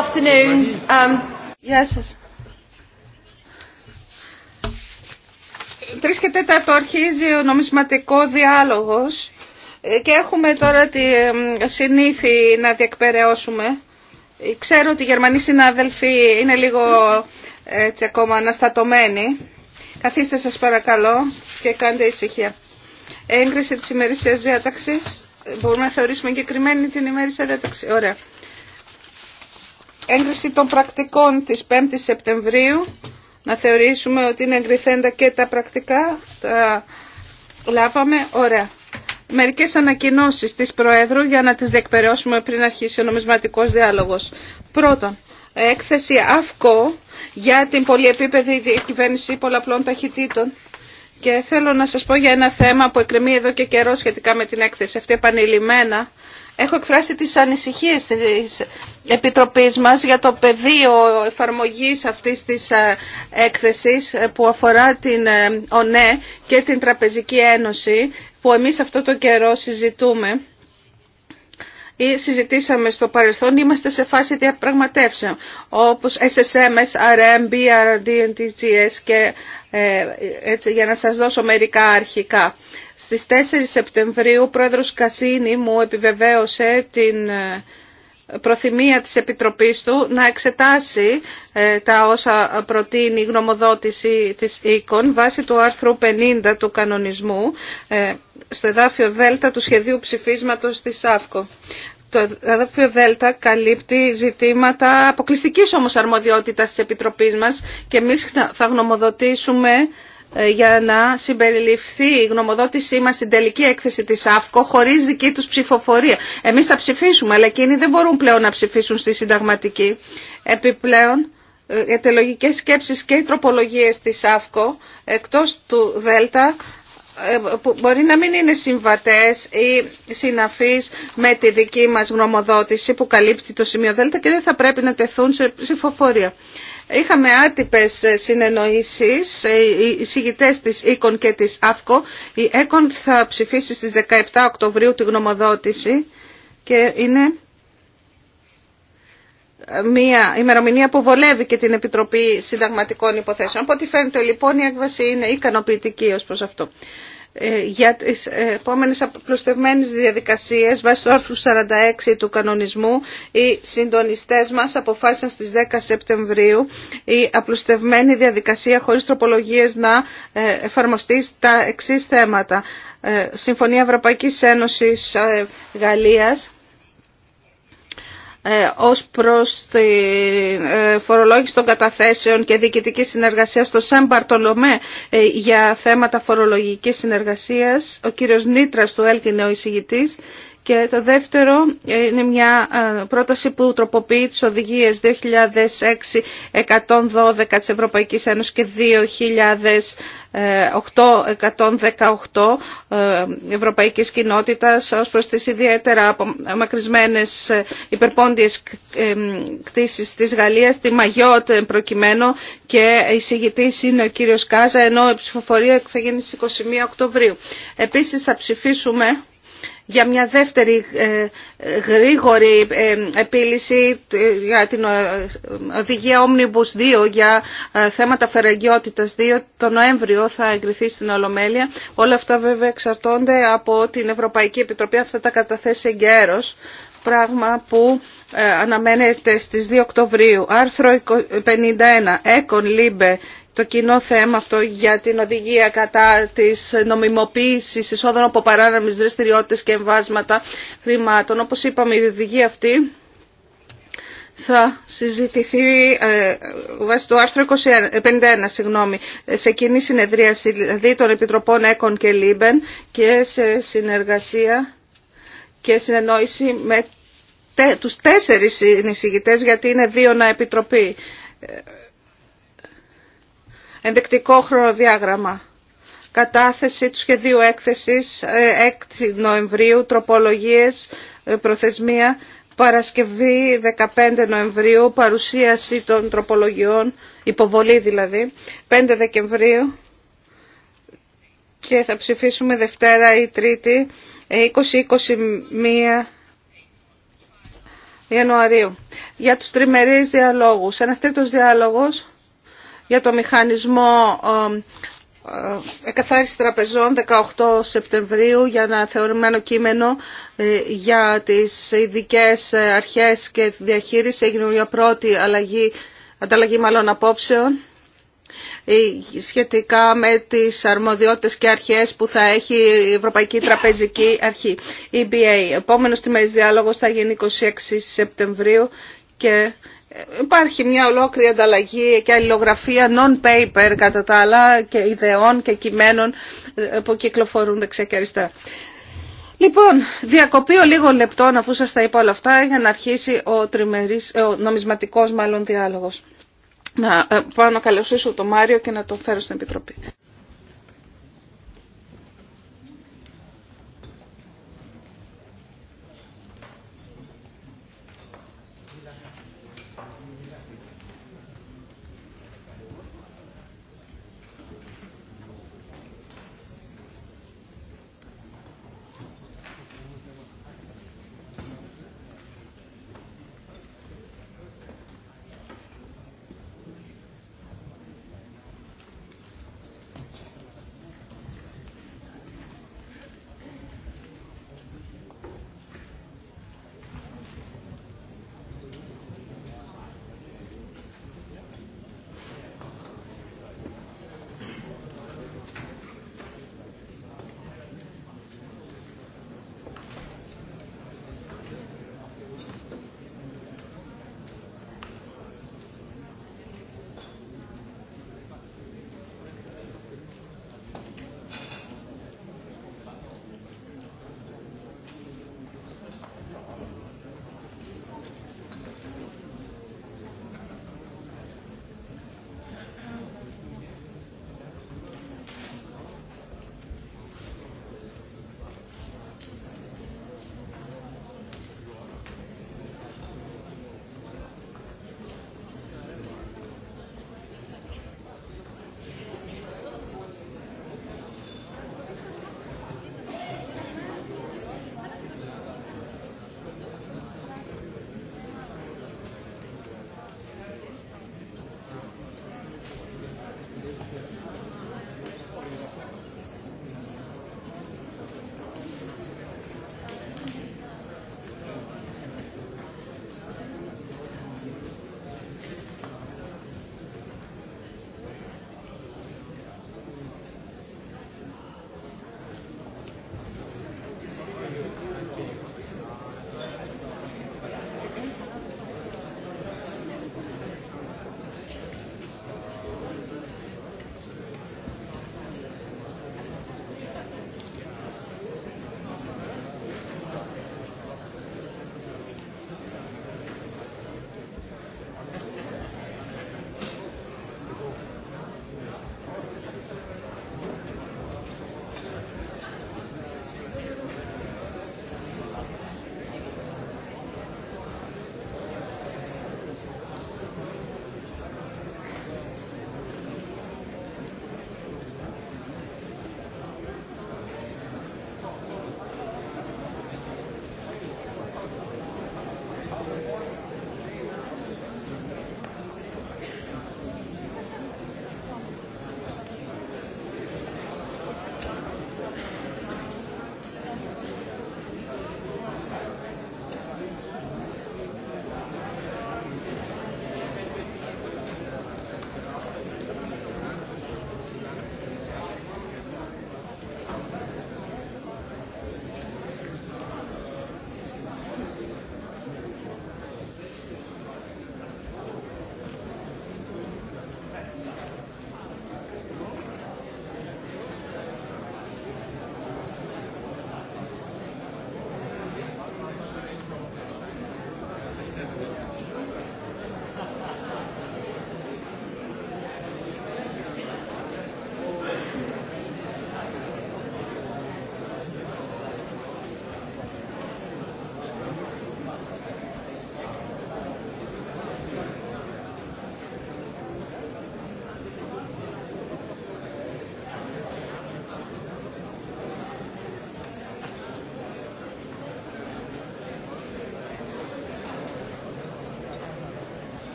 afternoon. Um... yes. Τρεις και τέταρτο αρχίζει ο νομισματικό διάλογος ε, και έχουμε τώρα τη συνήθη να διεκπαιρεώσουμε. Ε, ξέρω ότι οι Γερμανοί συνάδελφοι είναι λίγο ε, έτσι ακόμα αναστατωμένοι. Καθίστε σας παρακαλώ και κάντε ησυχία. Έγκριση της ημερησίας διάταξης. Μπορούμε να θεωρήσουμε εγκεκριμένη την ημερησία διάταξη. Ωραία έγκριση των πρακτικών της 5ης Σεπτεμβρίου. Να θεωρήσουμε ότι είναι εγκριθέντα και τα πρακτικά. Τα λάβαμε. Ωραία. Μερικές ανακοινώσεις της Προέδρου για να τις διεκπαιρεώσουμε πριν αρχίσει ο νομισματικός διάλογος. Πρώτον, έκθεση ΑΦΚΟ για την πολυεπίπεδη κυβέρνηση πολλαπλών ταχυτήτων. Και θέλω να σας πω για ένα θέμα που εκκρεμεί εδώ και καιρό σχετικά με την έκθεση αυτή επανειλημμένα Έχω εκφράσει τις ανησυχίες της Επιτροπής μας για το πεδίο εφαρμογής αυτής της ε, έκθεσης ε, που αφορά την ε, ΟΝΕ και την Τραπεζική Ένωση που εμείς αυτό το καιρό συζητούμε ή συζητήσαμε στο παρελθόν, είμαστε σε φάση διαπραγματεύσεων, όπως SSMS, RM, BRD, NTGS και ε, για να σας δώσω μερικά αρχικά. Στις 4 Σεπτεμβρίου ο πρόεδρος Κασίνη μου επιβεβαίωσε την ε, προθυμία της Επιτροπής του να εξετάσει ε, τα όσα προτείνει η γνωμοδότηση της ΕΚΟΝ βάσει του άρθρου 50 του κανονισμού στο εδάφιο Δέλτα του σχεδίου ψηφίσματος της ΑΦΚΟ. Το εδάφιο Δέλτα καλύπτει ζητήματα αποκλειστικής όμως αρμοδιότητας της Επιτροπής μας και εμείς θα γνωμοδοτήσουμε ε, για να συμπεριληφθεί η γνωμοδότησή μας στην τελική έκθεση της ΑΦΚΟ χωρίς δική τους ψηφοφορία. Εμείς θα ψηφίσουμε, αλλά εκείνοι δεν μπορούν πλέον να ψηφίσουν στη συνταγματική. Επιπλέον, ετελογικές σκέψεις και οι τροπολογίες της ΑΦΚΟ, εκτός του ΔΕΛΤΑ, ε, που μπορεί να μην είναι συμβατές ή συναφείς με τη δική μας γνωμοδότηση που καλύπτει το σημείο Δέλτα και δεν θα πρέπει να τεθούν σε ψηφοφορία. Είχαμε άτυπες συνεννοήσεις, ε, οι συγητές της ΕΚΟΝ και της ΑΦΚΟ. Η ΕΚΟΝ θα ψηφίσει στις 17 Οκτωβρίου τη γνωμοδότηση και είναι μια ημερομηνία που βολεύει και την Επιτροπή Συνταγματικών Υποθέσεων. Από ό,τι φαίνεται λοιπόν η έκβαση είναι ικανοποιητική ως προς αυτό. Ε, για τις επόμενες απλουστευμένες διαδικασίες βάσει του άρθρου 46 του κανονισμού οι συντονιστές μας αποφάσισαν στις 10 Σεπτεμβρίου η απλουστευμένη διαδικασία χωρίς τροπολογίες να ε, εφαρμοστεί στα εξή θέματα. Ε, Συμφωνία Ευρωπαϊκής Ένωσης Γαλλίας ε, ως προς τη ε, φορολόγηση των καταθέσεων και διοικητική συνεργασία στο Σαν ε, για θέματα φορολογικής συνεργασίας. Ο κύριος Νίτρας του Έλκη είναι και το δεύτερο είναι μια ε, πρόταση που τροποποιεί τις οδηγίες 2006-112 της Ευρωπαϊκής Ένωσης και 2008-118 ε, ε, Ευρωπαϊκής Κοινότητας ως προς τις ιδιαίτερα μακρισμένες υπερπόντιες κτίσεις της Γαλλίας, τη Μαγιότ προκειμένου και εισηγητής είναι ο κύριος Κάζα, ενώ η ψηφοφορία θα γίνει στις 21 Οκτωβρίου. Επίσης θα ψηφίσουμε για μια δεύτερη ε, γρήγορη ε, επίλυση ε, για την οδηγία Omnibus 2 για θέματα φεραγγιότητας 2 το Νοέμβριο θα εγκριθεί στην Ολομέλεια. Όλα αυτά βέβαια εξαρτώνται από την Ευρωπαϊκή Επιτροπή. Αυτά τα καταθέσει εγκαίρως πράγμα που αναμένεται στις 2 Οκτωβρίου. Άρθρο 51. Έκον, Λίμπε, το κοινό θέμα αυτό για την οδηγία κατά της νομιμοποίησης εισόδων από παράνομες δραστηριότητες και εμβάσματα χρημάτων. Όπως είπαμε, η οδηγία αυτή θα συζητηθεί ε, βάσει του άρθρου 51 συγγνώμη, σε κοινή συνεδρίαση δηλαδή των Επιτροπών ΕΚΟΝ και ΛΥΜΠΕΝ και σε συνεργασία και συνεννόηση με τους τέσσερις συνεισηγητές γιατί είναι δύο να επιτροπή. Ε, ενδεκτικό χρονοδιάγραμμα. Κατάθεση του σχεδίου έκθεσης 6 ε, Νοεμβρίου, τροπολογίες, ε, προθεσμία, Παρασκευή 15 Νοεμβρίου, παρουσίαση των τροπολογιών, υποβολή δηλαδή, 5 Δεκεμβρίου και θα ψηφίσουμε Δευτέρα ή Τρίτη 20-21 ε, Ιανουαρίου. Για τους τριμερείς διαλόγους. Ένας τρίτος διάλογος για το μηχανισμό ε, ε, εκαθάριση τραπεζών 18 Σεπτεμβρίου για ένα θεωρημένο κείμενο ε, για τις ειδικέ αρχές και διαχείριση. Έγινε μια πρώτη αλλαγή, ανταλλαγή μάλλον απόψεων σχετικά με τις αρμοδιότητες και αρχές που θα έχει η Ευρωπαϊκή Τραπεζική Αρχή, EBA. Επόμενος τιμές διάλογος θα γίνει 26 Σεπτεμβρίου και Υπάρχει μια ολόκληρη ανταλλαγή και αλληλογραφία non-paper κατά τα άλλα και ιδεών και κειμένων ε, που κυκλοφορούν δεξιά Λοιπόν, διακοπή ο λίγων λεπτών αφού σας τα είπα όλα αυτά για να αρχίσει ο, τριμερής, ε, ο νομισματικός μάλλον διάλογος. Να ε, πάω να καλωσήσω τον Μάριο και να τον φέρω στην Επιτροπή.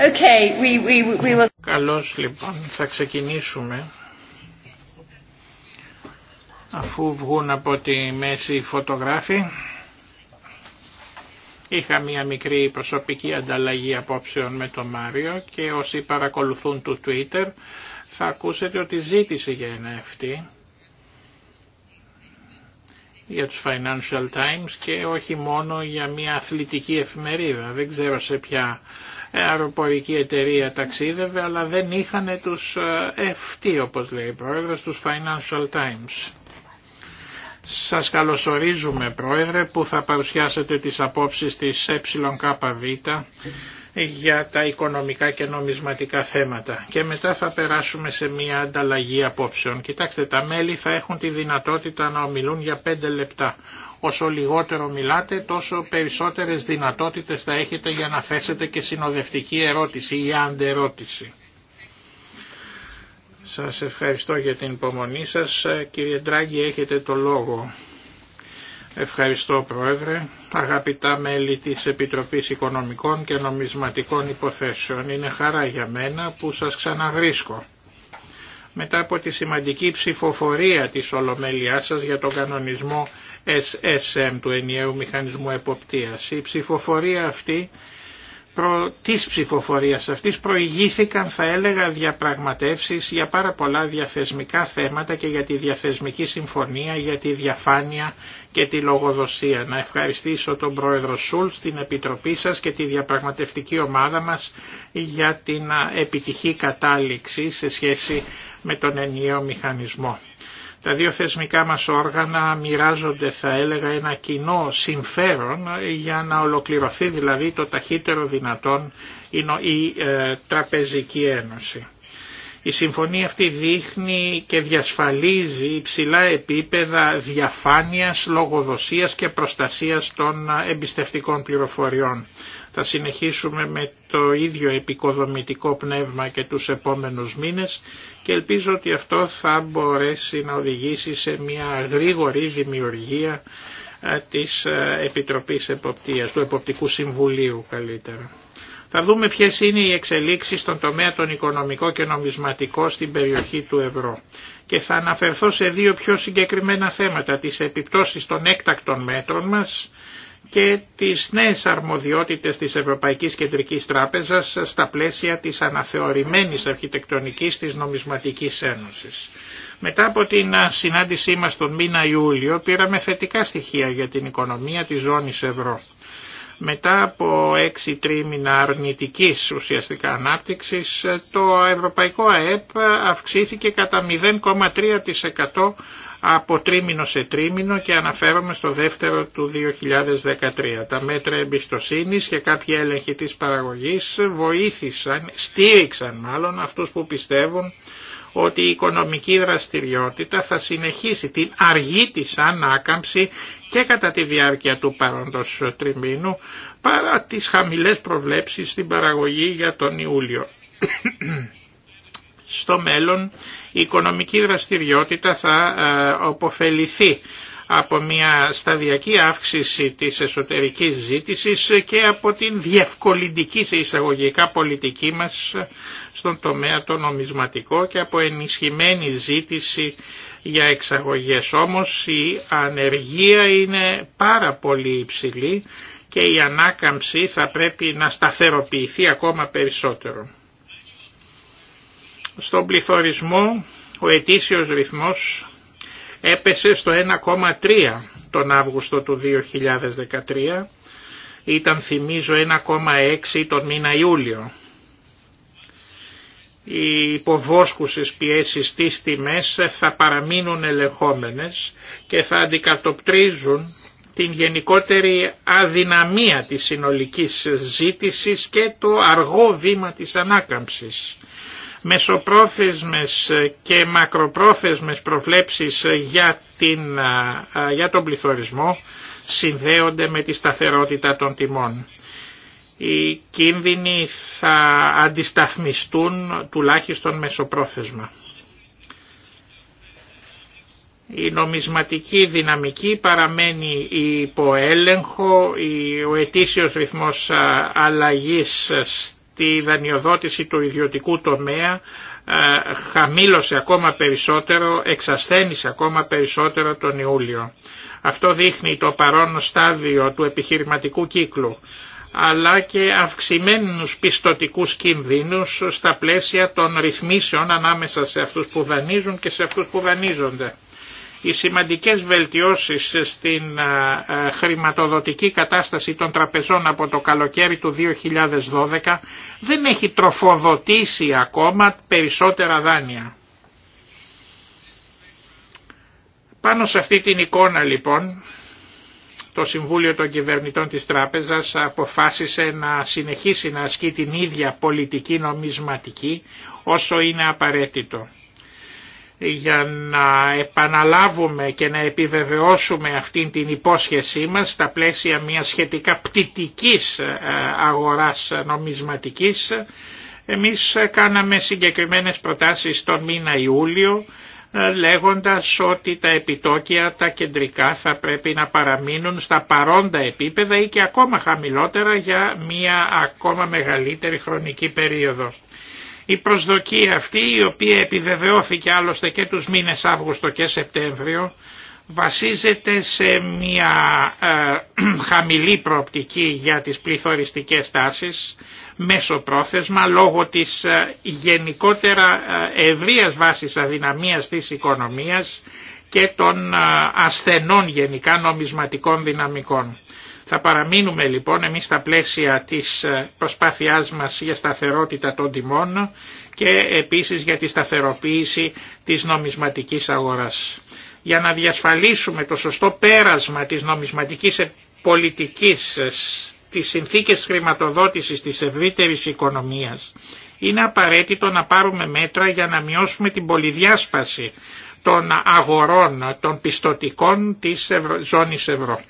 Okay, Καλώς λοιπόν θα ξεκινήσουμε αφού βγουν από τη μέση οι φωτογράφοι. Είχα μία μικρή προσωπική ανταλλαγή απόψεων με τον Μάριο και όσοι παρακολουθούν του Twitter θα ακούσετε ότι ζήτησε για ένα για τους Financial Times και όχι μόνο για μια αθλητική εφημερίδα. Δεν ξέρω σε ποια αεροπορική εταιρεία ταξίδευε, αλλά δεν είχανε τους ε, FT, όπως λέει η πρόεδρος, τους Financial Times. Σας καλωσορίζουμε πρόεδρε που θα παρουσιάσετε τις απόψεις της ΕΚΒ για τα οικονομικά και νομισματικά θέματα και μετά θα περάσουμε σε μια ανταλλαγή απόψεων. Κοιτάξτε, τα μέλη θα έχουν τη δυνατότητα να ομιλούν για 5 λεπτά. Όσο λιγότερο μιλάτε, τόσο περισσότερες δυνατότητες θα έχετε για να θέσετε και συνοδευτική ερώτηση ή αντερώτηση. Σας ευχαριστώ για την υπομονή σας. Κύριε Ντράγκη, έχετε το λόγο. Ευχαριστώ Πρόεδρε. Αγαπητά μέλη της Επιτροπής Οικονομικών και Νομισματικών Υποθέσεων, είναι χαρά για μένα που σας ξαναγρίσκω. Μετά από τη σημαντική ψηφοφορία της Ολομέλειάς σας για τον κανονισμό SSM του ενιαίου μηχανισμού εποπτείας, η ψηφοφορία αυτή προ... της ψηφοφορίας αυτής προηγήθηκαν θα έλεγα διαπραγματεύσεις για πάρα πολλά διαθεσμικά θέματα και για τη διαθεσμική συμφωνία, για τη διαφάνεια και τη λογοδοσία. Να ευχαριστήσω τον Πρόεδρο Σούλτ, την Επιτροπή σας και τη διαπραγματευτική ομάδα μας για την επιτυχή κατάληξη σε σχέση με τον ενιαίο μηχανισμό. Τα δύο θεσμικά μας όργανα μοιράζονται θα έλεγα ένα κοινό συμφέρον για να ολοκληρωθεί δηλαδή το ταχύτερο δυνατόν η ε, Τραπεζική Ένωση. Η συμφωνία αυτή δείχνει και διασφαλίζει υψηλά επίπεδα διαφάνειας, λογοδοσίας και προστασίας των εμπιστευτικών πληροφοριών. Θα συνεχίσουμε με το ίδιο επικοδομητικό πνεύμα και τους επόμενους μήνες και ελπίζω ότι αυτό θα μπορέσει να οδηγήσει σε μια γρήγορη δημιουργία ε, της ε, Επιτροπής Εποπτείας, του Εποπτικού Συμβουλίου καλύτερα. Θα δούμε ποιες είναι οι εξελίξεις στον τομέα των οικονομικών και νομισματικό στην περιοχή του ευρώ. Και θα αναφερθώ σε δύο πιο συγκεκριμένα θέματα, τις επιπτώσεις των έκτακτων μέτρων μας και τις νέες αρμοδιότητες της Ευρωπαϊκής Κεντρικής Τράπεζας στα πλαίσια της αναθεωρημένης αρχιτεκτονικής της Νομισματικής Ένωσης. Μετά από την συνάντησή μας τον μήνα Ιούλιο πήραμε θετικά στοιχεία για την οικονομία της ζώνης ευρώ. Μετά από έξι τρίμηνα αρνητικής ουσιαστικά ανάπτυξης, το ευρωπαϊκό ΑΕΠ αυξήθηκε κατά 0,3% από τρίμηνο σε τρίμηνο και αναφέρομαι στο δεύτερο του 2013. Τα μέτρα εμπιστοσύνης και κάποια έλεγχη της παραγωγής βοήθησαν, στήριξαν μάλλον αυτούς που πιστεύουν ότι η οικονομική δραστηριότητα θα συνεχίσει την αργή της ανάκαμψη και κατά τη διάρκεια του παρόντος τριμήνου παρά τις χαμηλές προβλέψεις στην παραγωγή για τον Ιούλιο. Στο μέλλον η οικονομική δραστηριότητα θα αποφεληθεί. Ε, από μια σταδιακή αύξηση της εσωτερικής ζήτησης και από την διευκολυντική σε εισαγωγικά πολιτική μας στον τομέα το νομισματικό και από ενισχυμένη ζήτηση για εξαγωγές. Όμως η ανεργία είναι πάρα πολύ υψηλή και η ανάκαμψη θα πρέπει να σταθεροποιηθεί ακόμα περισσότερο. Στον πληθωρισμό ο ετήσιος ρυθμός έπεσε στο 1,3 τον Αύγουστο του 2013, ήταν θυμίζω 1,6 τον μήνα Ιούλιο. Οι υποβόσκουσες πιέσεις στις τιμές θα παραμείνουν ελεγχόμενες και θα αντικατοπτρίζουν την γενικότερη αδυναμία της συνολικής ζήτησης και το αργό βήμα της ανάκαμψης μεσοπρόθεσμες και μακροπρόθεσμες προβλέψεις για, την, για τον πληθωρισμό συνδέονται με τη σταθερότητα των τιμών. Οι κίνδυνοι θα αντισταθμιστούν τουλάχιστον μεσοπρόθεσμα. Η νομισματική δυναμική παραμένει υπό έλεγχο, ο ετήσιος ρυθμός αλλαγής η δανειοδότηση του ιδιωτικού τομέα ε, χαμήλωσε ακόμα περισσότερο, εξασθένησε ακόμα περισσότερο τον Ιούλιο. Αυτό δείχνει το παρόν στάδιο του επιχειρηματικού κύκλου αλλά και αυξημένους πιστοτικούς κινδύνους στα πλαίσια των ρυθμίσεων ανάμεσα σε αυτούς που δανείζουν και σε αυτούς που δανείζονται. Οι σημαντικές βελτιώσεις στην χρηματοδοτική κατάσταση των τραπεζών από το καλοκαίρι του 2012 δεν έχει τροφοδοτήσει ακόμα περισσότερα δάνεια. Πάνω σε αυτή την εικόνα λοιπόν το Συμβούλιο των Κυβερνητών της Τράπεζας αποφάσισε να συνεχίσει να ασκεί την ίδια πολιτική νομισματική όσο είναι απαραίτητο για να επαναλάβουμε και να επιβεβαιώσουμε αυτήν την υπόσχεσή μας στα πλαίσια μιας σχετικά πτητικής ε, αγοράς νομισματικής. Εμείς κάναμε συγκεκριμένες προτάσεις τον μήνα Ιούλιο ε, λέγοντας ότι τα επιτόκια τα κεντρικά θα πρέπει να παραμείνουν στα παρόντα επίπεδα ή και ακόμα χαμηλότερα για μια ακόμα μεγαλύτερη χρονική περίοδο. Η προσδοκία αυτή η οποία επιβεβαιώθηκε άλλωστε και τους μήνες Αύγουστο και Σεπτέμβριο βασίζεται σε μια ε, χαμηλή προοπτική για τις πληθωριστικές τάσεις μέσω πρόθεσμα λόγω της ε, γενικότερα ε, ευρείας βάσης αδυναμίας της οικονομίας και των ασθενών γενικά νομισματικών δυναμικών. Θα παραμείνουμε λοιπόν εμείς στα πλαίσια της ε, προσπάθειάς μας για σταθερότητα των τιμών και επίσης για τη σταθεροποίηση της νομισματικής αγοράς. Για να διασφαλίσουμε το σωστό πέρασμα της νομισματικής ε, πολιτικής ε, στις συνθήκες χρηματοδότησης της ευρύτερης οικονομίας, είναι απαραίτητο να πάρουμε μέτρα για να μειώσουμε την πολυδιάσπαση των αγορών των πιστοτικών της ζώνης ευρώ.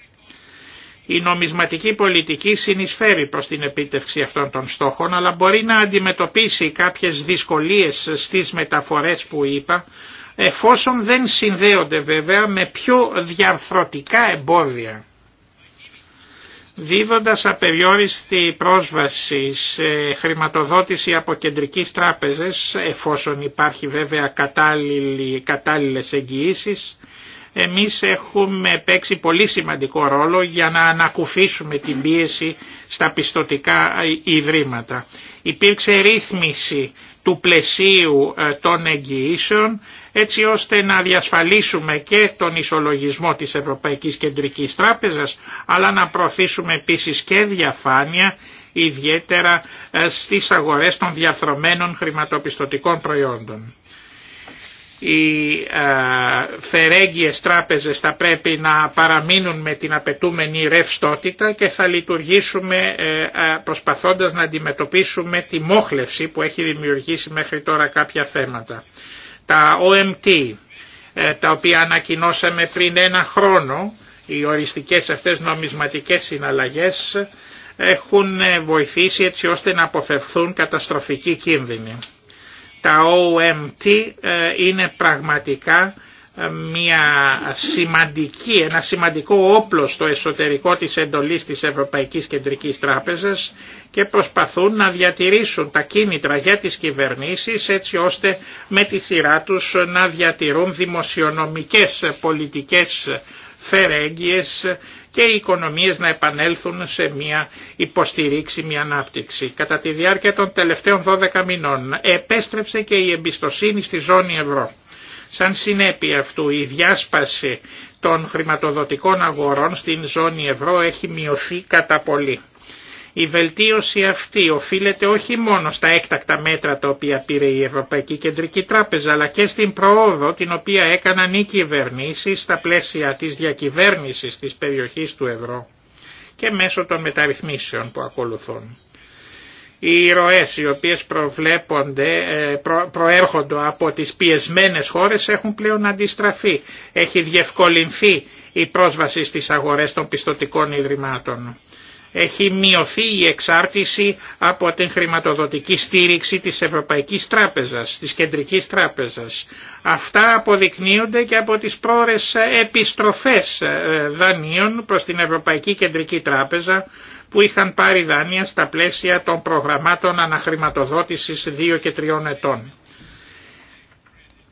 Η νομισματική πολιτική συνεισφέρει προς την επίτευξη αυτών των στόχων, αλλά μπορεί να αντιμετωπίσει κάποιες δυσκολίες στις μεταφορές που είπα, εφόσον δεν συνδέονται βέβαια με πιο διαρθρωτικά εμπόδια. Δίδοντας απεριόριστη πρόσβαση σε χρηματοδότηση από κεντρικής τράπεζες, εφόσον υπάρχει βέβαια κατάλληλες εγγυήσεις, εμείς έχουμε παίξει πολύ σημαντικό ρόλο για να ανακουφίσουμε την πίεση στα πιστοτικά ιδρύματα. Υπήρξε ρύθμιση του πλαισίου ε, των εγγυήσεων έτσι ώστε να διασφαλίσουμε και τον ισολογισμό της Ευρωπαϊκής Κεντρικής Τράπεζας αλλά να προωθήσουμε επίσης και διαφάνεια ιδιαίτερα ε, στις αγορές των διαθρωμένων χρηματοπιστωτικών προϊόντων οι φερέγγιες τράπεζες θα πρέπει να παραμείνουν με την απαιτούμενη ρευστότητα και θα λειτουργήσουμε ε, προσπαθώντας να αντιμετωπίσουμε τη μόχλευση που έχει δημιουργήσει μέχρι τώρα κάποια θέματα. Τα OMT, ε, τα οποία ανακοινώσαμε πριν ένα χρόνο, οι οριστικές αυτές νομισματικές συναλλαγές έχουν ε, βοηθήσει έτσι ώστε να αποφευθούν καταστροφικοί κίνδυνοι. Τα OMT ε, είναι πραγματικά ε, μια σημαντική, ένα σημαντικό όπλο στο εσωτερικό της εντολής της Ευρωπαϊκής Κεντρικής Τράπεζας και προσπαθούν να διατηρήσουν τα κίνητρα για τις κυβερνήσεις έτσι ώστε με τη σειρά τους να διατηρούν δημοσιονομικές πολιτικές φερέγγιες και οι οικονομίες να επανέλθουν σε μια υποστηρίξιμη ανάπτυξη. Κατά τη διάρκεια των τελευταίων 12 μηνών επέστρεψε και η εμπιστοσύνη στη ζώνη ευρώ. Σαν συνέπεια αυτού η διάσπαση των χρηματοδοτικών αγορών στην ζώνη ευρώ έχει μειωθεί κατά πολύ. Η βελτίωση αυτή οφείλεται όχι μόνο στα έκτακτα μέτρα τα οποία πήρε η Ευρωπαϊκή Κεντρική Τράπεζα αλλά και στην προόδο την οποία έκαναν οι κυβερνήσει στα πλαίσια της διακυβέρνησης της περιοχής του ευρώ και μέσω των μεταρρυθμίσεων που ακολουθούν. Οι ροές οι οποίες προβλέπονται, ε, προέρχονται από τις πιεσμένες χώρες έχουν πλέον αντιστραφεί. Έχει διευκολυνθεί η πρόσβαση στις αγορές των πιστοτικών ιδρυμάτων έχει μειωθεί η εξάρτηση από την χρηματοδοτική στήριξη της Ευρωπαϊκής Τράπεζας, της Κεντρικής Τράπεζας. Αυτά αποδεικνύονται και από τις πρόορες επιστροφές ε, δανείων προς την Ευρωπαϊκή Κεντρική Τράπεζα που είχαν πάρει δάνεια στα πλαίσια των προγραμμάτων αναχρηματοδότησης 2 και 3 ετών.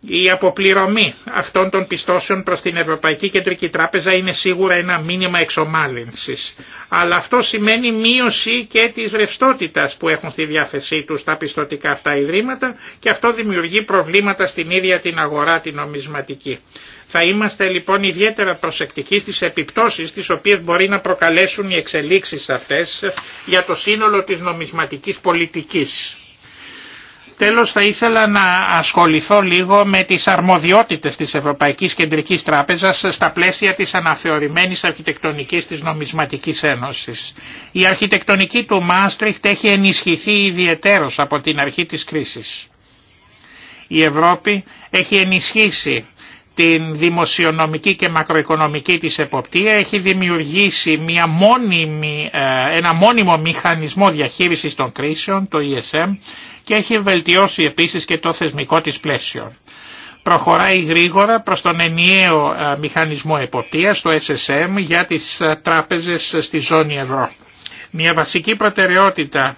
Η αποπληρωμή αυτών των πιστώσεων προς την Ευρωπαϊκή Κεντρική Τράπεζα είναι σίγουρα ένα μήνυμα εξομάλυνσης. Αλλά αυτό σημαίνει μείωση και της ρευστότητα που έχουν στη διάθεσή τους τα πιστωτικά αυτά ιδρύματα και αυτό δημιουργεί προβλήματα στην ίδια την αγορά την νομισματική. Θα είμαστε λοιπόν ιδιαίτερα προσεκτικοί στις επιπτώσεις τις οποίες μπορεί να προκαλέσουν οι εξελίξεις αυτές για το σύνολο της νομισματικής πολιτικής. Τέλος θα ήθελα να ασχοληθώ λίγο με τις αρμοδιότητες της Ευρωπαϊκής Κεντρικής Τράπεζας στα πλαίσια της αναθεωρημένης αρχιτεκτονικής της Νομισματικής Ένωσης. Η αρχιτεκτονική του Μάστριχτ έχει ενισχυθεί ιδιαιτέρως από την αρχή της κρίσης. Η Ευρώπη έχει ενισχύσει την δημοσιονομική και μακροοικονομική της εποπτεία έχει δημιουργήσει μια μόνιμη, ε, ένα μόνιμο μηχανισμό διαχείρισης των κρίσεων, το ESM, και έχει βελτιώσει επίσης και το θεσμικό της πλαίσιο. Προχωράει γρήγορα προς τον ενιαίο ε, μηχανισμό εποπτείας, το SSM, για τις ε, τράπεζες στη ζώνη ευρώ. Μια βασική προτεραιότητα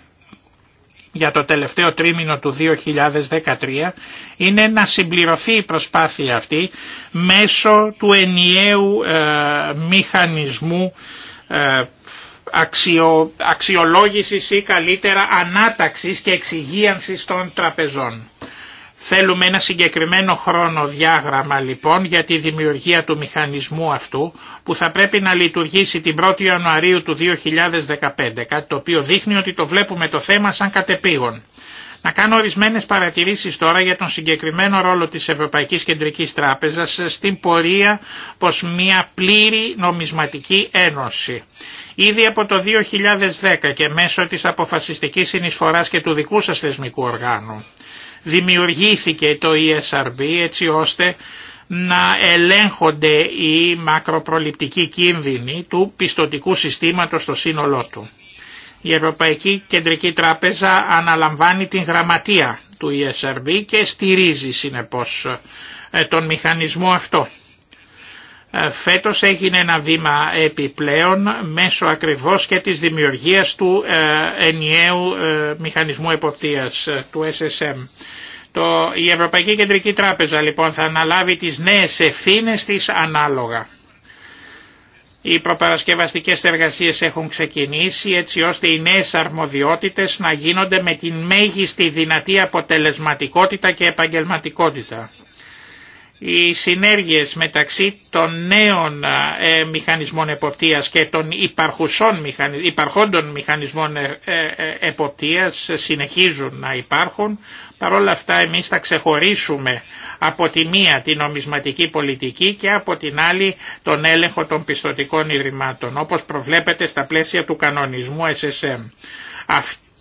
για το τελευταίο τρίμηνο του 2013 είναι να συμπληρωθεί η προσπάθεια αυτή μέσω του ενιαίου ε, μηχανισμού αξιο, αξιολόγησης ή καλύτερα ανάταξης και εξυγίανσης των τραπεζών. Θέλουμε ένα συγκεκριμένο χρόνο διάγραμμα λοιπόν για τη δημιουργία του μηχανισμού αυτού που θα πρέπει να λειτουργήσει την 1η Ιανουαρίου του 2015, κάτι το οποίο δείχνει ότι το βλέπουμε το θέμα σαν κατεπήγον. Να κάνω ορισμένες παρατηρήσεις τώρα για τον συγκεκριμένο ρόλο της Ευρωπαϊκής Κεντρικής Τράπεζας στην πορεία προς μια πλήρη νομισματική ένωση. Ήδη από το 2010 και μέσω της αποφασιστικής συνεισφοράς και του δικού σας θεσμικού οργάνου δημιουργήθηκε το ESRB έτσι ώστε να ελέγχονται οι μακροπροληπτικοί κίνδυνοι του πιστοτικού συστήματος στο σύνολό του η Ευρωπαϊκή Κεντρική Τράπεζα αναλαμβάνει την γραμματεία του ESRB και στηρίζει συνεπώς ε, τον μηχανισμό αυτό. Ε, φέτος έγινε ένα βήμα επιπλέον μέσω ακριβώς και της δημιουργίας του ε, ενιαίου μηχανισμού εποπτείας του SSM. Το, η Ευρωπαϊκή Κεντρική Τράπεζα λοιπόν θα αναλάβει τις νέες ευθύνες της ανάλογα. Οι προπαρασκευαστικές εργασίες έχουν ξεκινήσει έτσι ώστε οι νέες αρμοδιότητες να γίνονται με την μέγιστη δυνατή αποτελεσματικότητα και επαγγελματικότητα οι συνέργειες μεταξύ των νέων ε, μηχανισμών εποπτείας και των υπαρχόντων μηχανισμών ε, ε, εποπτείας συνεχίζουν να υπάρχουν. Παρ' όλα αυτά εμείς θα ξεχωρίσουμε από τη μία την νομισματική πολιτική και από την άλλη τον έλεγχο των πιστοτικών ιδρυμάτων, όπως προβλέπεται στα πλαίσια του κανονισμού SSM.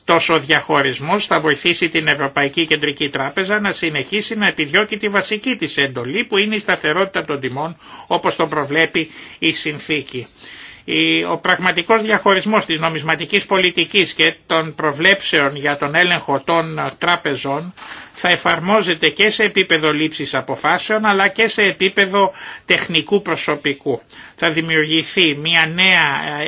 Τόσο ο διαχωρισμός θα βοηθήσει την Ευρωπαϊκή Κεντρική Τράπεζα να συνεχίσει να επιδιώκει τη βασική της εντολή που είναι η σταθερότητα των τιμών όπως τον προβλέπει η συνθήκη. Ο πραγματικός διαχωρισμός της νομισματικής πολιτικής και των προβλέψεων για τον έλεγχο των τράπεζων θα εφαρμόζεται και σε επίπεδο λήψης αποφάσεων αλλά και σε επίπεδο τεχνικού προσωπικού. Θα δημιουργηθεί μια νέα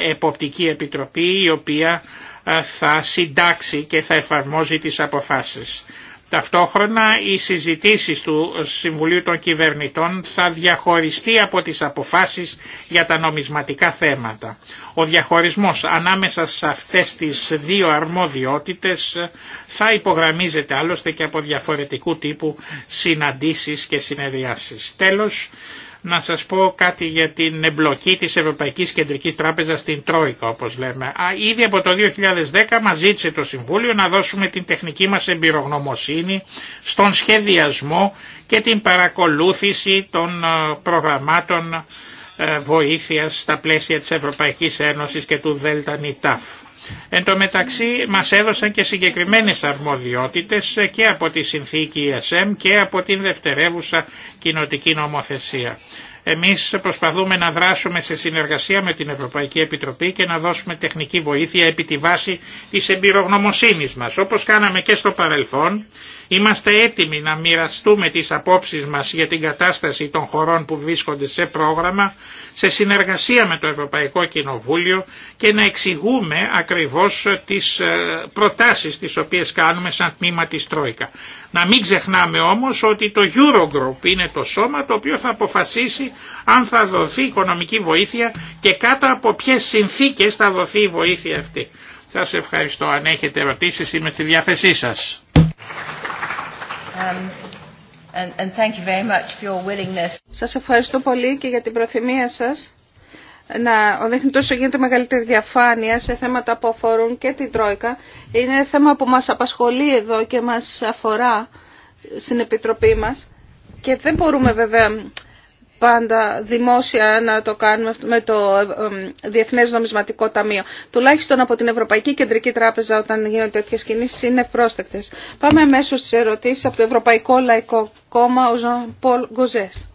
ε, εποπτική επιτροπή η οποία ε, θα συντάξει και θα εφαρμόζει τις αποφάσεις. Ταυτόχρονα οι συζητήσεις του Συμβουλίου των Κυβερνητών θα διαχωριστεί από τις αποφάσεις για τα νομισματικά θέματα. Ο διαχωρισμός ανάμεσα σε αυτές τις δύο αρμόδιότητες θα υπογραμμίζεται άλλωστε και από διαφορετικού τύπου συναντήσεις και συνεδριάσεις. Τέλος, να σας πω κάτι για την εμπλοκή της Ευρωπαϊκής Κεντρικής Τράπεζας στην Τρόικα όπως λέμε. Α, ήδη από το 2010 μας ζήτησε το Συμβούλιο να δώσουμε την τεχνική μας εμπειρογνωμοσύνη στον σχεδιασμό και την παρακολούθηση των ε, προγραμμάτων ε, βοήθειας στα πλαίσια της Ευρωπαϊκής Ένωσης και του ΔΕΛΤΑ Εν τω μεταξύ μας έδωσαν και συγκεκριμένες αρμοδιότητες και από τη συνθήκη ESM και από την δευτερεύουσα κοινοτική νομοθεσία. Εμείς προσπαθούμε να δράσουμε σε συνεργασία με την Ευρωπαϊκή Επιτροπή και να δώσουμε τεχνική βοήθεια επί τη βάση της εμπειρογνωμοσύνης μας, όπως κάναμε και στο παρελθόν Είμαστε έτοιμοι να μοιραστούμε τις απόψεις μας για την κατάσταση των χωρών που βρίσκονται σε πρόγραμμα σε συνεργασία με το Ευρωπαϊκό Κοινοβούλιο και να εξηγούμε ακριβώς τις ε, προτάσεις τις οποίες κάνουμε σαν τμήμα της Τρόικα. Να μην ξεχνάμε όμως ότι το Eurogroup είναι το σώμα το οποίο θα αποφασίσει αν θα δοθεί οικονομική βοήθεια και κάτω από ποιες συνθήκες θα δοθεί η βοήθεια αυτή. Σας ευχαριστώ. Αν έχετε ερωτήσεις είμαι στη διάθεσή σας. Σας ευχαριστώ πολύ και για την προθυμία σας να οδείχνει τόσο γίνεται μεγαλύτερη διαφάνεια σε θέματα που αφορούν και την Τρόικα. Είναι θέμα που μας απασχολεί εδώ και μας αφορά στην Επιτροπή μας και δεν μπορούμε βέβαια πάντα δημόσια να το κάνουμε με το Διεθνές Νομισματικό Ταμείο. Τουλάχιστον από την Ευρωπαϊκή Κεντρική Τράπεζα όταν γίνονται τέτοιε κινήσεις είναι πρόσθεκτες. Πάμε αμέσω στις ερωτήσεις από το Ευρωπαϊκό Λαϊκό Κόμμα, ο Ζαν Πολ Γκοζές.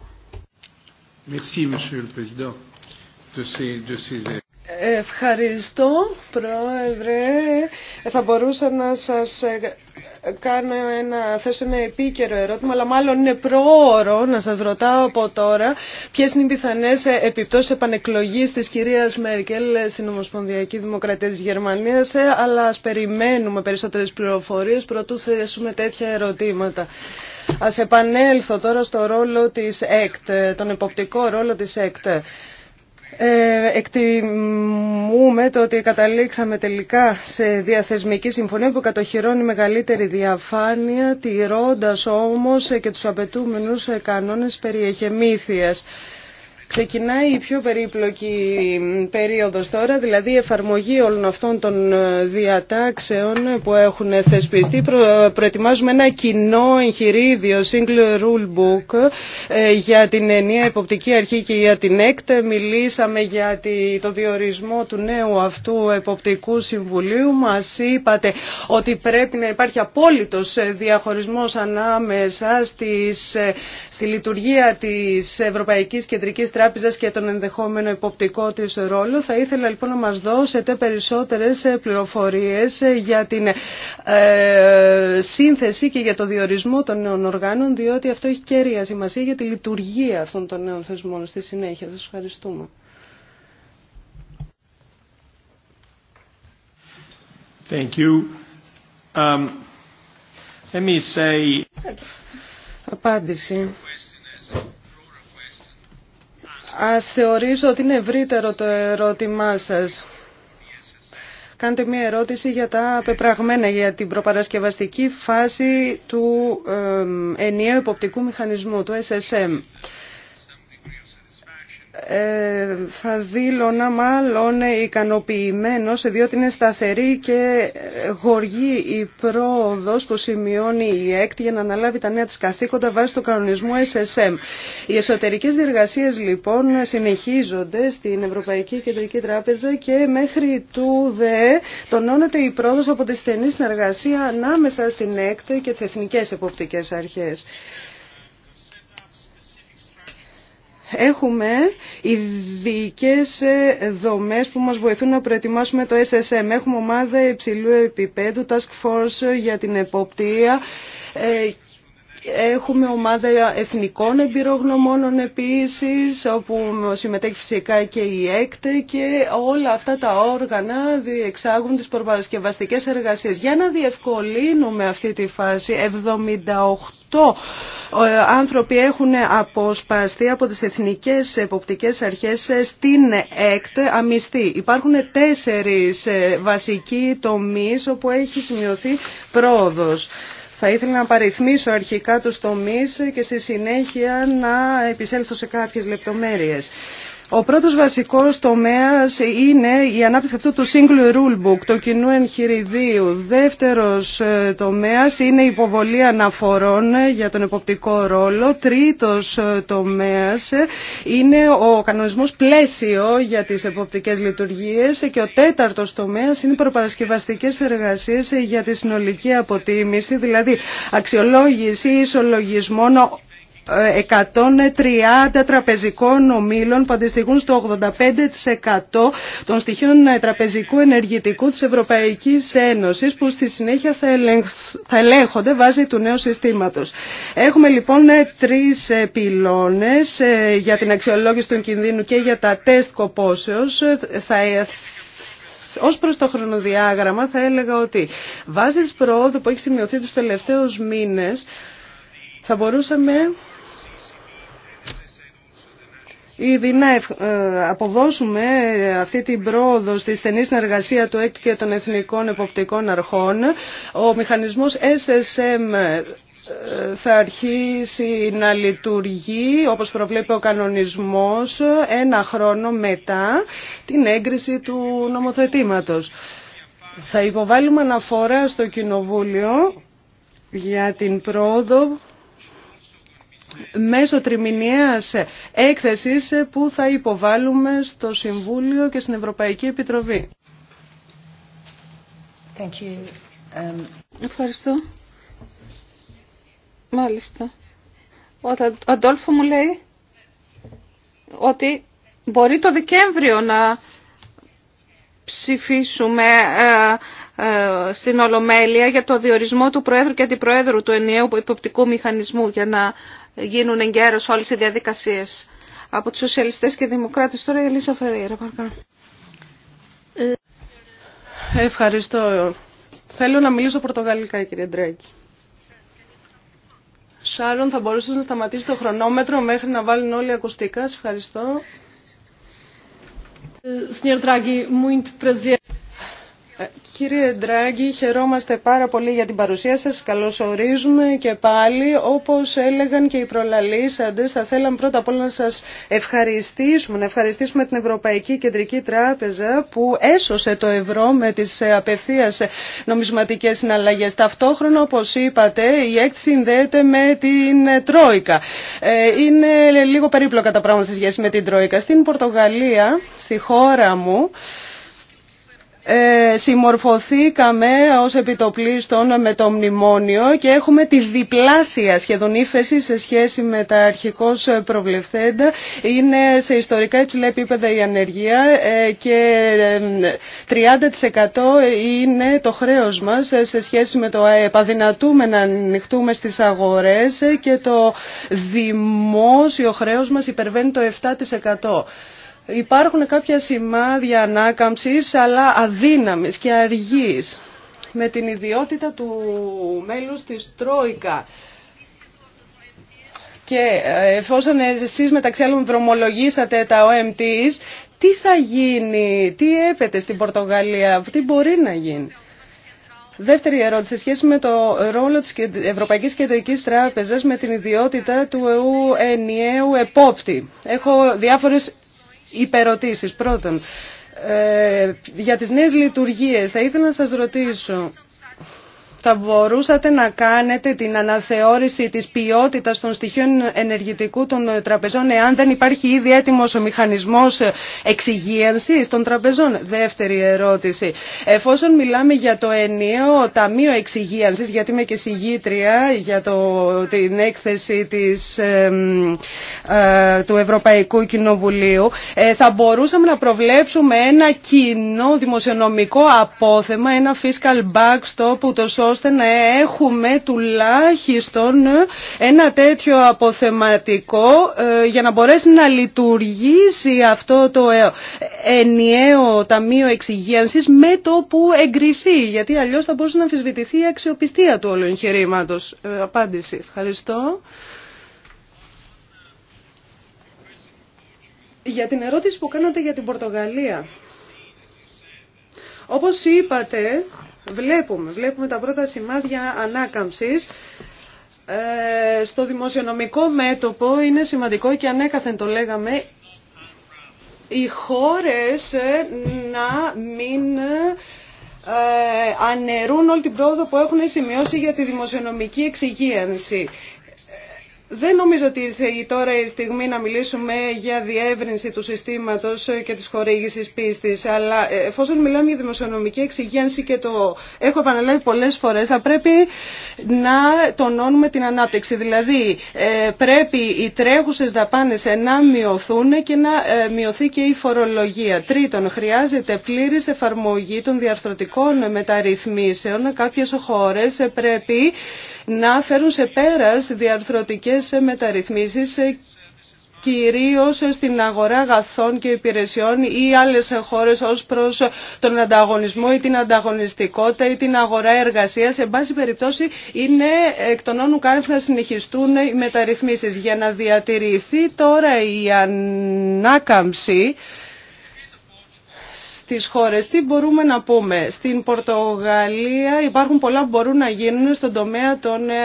Ευχαριστώ, Πρόεδρε. Ε, θα μπορούσα να σας ε, κάνω ένα, θέσω ένα επίκαιρο ερώτημα, αλλά μάλλον είναι προώρο να σας ρωτάω από τώρα ποιες είναι οι πιθανές ε, επιπτώσεις επανεκλογής της κυρίας Μέρκελ στην Ομοσπονδιακή Δημοκρατία της Γερμανίας, ε, αλλά ας περιμένουμε περισσότερες πληροφορίες πρωτού θέσουμε τέτοια ερωτήματα. Ας επανέλθω τώρα στο ρόλο της ΕΚΤ, ε, τον εποπτικό ρόλο της ΕΚΤ. Ε, εκτιμούμε το ότι καταλήξαμε τελικά σε διαθεσμική συμφωνία που κατοχυρώνει μεγαλύτερη διαφάνεια, τηρώντας όμως και τους απαιτούμενους κανόνες περιεχεμήθειας. Ξεκινάει η πιο περίπλοκη περίοδος τώρα, δηλαδή η εφαρμογή όλων αυτών των ε, διατάξεων που έχουν θεσπιστεί. προετοιμάζουμε ένα κοινό εγχειρίδιο, single rule book, ε, για την ενιαία υποπτική αρχή και για την έκτη Μιλήσαμε για το διορισμό του νέου αυτού εποπτικού συμβουλίου. Μας είπατε ότι πρέπει να υπάρχει απόλυτος ε, διαχωρισμός ανάμεσα στις, στη λειτουργία της Ευρωπαϊκής Κεντρικής τράπεζα και τον ενδεχόμενο υποπτικό τη ρόλο. Θα ήθελα λοιπόν να μα δώσετε περισσότερε πληροφορίε για την ε, σύνθεση και για το διορισμό των νέων οργάνων, διότι αυτό έχει κέρια σημασία για τη λειτουργία αυτών των νέων θεσμών στη συνέχεια. Σα ευχαριστούμε. Thank you. Um, let me say... Απάντηση Ας θεωρήσω ότι είναι ευρύτερο το ερώτημά σας. Κάντε μία ερώτηση για τα πεπραγμένα, για την προπαρασκευαστική φάση του ενιαίου υποπτικού μηχανισμού, του SSM. Ε, θα δήλωνα μάλλον σε διότι είναι σταθερή και γοργή η πρόοδος που σημειώνει η ΕΚΤ για να αναλάβει τα νέα της καθήκοντα βάσει του κανονισμού SSM. Οι εσωτερικές διεργασίες λοιπόν συνεχίζονται στην Ευρωπαϊκή Κεντρική Τράπεζα και μέχρι ΔΕ τονώνεται η πρόοδος από τη στενή συνεργασία ανάμεσα στην ΕΚΤ και τις εθνικές εποπτικές αρχές. Έχουμε ειδικέ ε, δομές που μας βοηθούν να προετοιμάσουμε το SSM. Έχουμε ομάδα υψηλού επίπεδου, task force για την εποπτεία ε, Έχουμε ομάδα εθνικών εμπειρογνωμόνων επίσης, όπου συμμετέχει φυσικά και η ΕΚΤΕ και όλα αυτά τα όργανα διεξάγουν τις προπαρασκευαστικές εργασίες. Για να διευκολύνουμε αυτή τη φάση, 78 ε, άνθρωποι έχουν αποσπαστεί από τις εθνικές εποπτικές αρχές στην ΕΚΤ αμυστή. Υπάρχουν τέσσερις ε, βασικοί τομείς όπου έχει σημειωθεί πρόοδος. Θα ήθελα να παριθμίσω αρχικά τους τομείς και στη συνέχεια να επισέλθω σε κάποιες λεπτομέρειες. Ο πρώτος βασικός τομέας είναι η ανάπτυξη αυτού του Single Rule Book, του κοινού εγχειριδίου. Δεύτερος ε, τομέας είναι η υποβολή αναφορών ε, για τον εποπτικό ρόλο. Τρίτος ε, τομέας είναι ο κανονισμός πλαίσιο για τις εποπτικές λειτουργίες και ο τέταρτος τομέας είναι οι προπαρασκευαστικές εργασίε για τη συνολική αποτίμηση, δηλαδή αξιολόγηση ισολογισμών 130 τραπεζικών ομίλων που αντιστοιχούν στο 85% των στοιχείων ε, τραπεζικού ενεργητικού της Ευρωπαϊκής Ένωσης που στη συνέχεια θα ελέγχονται βάσει του νέου συστήματος. Έχουμε λοιπόν ε, τρεις ε, πυλώνες για την αξιολόγηση των κινδύνων και για τα τεστ κοπόσεως. Θα Ω προ το χρονοδιάγραμμα, θα έλεγα ότι βάσει τη προόδου που έχει σημειωθεί τους τελευταίους μήνες θα μπορούσαμε ήδη να ε, αποδώσουμε αυτή την πρόοδο στη στενή συνεργασία του ΕΚΤ και των Εθνικών Εποπτικών Αρχών. Ο μηχανισμός SSM ε, θα αρχίσει να λειτουργεί όπως προβλέπει ο κανονισμός ένα χρόνο μετά την έγκριση του νομοθετήματος. Θα υποβάλουμε αναφορά στο Κοινοβούλιο για την πρόοδο μέσω τριμηνιαίας έκθεσης που θα υποβάλουμε στο Συμβούλιο και στην Ευρωπαϊκή Επιτροπή. Thank you. Um... Ευχαριστώ. Μάλιστα. Ο Αντόλφο μου λέει ότι μπορεί το Δεκέμβριο να ψηφίσουμε ε, ε, στην Ολομέλεια για το διορισμό του Προέδρου και Αντιπροέδρου του ενιαίου υποπτικού μηχανισμού για να γίνουν εγκαίρως όλες οι διαδικασίες. Από τους σοσιαλιστές και δημοκράτες τώρα η Ελίσσα Φερέιρα, παρακαλώ. Ευχαριστώ. Θέλω να μιλήσω πορτογαλικά, κύριε Ντρέκη. Σάρων, θα μπορούσε να σταματήσει το χρονόμετρο μέχρι να βάλουν όλοι ακουστικά. Σα ευχαριστώ. Ε, Κύριε Ντράγκη, χαιρόμαστε πάρα πολύ για την παρουσία σας. Καλώς ορίζουμε και πάλι. Όπως έλεγαν και οι προλαλήσαντες, θα θέλαμε πρώτα απ' όλα να σας ευχαριστήσουμε. Να ευχαριστήσουμε την Ευρωπαϊκή Κεντρική Τράπεζα που έσωσε το ευρώ με τις ε, απευθείας νομισματικές συναλλαγές. Ταυτόχρονα, όπως είπατε, η έκτη συνδέεται με την ε, Τρόικα. Ε, είναι λίγο περίπλοκα τα πράγματα σε σχέση με την Τρόικα. Στην Πορτογαλία, στη χώρα μου, ε, συμμορφωθήκαμε ως επιτοπλίστων με το μνημόνιο και έχουμε τη διπλάσια σχεδόν ύφεση σε σχέση με τα αρχικώς προβλεφθέντα. Είναι σε ιστορικά υψηλά επίπεδα η ανεργία ε, και 30% ε, είναι το χρέος μας σε σχέση με το ΑΕΠ. Αδυνατούμε να ανοιχτούμε στις αγορές και το δημόσιο χρέος μας υπερβαίνει το 7%. Υπάρχουν κάποια σημάδια ανάκαμψης, αλλά αδύναμης και αργής, με την ιδιότητα του μέλους της Τρόικα. Και ε, εφόσον εσείς μεταξύ άλλων δρομολογήσατε τα OMTs, τι θα γίνει, τι έπεται στην Πορτογαλία, τι μπορεί να γίνει. Δεύτερη ερώτηση, σε σχέση με το ρόλο της Ευρωπαϊκής Κεντρικής Τράπεζας με την ιδιότητα του ενιαίου επόπτη. Έχω διάφορες υπερωτήσεις. Πρώτον, ε, για τις νέες λειτουργίες θα ήθελα να σας ρωτήσω θα μπορούσατε να κάνετε την αναθεώρηση της ποιότητας των στοιχείων ενεργητικού των τραπεζών εάν δεν υπάρχει ήδη έτοιμος ο μηχανισμός εξυγίανσης των τραπεζών. Δεύτερη ερώτηση. Εφόσον μιλάμε για το ενίο Ταμείο Εξυγίανσης, γιατί είμαι και συγγήτρια για την έκθεση της, του Ευρωπαϊκού Κοινοβουλίου, ε, θα μπορούσαμε να προβλέψουμε ένα κοινό δημοσιονομικό απόθεμα, ένα fiscal backstop, ούτως ώστε να έχουμε τουλάχιστον ένα τέτοιο αποθεματικό ε, για να μπορέσει να λειτουργήσει αυτό το ε, ενιαίο Ταμείο Εξυγίανσης με το που εγκριθεί, γιατί αλλιώς θα μπορούσε να αμφισβητηθεί η αξιοπιστία του όλου εγχειρήματος. Ε, απάντηση. Ευχαριστώ. Για την ερώτηση που κάνατε για την Πορτογαλία. Όπως είπατε, Βλέπουμε, βλέπουμε τα πρώτα σημάδια ανάκαμψης. Ε, στο δημοσιονομικό μέτωπο είναι σημαντικό και ανέκαθεν το λέγαμε οι χώρες ε, να μην ε, ανερούν όλη την πρόοδο που έχουν σημειώσει για τη δημοσιονομική εξυγίανση. Δεν νομίζω ότι ήρθε τώρα η στιγμή να μιλήσουμε για διεύρυνση του συστήματος και της χορήγησης πίστης, αλλά ε, εφόσον μιλάμε για δημοσιονομική εξυγένση και το έχω επαναλάβει πολλές φορές, θα πρέπει να τονώνουμε την ανάπτυξη. Δηλαδή ε, πρέπει οι τρέχουσες δαπάνες ε, να μειωθούν και να μειωθεί και η φορολογία. Τρίτον, χρειάζεται πλήρης εφαρμογή των διαρθρωτικών μεταρρυθμίσεων. Κάποιες χώρες πρέπει να φέρουν σε πέρας διαρθρωτικές μεταρρυθμίσεις κυρίως στην αγορά αγαθών και υπηρεσιών ή άλλες χώρες ως προς τον ανταγωνισμό ή την ανταγωνιστικότητα ή την αγορά εργασίας. Σε πάση περιπτώσει είναι εκ των όνων κάρφ να συνεχιστούν οι μεταρρυθμίσεις. Για να διατηρηθεί τώρα η ανάκαμψη στις χώρες. Τι μπορούμε να πούμε. Στην Πορτογαλία υπάρχουν πολλά που μπορούν να γίνουν στον τομέα των ε,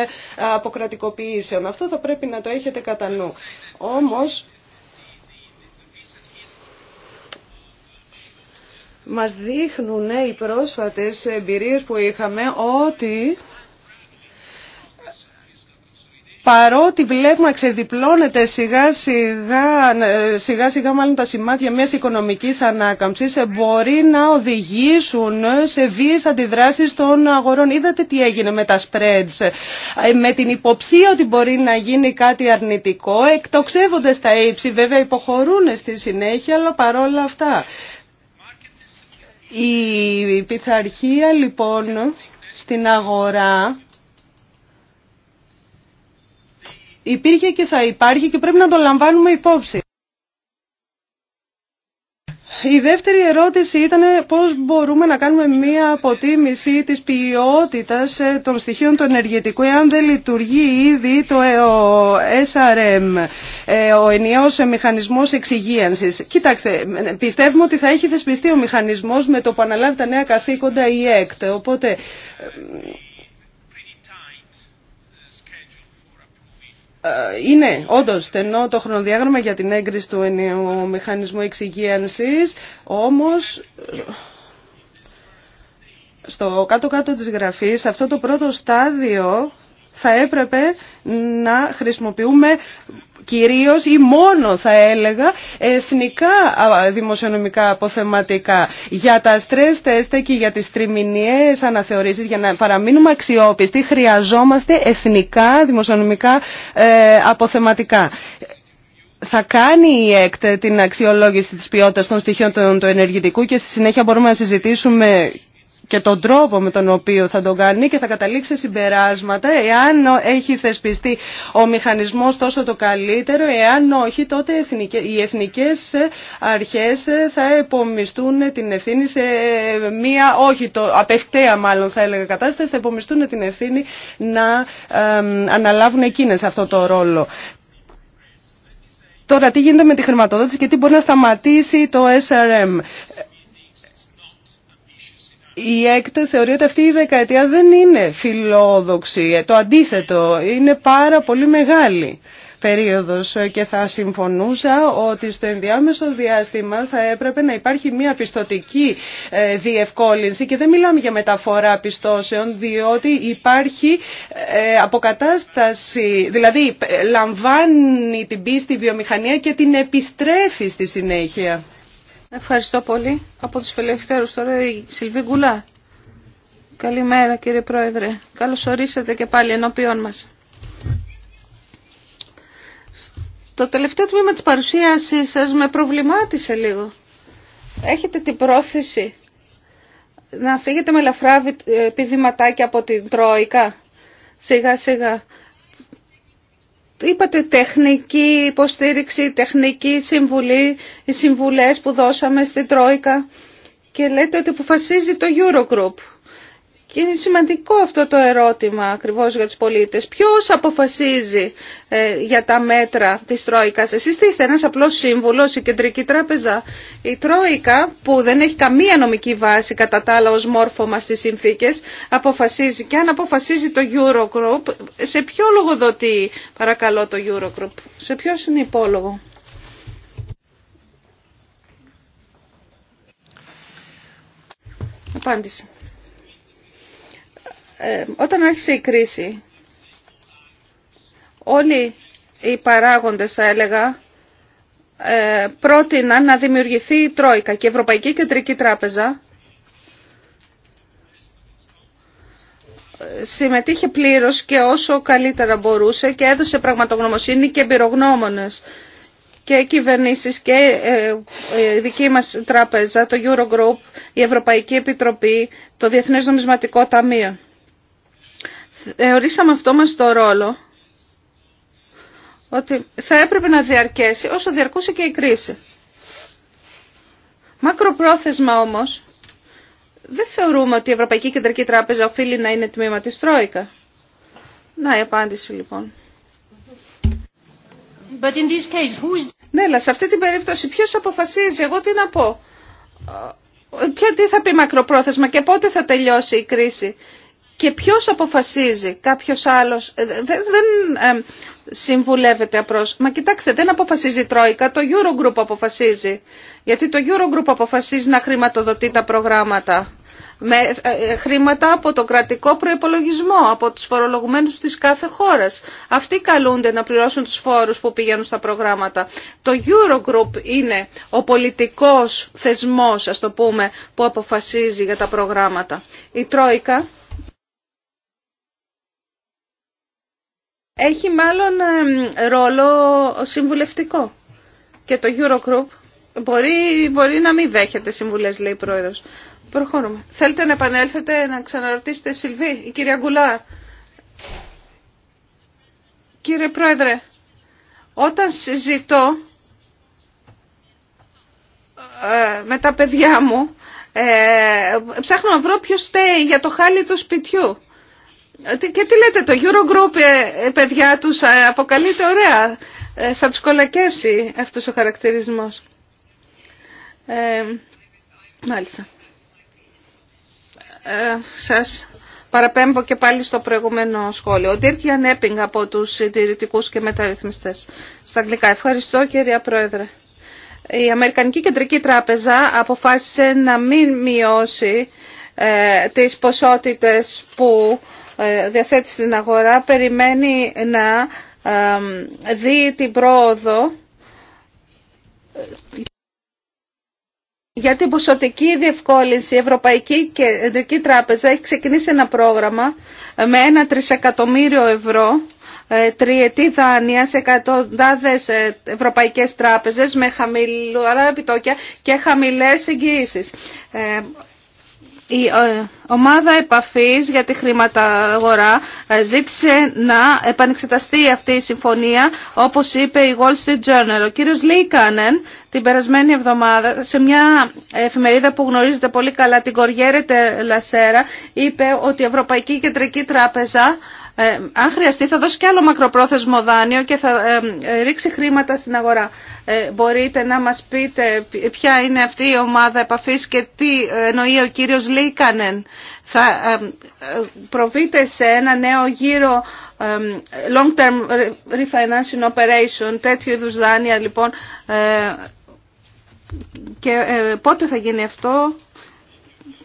αποκρατικοποιήσεων. Αυτό θα πρέπει να το έχετε κατά νου. Όμως, μας δείχνουν οι πρόσφατες εμπειρίες που είχαμε ότι παρότι βλέπουμε ξεδιπλώνεται σιγά σιγά, ναι, σιγά σιγά μάλλον τα σημάδια μιας οικονομικής ανάκαμψης ε, μπορεί να οδηγήσουν σε βίες αντιδράσεις των αγορών. Είδατε τι έγινε με τα spreads. Ε, με την υποψία ότι μπορεί να γίνει κάτι αρνητικό εκτοξεύονται στα ύψη, βέβαια υποχωρούν στη συνέχεια, αλλά παρόλα αυτά. Η πειθαρχία λοιπόν στην αγορά υπήρχε και θα υπάρχει και πρέπει να το λαμβάνουμε υπόψη. Η δεύτερη ερώτηση ήταν πώς μπορούμε να κάνουμε μία αποτίμηση της ποιότητας ε, των στοιχείων του ενεργετικού εάν δεν λειτουργεί ήδη το ε, SRM, ε, ο ενιαίος μηχανισμός εξυγίανσης. Κοιτάξτε, πιστεύουμε ότι θα έχει δεσπιστεί ο μηχανισμός με το που αναλάβει τα νέα καθήκοντα η ΕΚΤ, οπότε Ε, είναι όντω στενό το χρονοδιάγραμμα για την έγκριση του ενιαίου μηχανισμού εξυγίανση, όμως στο κάτω-κάτω της γραφής, αυτό το πρώτο στάδιο θα έπρεπε να χρησιμοποιούμε κυρίως ή μόνο θα έλεγα εθνικά δημοσιονομικά αποθεματικά για τα στρες τεστ και για τις τριμηνιές αναθεωρήσεις για να παραμείνουμε αξιόπιστοι χρειαζόμαστε εθνικά δημοσιονομικά ε, αποθεματικά θα κάνει η ΕΚΤ την αξιολόγηση της ποιότητας των στοιχείων του ενεργητικού και στη συνέχεια μπορούμε να συζητήσουμε και τον τρόπο με τον οποίο θα τον κάνει και θα καταλήξει συμπεράσματα εάν έχει θεσπιστεί ο μηχανισμός τόσο το καλύτερο, εάν όχι τότε οι εθνικές ε, αρχές ε, θα υπομιστούν την ευθύνη σε ε, μία, όχι το απευκταία μάλλον θα έλεγα κατάσταση, θα υπομιστούν την ευθύνη να αναλάβουν εκείνες αυτό το ρόλο. Τώρα τι γίνεται με τη χρηματοδότηση και τι μπορεί να σταματήσει το SRM η ΕΚΤ θεωρεί ότι αυτή η δεκαετία δεν είναι φιλόδοξη. Ε, το αντίθετο, είναι πάρα πολύ μεγάλη περίοδος και θα συμφωνούσα ότι στο ενδιάμεσο διάστημα θα έπρεπε να υπάρχει μια πιστοτική ε, διευκόλυνση και δεν μιλάμε για μεταφορά πιστώσεων διότι υπάρχει ε, αποκατάσταση, δηλαδή λαμβάνει την πίστη βιομηχανία και την επιστρέφει στη συνέχεια. Ευχαριστώ πολύ. Από τους φιλελευθέρους τώρα η Σιλβί Γκουλά. Καλημέρα κύριε Πρόεδρε. Καλώς ορίσατε και πάλι ενώπιόν μας. Το τελευταίο τμήμα της παρουσίασής σας με προβλημάτισε λίγο. Έχετε την πρόθεση να φύγετε με λαφρά επιδηματάκια από την Τρόικα. Σιγά σιγά. Είπατε τεχνική υποστήριξη, τεχνική συμβουλή, οι συμβουλές που δώσαμε στην Τρόικα και λέτε ότι αποφασίζει το Eurogroup. Και είναι σημαντικό αυτό το ερώτημα ακριβώς για τους πολίτες. Ποιος αποφασίζει ε, για τα μέτρα της Τρόικας. Εσείς τι είστε ένας απλός σύμβουλος, η Κεντρική Τράπεζα. Η Τρόικα που δεν έχει καμία νομική βάση κατά τα άλλα ως μόρφωμα στις συνθήκες αποφασίζει και αν αποφασίζει το Eurogroup σε ποιο λογοδοτεί παρακαλώ το Eurogroup. Σε ποιο είναι υπόλογο. Απάντηση. Ε, όταν άρχισε η κρίση, όλοι οι παράγοντες, θα έλεγα, ε, πρότειναν να δημιουργηθεί η Τρόικα και η Ευρωπαϊκή Κεντρική Τράπεζα ε, συμμετείχε πλήρως και όσο καλύτερα μπορούσε και έδωσε πραγματογνωμοσύνη και εμπειρογνώμονες και κυβερνήσεις και η δική μας τράπεζα, το Eurogroup, η Ευρωπαϊκή Επιτροπή, το Διεθνές Νομισματικό Ταμείο. Θεωρήσαμε αυτό μας το ρόλο ότι θα έπρεπε να διαρκέσει όσο διαρκούσε και η κρίση. Μακροπρόθεσμα όμως δεν θεωρούμε ότι η Ευρωπαϊκή Κεντρική Τράπεζα οφείλει να είναι τμήμα της Τρόικα. Να η απάντηση λοιπόν. But in this Ναι, αλλά σε αυτή την περίπτωση ποιος αποφασίζει, εγώ τι να πω. Ποιο τι θα πει μακροπρόθεσμα και πότε θα τελειώσει η κρίση και ποιος αποφασίζει, κάποιος άλλος, ε, δεν ε, συμβουλεύεται απρός. Μα κοιτάξτε, δεν αποφασίζει η Τρόικα, το Eurogroup αποφασίζει. Γιατί το Eurogroup αποφασίζει να χρηματοδοτεί τα προγράμματα. Με ε, ε, χρήματα από το κρατικό προϋπολογισμό, από τους φορολογουμένους της κάθε χώρας. Αυτοί καλούνται να πληρώσουν τους φόρους που πηγαίνουν στα προγράμματα. Το Eurogroup είναι ο πολιτικός θεσμός, ας το πούμε, που αποφασίζει για τα προγράμματα. Η Τρόικα έχει μάλλον ρόλο συμβουλευτικό. Και το Eurogroup μπορεί, μπορεί να μην δέχεται συμβουλές, λέει η Πρόεδρος. Προχωρούμε. Θέλετε να επανέλθετε, να ξαναρωτήσετε, Σιλβί, η κυρία Γκουλάρ. Κύριε Πρόεδρε, όταν συζητώ ε, με τα παιδιά μου, ε, ψάχνω να βρω ποιος στέει για το χάλι του σπιτιού. Ε, και τι λέτε, το Eurogroup, ε, ε, παιδιά τους, αποκαλείται ωραία. Θα τους κολακεύσει αυτός ο χαρακτηρισμός. Ε, μάλιστα. Ε, σας παραπέμπω και πάλι στο προηγούμενο σχόλιο. Ο Dirk από τους συντηρητικούς και μεταρρυθμιστές. Στα αγγλικά. Ευχαριστώ κυρία Πρόεδρε. Η Αμερικανική Κεντρική Τράπεζα αποφάσισε να μην μειώσει ε, τις ποσότητες που ε, διαθέτει στην αγορά περιμένει να ε, δει την πρόοδο για την ποσοτική διευκόλυνση. Η Ευρωπαϊκή Κεντρική Τράπεζα έχει ξεκινήσει ένα πρόγραμμα με ένα τρισεκατομμύριο ευρώ ε, τριετή δάνεια σε εκατοντάδες ευρωπαϊκές τράπεζες με χαμηλά επιτόκια και χαμηλές εγγυήσεις. Η ε, ομάδα επαφής για τη χρηματαγορά ε, ζήτησε να επανεξεταστεί αυτή η συμφωνία, όπως είπε η Wall Street Journal. Ο κύριος Λίκανεν την περασμένη εβδομάδα σε μια εφημερίδα που γνωρίζετε πολύ καλά, την Κοριέρετε Λασέρα, είπε ότι η Ευρωπαϊκή Κεντρική Τράπεζα ε, αν χρειαστεί θα δώσει και άλλο μακροπρόθεσμο δάνειο και θα ε, ε, ρίξει χρήματα στην αγορά. Μπορείτε να μας πείτε ποια είναι αυτή η ομάδα επαφής και τι εννοεί ο κύριος Λίκανεν. Θα προβείτε σε ένα νέο γύρο long term refinancing operation, τέτοιου είδους δάνεια λοιπόν και πότε θα γίνει αυτό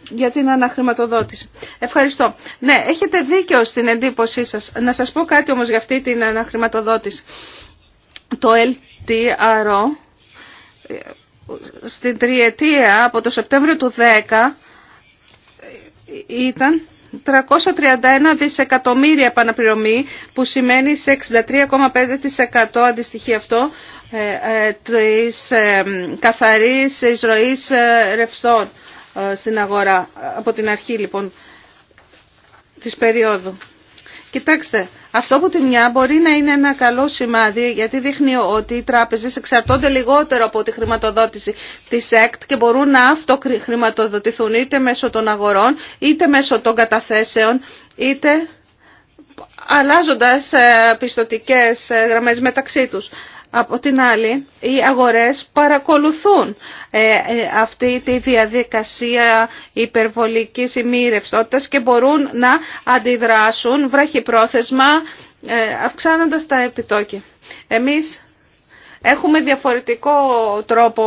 για την αναχρηματοδότηση. Ευχαριστώ. Ναι, έχετε δίκιο στην εντύπωσή σας. Να σας πω κάτι όμως για αυτή την αναχρηματοδότηση. Το LTRO στην τριετία από το Σεπτέμβριο του 10 ήταν 331 δισεκατομμύρια επαναπληρωμή που σημαίνει σε 63,5% αντιστοιχεί αυτό ε, ε, της ε, καθαρής εισρωής ρευστών. Ε, στην αγορά από την αρχή λοιπόν της περίοδου. Κοιτάξτε, αυτό που τη μια μπορεί να είναι ένα καλό σημάδι γιατί δείχνει ότι οι τράπεζες εξαρτώνται λιγότερο από τη χρηματοδότηση της ΕΚΤ και μπορούν να αυτοχρηματοδοτηθούν είτε μέσω των αγορών, είτε μέσω των καταθέσεων, είτε αλλάζοντας ε, πιστοτικές ε, γραμμές μεταξύ τους. Από την άλλη, οι αγορές παρακολουθούν ε, ε, αυτή τη διαδικασία υπερβολικής ημίρευστότητας και μπορούν να αντιδράσουν βραχυπρόθεσμα ε, αυξάνοντας τα επιτόκια. Εμείς Έχουμε διαφορετικό τρόπο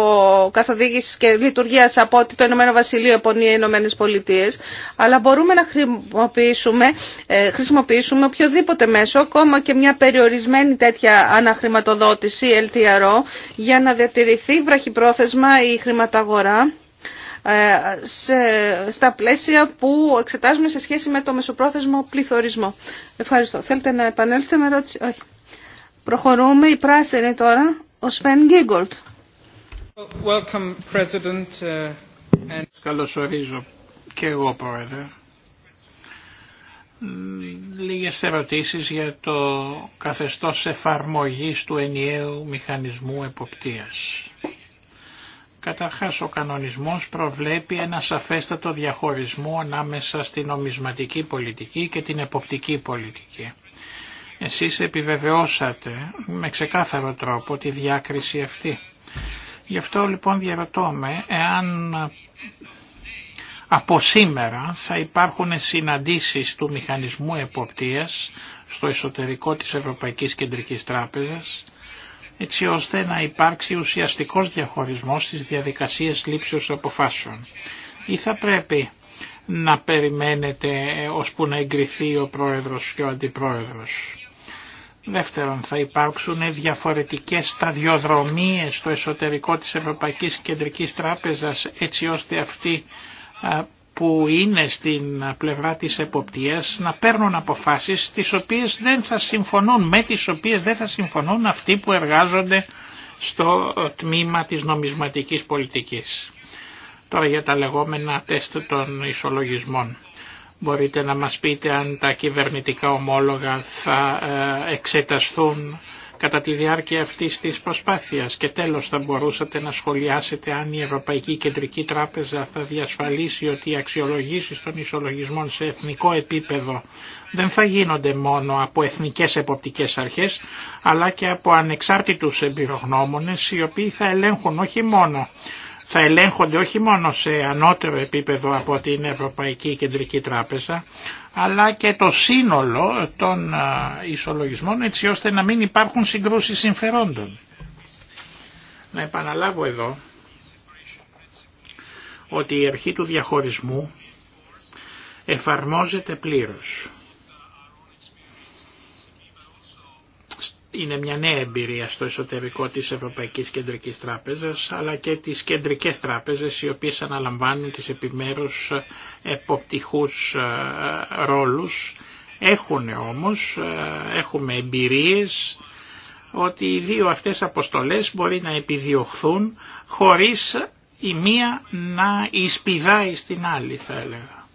καθοδήγησης και λειτουργίας από ότι το Ηνωμένο Βασιλείο, επωνεί οι Ηνωμένες αλλά μπορούμε να χρησιμοποιήσουμε, ε, χρησιμοποιήσουμε οποιοδήποτε μέσο, ακόμα και μια περιορισμένη τέτοια αναχρηματοδότηση, LTRO, για να διατηρηθεί βραχυπρόθεσμα η χρηματαγορά ε, στα πλαίσια που εξετάζουμε σε σχέση με το μεσοπρόθεσμο πληθωρισμό. Ευχαριστώ. Θέλετε να επανέλθετε με ερώτηση. Όχι. Προχωρούμε. Η πράσινη τώρα. Ο Σφεν Γίγκολτ. Welcome, President. Uh, και εγώ, Πρόεδρε. Λίγες ερωτήσεις για το καθεστώς εφαρμογής του ενιαίου μηχανισμού εποπτείας. Καταρχάς ο κανονισμός προβλέπει ένα σαφέστατο διαχωρισμό ανάμεσα στην νομισματική πολιτική και την εποπτική πολιτική. Εσείς επιβεβαιώσατε με ξεκάθαρο τρόπο τη διάκριση αυτή. Γι' αυτό λοιπόν διαρωτώ με εάν από σήμερα θα υπάρχουν συναντήσεις του μηχανισμού εποπτείας στο εσωτερικό της Ευρωπαϊκής Κεντρικής Τράπεζας έτσι ώστε να υπάρξει ουσιαστικός διαχωρισμός στις διαδικασίες λήψεως αποφάσεων. Ή θα πρέπει να περιμένετε ε, ώσπου να εγκριθεί ο πρόεδρος και ο αντιπρόεδρος. Δεύτερον, θα υπάρξουν διαφορετικές σταδιοδρομίες στο εσωτερικό της Ευρωπαϊκής Κεντρικής Τράπεζας έτσι ώστε αυτοί που είναι στην πλευρά της εποπτείας να παίρνουν αποφάσεις τις οποίες δεν θα συμφωνούν, με τις οποίες δεν θα συμφωνούν αυτοί που εργάζονται στο τμήμα της νομισματικής πολιτικής. Τώρα για τα λεγόμενα τεστ των ισολογισμών. Μπορείτε να μας πείτε αν τα κυβερνητικά ομόλογα θα ε, εξεταστούν κατά τη διάρκεια αυτής της προσπάθειας και τέλος θα μπορούσατε να σχολιάσετε αν η Ευρωπαϊκή Κεντρική Τράπεζα θα διασφαλίσει ότι οι αξιολογήσεις των ισολογισμών σε εθνικό επίπεδο δεν θα γίνονται μόνο από εθνικές εποπτικές αρχές αλλά και από ανεξάρτητους εμπειρογνώμονες οι οποίοι θα ελέγχουν όχι μόνο θα ελέγχονται όχι μόνο σε ανώτερο επίπεδο από την Ευρωπαϊκή Κεντρική Τράπεζα, αλλά και το σύνολο των ισολογισμών έτσι ώστε να μην υπάρχουν συγκρούσεις συμφερόντων. Να επαναλάβω εδώ ότι η αρχή του διαχωρισμού εφαρμόζεται πλήρως. είναι μια νέα εμπειρία στο εσωτερικό της Ευρωπαϊκής Κεντρικής Τράπεζας αλλά και τις κεντρικές τράπεζες οι οποίες αναλαμβάνουν τις επιμέρους ε, εποπτυχούς ε, ρόλους. Έχουν όμως, ε, έχουμε εμπειρίες ότι οι δύο αυτές αποστολές μπορεί να επιδιωχθούν χωρίς η μία να εισπηδάει στην άλλη θα έλεγα.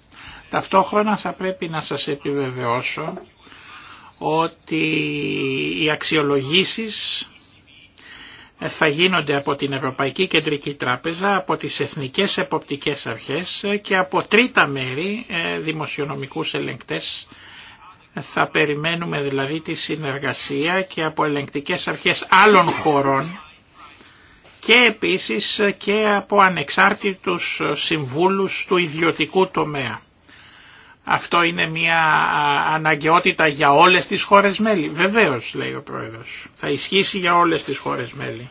Ταυτόχρονα θα πρέπει να σας επιβεβαιώσω ότι οι αξιολογήσεις θα γίνονται από την Ευρωπαϊκή Κεντρική Τράπεζα, από τις Εθνικές Εποπτικές Αρχές και από τρίτα μέρη ε, δημοσιονομικούς ελεγκτές. Θα περιμένουμε δηλαδή τη συνεργασία και από ελεγκτικές αρχές άλλων χωρών και επίσης και από ανεξάρτητους συμβούλους του ιδιωτικού τομέα. Αυτό είναι μια αναγκαιότητα για όλες τις χώρες μέλη. Βεβαίως, λέει ο Πρόεδρος. Θα ισχύσει για όλες τις χώρες μέλη.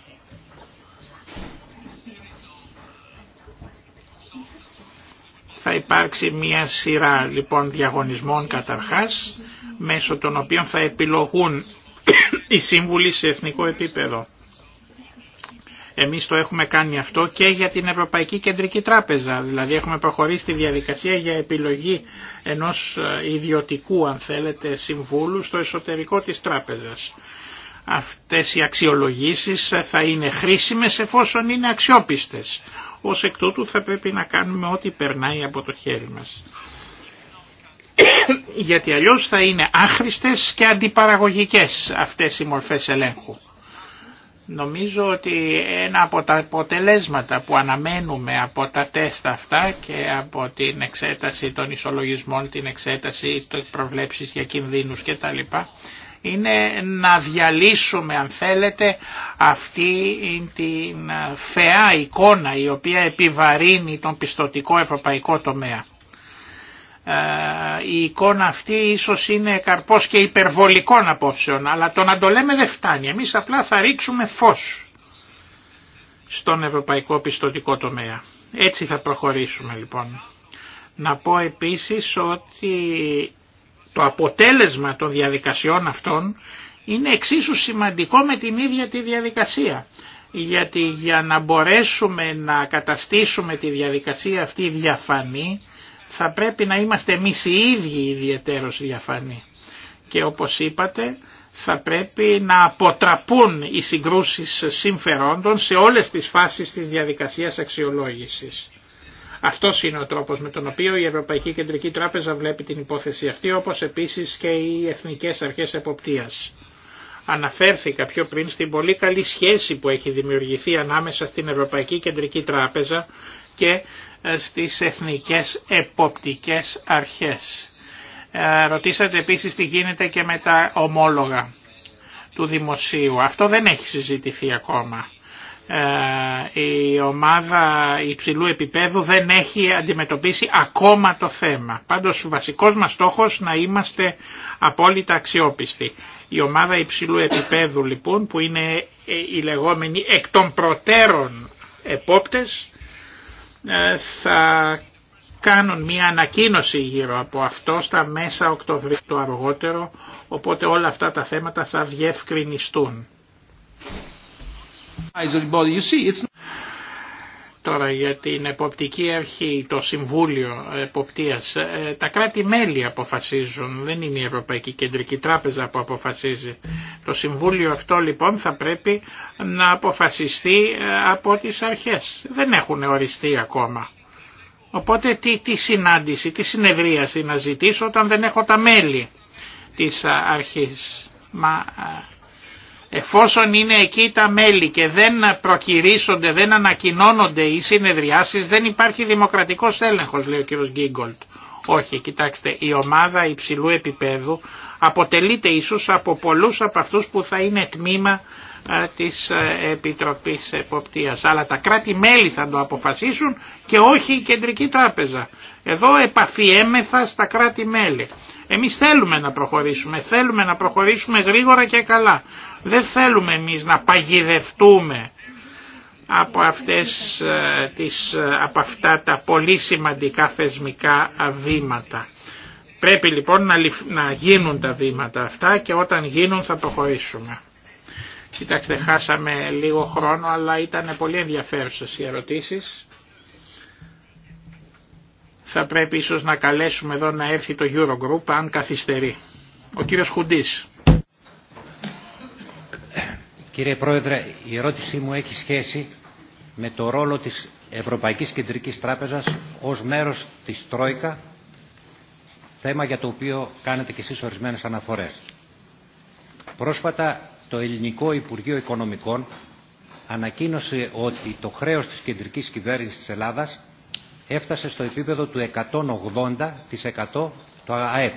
Θα υπάρξει μια σειρά λοιπόν διαγωνισμών καταρχάς, μέσω των οποίων θα επιλογούν οι σύμβουλοι σε εθνικό επίπεδο. Εμείς το έχουμε κάνει αυτό και για την Ευρωπαϊκή Κεντρική Τράπεζα. Δηλαδή έχουμε προχωρήσει τη διαδικασία για επιλογή ενός ε, ιδιωτικού αν θέλετε συμβούλου στο εσωτερικό της τράπεζας. Αυτές οι αξιολογήσεις ε, θα είναι χρήσιμες εφόσον είναι αξιόπιστες. Ως εκ τούτου θα πρέπει να κάνουμε ό,τι περνάει από το χέρι μας. Γιατί αλλιώς θα είναι άχρηστες και αντιπαραγωγικές αυτές οι μορφές ελέγχου. Νομίζω ότι ένα από τα αποτελέσματα που αναμένουμε από τα τεστ αυτά και από την εξέταση των ισολογισμών, την εξέταση των προβλέψεις για κινδύνους κτλ. είναι να διαλύσουμε αν θέλετε αυτή την φαιά εικόνα η οποία επιβαρύνει τον πιστοτικό ευρωπαϊκό τομέα. Ε, η εικόνα αυτή ίσως είναι καρπός και υπερβολικών απόψεων, αλλά το να το λέμε δεν φτάνει. Εμείς απλά θα ρίξουμε φως στον ευρωπαϊκό πιστοτικό τομέα. Έτσι θα προχωρήσουμε λοιπόν. Να πω επίσης ότι το αποτέλεσμα των διαδικασιών αυτών είναι εξίσου σημαντικό με την ίδια τη διαδικασία. Γιατί για να μπορέσουμε να καταστήσουμε τη διαδικασία αυτή διαφανή θα πρέπει να είμαστε εμείς οι ίδιοι ιδιαίτερως διαφανεί. Και όπως είπατε θα πρέπει να αποτραπούν οι συγκρούσεις συμφερόντων σε όλες τις φάσεις της διαδικασίας αξιολόγησης. Αυτό είναι ο τρόπος με τον οποίο η Ευρωπαϊκή Κεντρική Τράπεζα βλέπει την υπόθεση αυτή, όπως επίσης και οι Εθνικές Αρχές Εποπτείας. Αναφέρθηκα πιο πριν στην πολύ καλή σχέση που έχει δημιουργηθεί ανάμεσα στην Ευρωπαϊκή Κεντρική Τράπεζα και στις εθνικές εποπτικές αρχές. Ε, ρωτήσατε επίσης τι γίνεται και με τα ομόλογα του δημοσίου. Αυτό δεν έχει συζητηθεί ακόμα. Ε, η ομάδα υψηλού επίπεδου δεν έχει αντιμετωπίσει ακόμα το θέμα. Πάντως ο βασικός μας στόχος να είμαστε απόλυτα αξιόπιστοι. Η ομάδα υψηλού επίπεδου λοιπόν που είναι ε, οι λεγόμενοι εκ των προτέρων επόπτες ε, θα κάνουν μια ανακοίνωση γύρω από αυτό στα μέσα Οκτωβρίου το αργότερο, οπότε όλα αυτά τα θέματα θα διευκρινιστούν. Τώρα για την εποπτική αρχή, το Συμβούλιο Εποπτείας, ε, τα κράτη-μέλη αποφασίζουν, δεν είναι η Ευρωπαϊκή Κεντρική Τράπεζα που αποφασίζει. Το Συμβούλιο αυτό λοιπόν θα πρέπει να αποφασιστεί ε, από τις αρχές. Δεν έχουν οριστεί ακόμα. Οπότε τι, συνάντηση, τι συνεδρίαση να ζητήσω όταν δεν έχω τα μέλη της ε, αρχής. Μα Εφόσον είναι εκεί τα μέλη και δεν προκυρήσονται, δεν ανακοινώνονται οι συνεδριάσεις, δεν υπάρχει δημοκρατικός έλεγχος, λέει ο κ. Γκίγκολτ. Όχι, κοιτάξτε, η ομάδα υψηλού επίπεδου αποτελείται ίσως από πολλούς από αυτούς που θα είναι τμήμα ε, της ε, Επιτροπής Εποπτείας. Αλλά τα κράτη-μέλη θα το αποφασίσουν και όχι η Κεντρική Τράπεζα. Εδώ επαφιέμεθα στα κράτη-μέλη. Εμείς θέλουμε να προχωρήσουμε, θέλουμε να προχωρήσουμε γρήγορα και καλά. Δεν θέλουμε εμείς να παγιδευτούμε από, αυτές, ε, τις, ε, από αυτά τα πολύ σημαντικά θεσμικά ε, βήματα. Πρέπει λοιπόν να, να γίνουν τα βήματα αυτά και όταν γίνουν θα προχωρήσουμε. Κοιτάξτε, χάσαμε λίγο χρόνο, αλλά ήταν πολύ ενδιαφέρουσες οι ερωτήσεις. Θα πρέπει ίσως να καλέσουμε εδώ να έρθει το Eurogroup αν καθυστερεί. Ο κύριος Χουντής. Κύριε Πρόεδρε, η ερώτησή μου έχει σχέση με το ρόλο της Ευρωπαϊκής Κεντρικής Τράπεζας ως μέρος της Τρόικα, θέμα για το οποίο κάνετε και εσείς ορισμένες αναφορές. Πρόσφατα το Ελληνικό Υπουργείο Οικονομικών ανακοίνωσε ότι το χρέος της κεντρικής κυβέρνησης της Ελλάδας έφτασε στο επίπεδο του 180% του ΑΕΠ.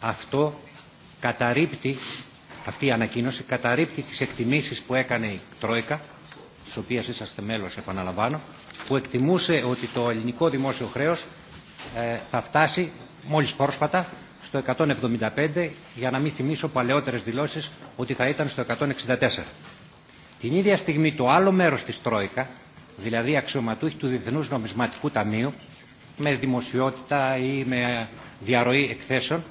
Αυτό καταρρύπτει αυτή η ανακοίνωση καταρρύπτει τις εκτιμήσεις που έκανε η Τρόικα, της οποίας είσαστε μέλος επαναλαμβάνω, που εκτιμούσε ότι το ελληνικό δημόσιο χρέος ε, θα φτάσει μόλις πρόσφατα στο 175 για να μην θυμίσω παλαιότερες δηλώσεις ότι θα ήταν στο 164. Την ίδια στιγμή το άλλο μέρος της Τρόικα, δηλαδή αξιωματούχοι του Διεθνούς Νομισματικού Ταμείου, με δημοσιότητα ή με διαρροή εκθέσεων,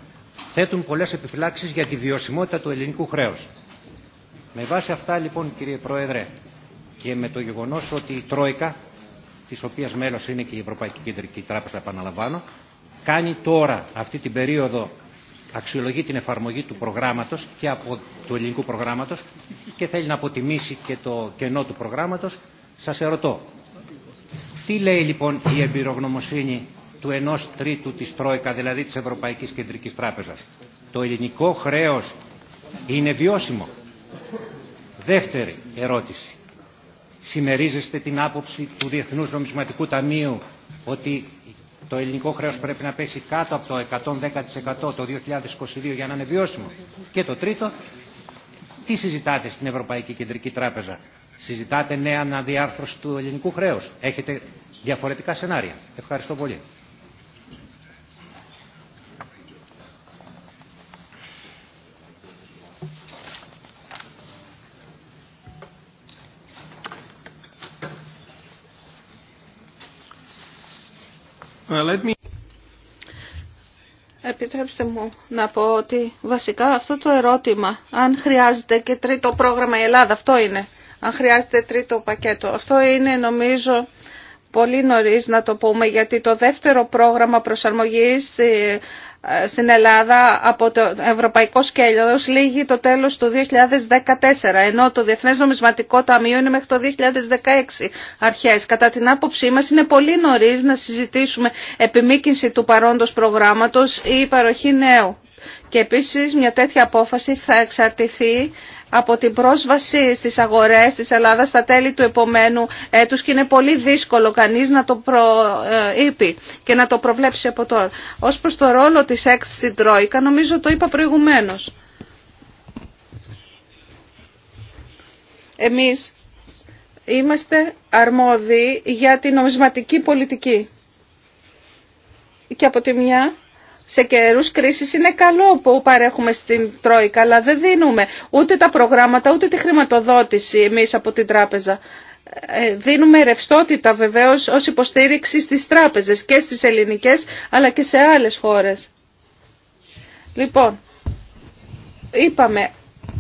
θέτουν πολλές επιφυλάξεις για τη βιωσιμότητα του ελληνικού χρέους. Με βάση αυτά λοιπόν κύριε Πρόεδρε και με το γεγονός ότι η Τρόικα, της οποίας μέλος είναι και η Ευρωπαϊκή Κεντρική Τράπεζα επαναλαμβάνω, κάνει τώρα αυτή την περίοδο αξιολογεί την εφαρμογή του προγράμματος και από του ελληνικού προγράμματος και θέλει να αποτιμήσει και το κενό του προγράμματος, σας ερωτώ. Τι λέει λοιπόν η εμπειρογνωμοσύνη του ενός τρίτου της Τρόικα, δηλαδή της Ευρωπαϊκής Κεντρικής Τράπεζας. Το ελληνικό χρέος είναι βιώσιμο. Δεύτερη ερώτηση. Συμμερίζεστε την άποψη του Διεθνούς Νομισματικού Ταμείου ότι το ελληνικό χρέος πρέπει να πέσει κάτω από το 110% το 2022 για να είναι βιώσιμο. Και το τρίτο, τι συζητάτε στην Ευρωπαϊκή Κεντρική Τράπεζα. Συζητάτε νέα αναδιάρθρωση του ελληνικού χρέους. Έχετε διαφορετικά σενάρια. Ευχαριστώ πολύ. Επιτρέψτε μου να πω ότι βασικά αυτό το ερώτημα, αν χρειάζεται και τρίτο πρόγραμμα η Ελλάδα, αυτό είναι, αν χρειάζεται τρίτο πακέτο, αυτό είναι νομίζω πολύ νωρίς να το πούμε, γιατί το δεύτερο πρόγραμμα προσαρμογής ε, στην Ελλάδα από το Ευρωπαϊκό Σκέλος λύγει το τέλος του 2014, ενώ το Διεθνές Νομισματικό Ταμείο είναι μέχρι το 2016 αρχές. Κατά την άποψή μας είναι πολύ νωρίς να συζητήσουμε επιμήκυνση του παρόντος προγράμματος ή παροχή νέου. Και επίσης μια τέτοια απόφαση θα εξαρτηθεί από την πρόσβαση στις αγορές της Ελλάδας στα τέλη του επομένου έτους και είναι πολύ δύσκολο κανείς να το προείπει και να το προβλέψει από τώρα. Ως προς το ρόλο της ΕΚΤ στην Τρόικα, νομίζω το είπα προηγουμένως. Εμείς είμαστε αρμόδιοι για την νομισματική πολιτική. Και από τη μια σε καιρούς κρίσης είναι καλό που παρέχουμε στην Τρόικα, αλλά δεν δίνουμε ούτε τα προγράμματα, ούτε τη χρηματοδότηση εμείς από την τράπεζα. Ε, δίνουμε ρευστότητα βεβαίως ως υποστήριξη στις τράπεζες και στις ελληνικές αλλά και σε άλλες χώρες. Λοιπόν, είπαμε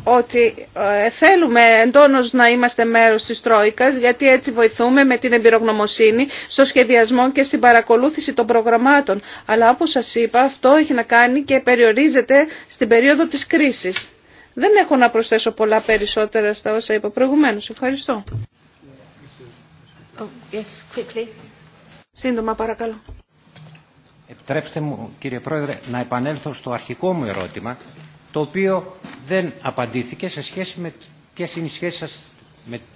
ότι ε, θέλουμε εντόνως να είμαστε μέρος της Τρόικας γιατί έτσι βοηθούμε με την εμπειρογνωμοσύνη στο σχεδιασμό και στην παρακολούθηση των προγραμμάτων. Αλλά όπως σας είπα αυτό έχει να κάνει και περιορίζεται στην περίοδο της κρίσης. Δεν έχω να προσθέσω πολλά περισσότερα στα όσα είπα προηγουμένως. Ευχαριστώ. Oh, yes, Σύντομα παρακαλώ. Επιτρέψτε μου κύριε Πρόεδρε να επανέλθω στο αρχικό μου ερώτημα το οποίο δεν απαντήθηκε σε σχέση με ποιε είναι οι σχέσει σα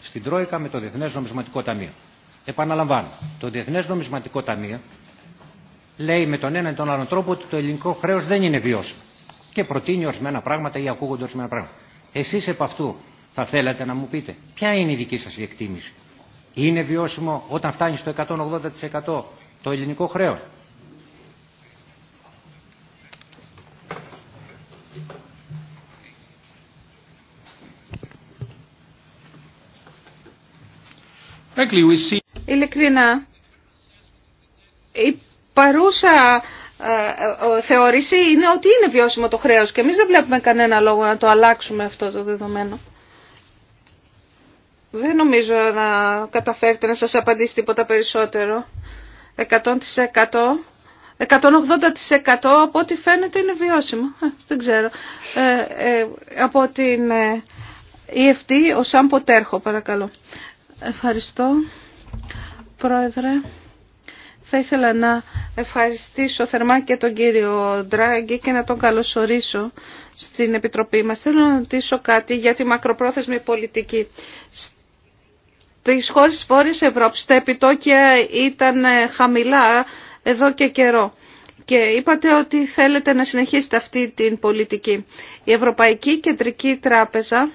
στην Τρόικα με το Διεθνέ Νομισματικό Ταμείο. Επαναλαμβάνω, το Διεθνέ Νομισματικό Ταμείο λέει με τον ένα ή τον άλλον τρόπο ότι το ελληνικό χρέο δεν είναι βιώσιμο και προτείνει ορισμένα πράγματα ή ακούγονται ορισμένα πράγματα. Εσεί επ' αυτού θα θέλατε να μου πείτε ποια είναι η δική σα εκτίμηση. Είναι βιώσιμο όταν φτάνει στο 180% το ελληνικό χρέο. Ειλικρινά, η παρούσα ε, ε, θεώρηση είναι ότι είναι βιώσιμο το χρέος και εμείς δεν βλέπουμε κανένα λόγο να το αλλάξουμε αυτό το δεδομένο. Δεν νομίζω να καταφέρετε να σας απαντήσει τίποτα περισσότερο. 100%. 180% από ό,τι φαίνεται είναι βιώσιμο. Ε, δεν ξέρω. Ε, από την EFT, ο Σαν Ποτέρχο, παρακαλώ. Ευχαριστώ, Πρόεδρε. Θα ήθελα να ευχαριστήσω θερμά και τον κύριο Ντράγκη και να τον καλωσορίσω στην Επιτροπή μας. Θέλω να ρωτήσω κάτι για τη μακροπρόθεσμη πολιτική. Στις χώρες της Βόρειας Ευρώπης τα επιτόκια ήταν χαμηλά εδώ και καιρό. Και είπατε ότι θέλετε να συνεχίσετε αυτή την πολιτική. Η Ευρωπαϊκή Κεντρική Τράπεζα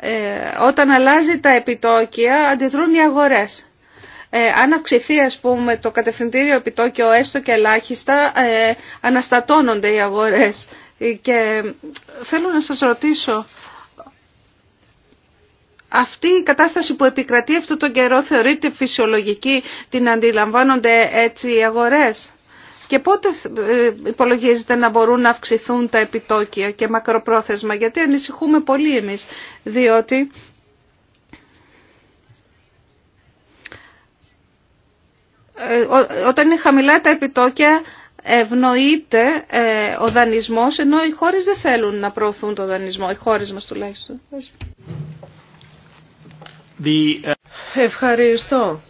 Ε, όταν αλλάζει τα επιτόκια αντιδρούν οι αγορές. Ε, αν αυξηθεί ας πούμε το κατευθυντήριο επιτόκιο έστω και ελάχιστα ε, αναστατώνονται οι αγορές και θέλω να σας ρωτήσω αυτή η κατάσταση που επικρατεί αυτό τον καιρό θεωρείται φυσιολογική την αντιλαμβάνονται έτσι οι αγορές και πότε ε, υπολογίζεται να μπορούν να αυξηθούν τα επιτόκια και μακροπρόθεσμα, γιατί ανησυχούμε πολύ εμείς, διότι ε, όταν είναι χαμηλά τα επιτόκια ευνοείται ε, ο δανεισμός, ενώ οι χώρες δεν θέλουν να προωθούν το δανεισμό, οι χώρες μας τουλάχιστον. Ευχαριστώ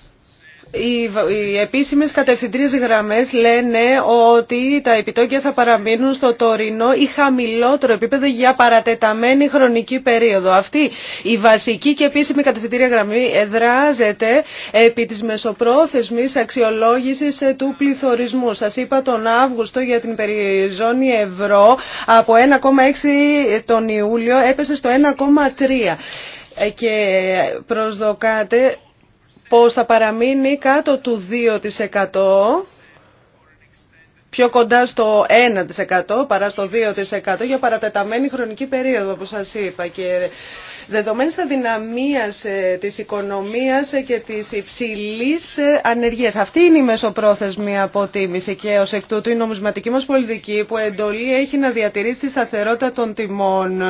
οι επίσημες κατευθυντήριες γραμμές λένε ότι τα επιτόκια θα παραμείνουν στο τωρινό ή χαμηλότερο επίπεδο για παρατεταμένη χρονική περίοδο. Αυτή η βασική και επίσημη κατευθυντήρια γραμμή εδράζεται επί της μεσοπρόθεσμης αξιολόγησης του πληθωρισμού. Σας είπα τον Αύγουστο για την περιζώνη ευρώ από 1,6 τον Ιούλιο έπεσε στο 1,3 ε, και προσδοκάται πως θα παραμείνει κάτω του 2% πιο κοντά στο 1% παρά στο 2% για παρατεταμένη χρονική περίοδο, όπως σας είπα. Και δεδομένης της αδυναμίας ε, της οικονομίας ε, και της υψηλής ε, ανεργίας. Αυτή είναι η μεσοπρόθεσμη αποτίμηση και ως εκ τούτου η νομισματική μας πολιτική που εντολή έχει να διατηρήσει τη σταθερότητα των τιμών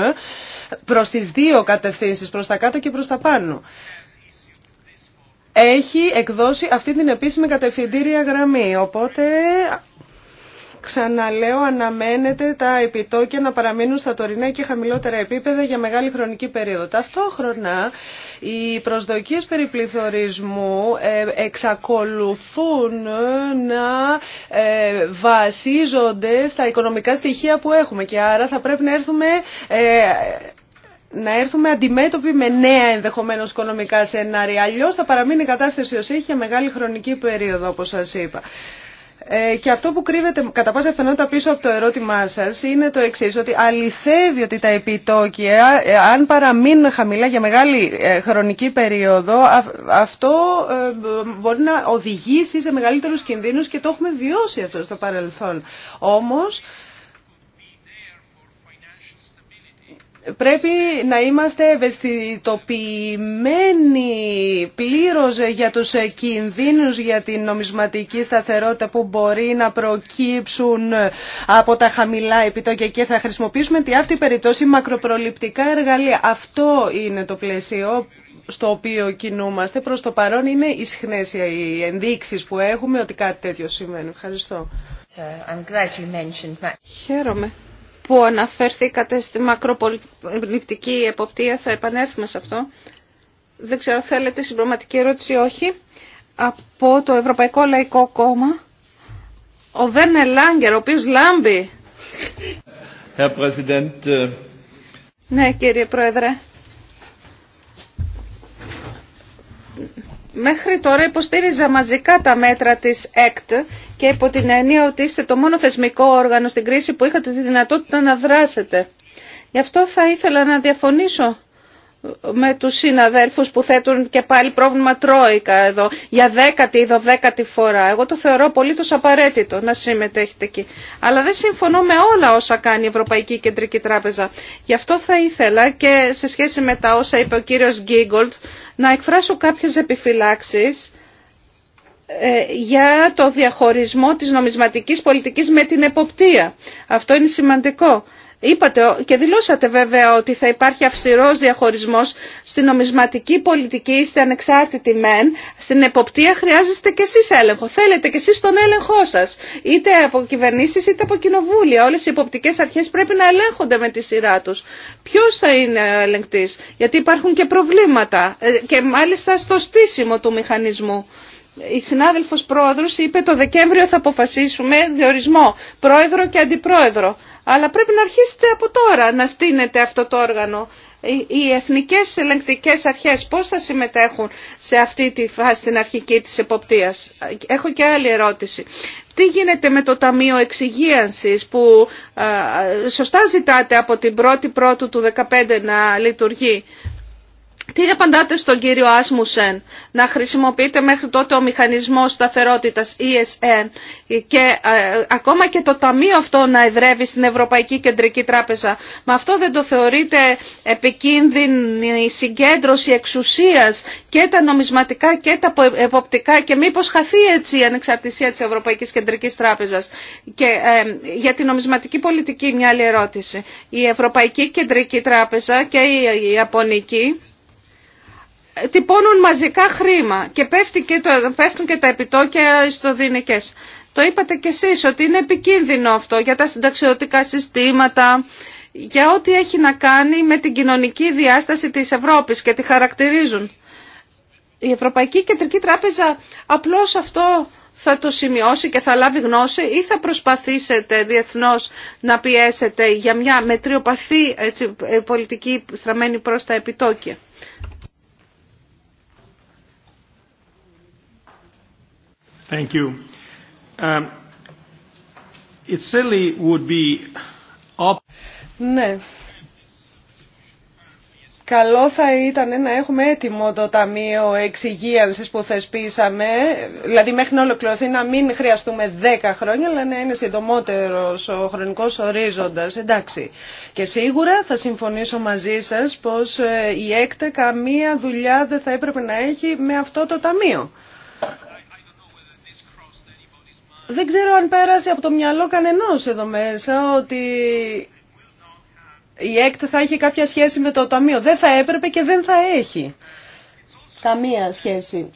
προς τις δύο κατευθύνσεις, προς τα κάτω και προς τα πάνω έχει εκδώσει αυτή την επίσημη κατευθυντήρια γραμμή. Οπότε Ξαναλέω, αναμένεται τα επιτόκια να παραμείνουν στα τωρινά και χαμηλότερα επίπεδα για μεγάλη χρονική περίοδο. Ταυτόχρονα, οι προσδοκίες περιπληθωρισμού ε, εξακολουθούν να ε, βασίζονται στα οικονομικά στοιχεία που έχουμε και άρα θα πρέπει να έρθουμε ε, να έρθουμε αντιμέτωποι με νέα ενδεχομένω οικονομικά σενάρια. Αλλιώ θα παραμείνει η κατάσταση ω έχει για μεγάλη χρονική περίοδο όπω σα είπα. Ε, και αυτό που κρύβεται κατά πάσα πιθανότητα πίσω από το ερώτημά σα, είναι το εξή ότι αληθεύει ότι τα επιτόκια, ε, αν παραμείνουν χαμηλά για μεγάλη ε, χρονική περίοδο, αυτό μπορεί να οδηγήσει σε μεγαλύτερου κινδύνου και το έχουμε βιώσει αυτό στο παρελθόν. Όμω, Πρέπει να είμαστε ευαισθητοποιημένοι πλήρως για τους κινδύνους για την νομισματική σταθερότητα που μπορεί να προκύψουν από τα χαμηλά επιτόκια και θα χρησιμοποιήσουμε τη αυτή περίπτωση, μακροπροληπτικά εργαλεία. Αυτό είναι το πλαίσιο στο οποίο κινούμαστε. Προς το παρόν είναι ισχνές οι ενδείξεις που έχουμε ότι κάτι τέτοιο σημαίνει. Ευχαριστώ. Uh, Χαίρομαι που αναφέρθηκατε στη μακροπολιτική εποπτεία, θα επανέλθουμε σε αυτό. Δεν ξέρω, θέλετε συμπροματική ερώτηση ή όχι. Από το Ευρωπαϊκό Λαϊκό Κόμμα, ο Βέρνε Λάγκερ, ο οποίος λάμπει. Äh, ναι, κύριε Πρόεδρε. Μέχρι τώρα υποστήριζα μαζικά τα μέτρα της ΕΚΤ και υπό την έννοια ότι είστε το μόνο θεσμικό όργανο στην κρίση που είχατε τη δυνατότητα να δράσετε. Γι' αυτό θα ήθελα να διαφωνήσω με τους συναδέλφους που θέτουν και πάλι πρόβλημα τρόικα εδώ για δέκατη ή δωδέκατη φορά. Εγώ το θεωρώ πολύ απαραίτητο να συμμετέχετε εκεί. Αλλά δεν συμφωνώ με όλα όσα κάνει η Ευρωπαϊκή Κεντρική Τράπεζα. Γι' αυτό θα ήθελα και σε σχέση με τα όσα είπε ο κύριος Γκίγκολτ να εκφράσω κάποιες επιφυλάξεις ε, για το διαχωρισμό της νομισματικής πολιτικής με την εποπτεία. Αυτό είναι σημαντικό. Είπατε και δηλώσατε βέβαια ότι θα υπάρχει αυστηρός διαχωρισμός στην νομισματική πολιτική, είστε ανεξάρτητοι μεν, στην εποπτεία χρειάζεστε και εσείς έλεγχο. Θέλετε και εσείς τον έλεγχό σας, είτε από κυβερνήσεις είτε από κοινοβούλια. Όλες οι εποπτικές αρχές πρέπει να ελέγχονται με τη σειρά τους. Ποιος θα είναι ο ελεγκτής, γιατί υπάρχουν και προβλήματα ε, και μάλιστα στο στήσιμο του μηχανισμού η συνάδελφος πρόεδρος είπε το Δεκέμβριο θα αποφασίσουμε διορισμό πρόεδρο και αντιπρόεδρο. Αλλά πρέπει να αρχίσετε από τώρα να στείνετε αυτό το όργανο. Οι εθνικές ελεγκτικές αρχές πώς θα συμμετέχουν σε αυτή τη φάση την αρχική της εποπτείας. Έχω και άλλη ερώτηση. Τι γίνεται με το Ταμείο Εξυγίανσης που σωστά ζητάτε από την 1η του 2015 να λειτουργεί. Τι απαντάτε στον κύριο Άσμουσεν να χρησιμοποιείται μέχρι τότε ο μηχανισμός σταθερότητας ESM και ε, ακόμα και το ταμείο αυτό να εδρεύει στην Ευρωπαϊκή Κεντρική Τράπεζα. Με αυτό δεν το θεωρείτε επικίνδυνη συγκέντρωση εξουσίας και τα νομισματικά και τα εποπτικά και μήπως χαθεί έτσι η ανεξαρτησία της Ευρωπαϊκής Κεντρικής Τράπεζας. Και ε, για την νομισματική πολιτική μια άλλη ερώτηση. Η Ευρωπαϊκή Κεντρική Τράπεζα και η Ιαπωνική τυπώνουν μαζικά χρήμα και, πέφτει και το, πέφτουν και τα επιτόκια στο Το είπατε κι εσείς ότι είναι επικίνδυνο αυτό για τα συνταξιωτικά συστήματα, για ό,τι έχει να κάνει με την κοινωνική διάσταση της Ευρώπης και τη χαρακτηρίζουν. Η Ευρωπαϊκή Κεντρική Τράπεζα απλώς αυτό θα το σημειώσει και θα λάβει γνώση ή θα προσπαθήσετε διεθνώς να πιέσετε για μια μετριοπαθή ε, πολιτική στραμμένη προς τα επιτόκια. Thank you. Um, Ναι. Καλό θα ήταν να έχουμε έτοιμο το Ταμείο Εξυγίανσης που θεσπίσαμε, δηλαδή μέχρι να ολοκληρωθεί να μην χρειαστούμε 10 χρόνια, αλλά να είναι συντομότερος ο χρονικός ορίζοντας. Εντάξει. Και σίγουρα θα συμφωνήσω μαζί σας πως ε, η ΕΚΤΕ καμία δουλειά δεν θα έπρεπε να έχει με αυτό το Ταμείο. Δεν ξέρω αν πέρασε από το μυαλό κανενός εδώ μέσα ότι η ΕΚΤ θα έχει κάποια σχέση με το Ταμείο. Δεν θα έπρεπε και δεν θα έχει καμία σχέση.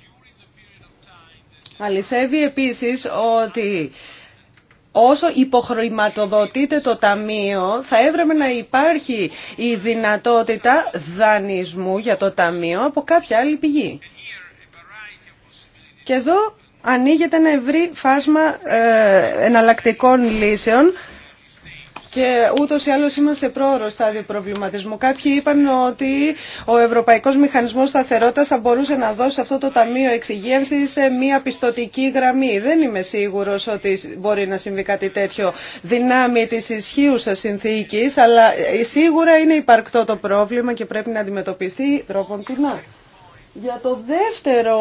Αληθεύει επίσης ότι όσο υποχρηματοδοτείται το Ταμείο θα έπρεπε να υπάρχει η δυνατότητα δανεισμού για το Ταμείο από κάποια άλλη πηγή. Και εδώ ανοίγεται ένα ευρύ φάσμα ε, εναλλακτικών λύσεων και ούτω ή άλλω είμαστε πρόωρο στάδιο προβληματισμού. Κάποιοι είπαν ότι ο Ευρωπαϊκό Μηχανισμό Σταθερότητα θα μπορούσε να δώσει αυτό το Ταμείο Εξυγίανση σε μία πιστοτική γραμμή. Δεν είμαι σίγουρο ότι μπορεί να συμβεί κάτι τέτοιο δυνάμει τη ισχύουσα συνθήκη, αλλά ε, σίγουρα είναι υπαρκτό το πρόβλημα και πρέπει να αντιμετωπιστεί τρόπον κοινά. Για το δεύτερο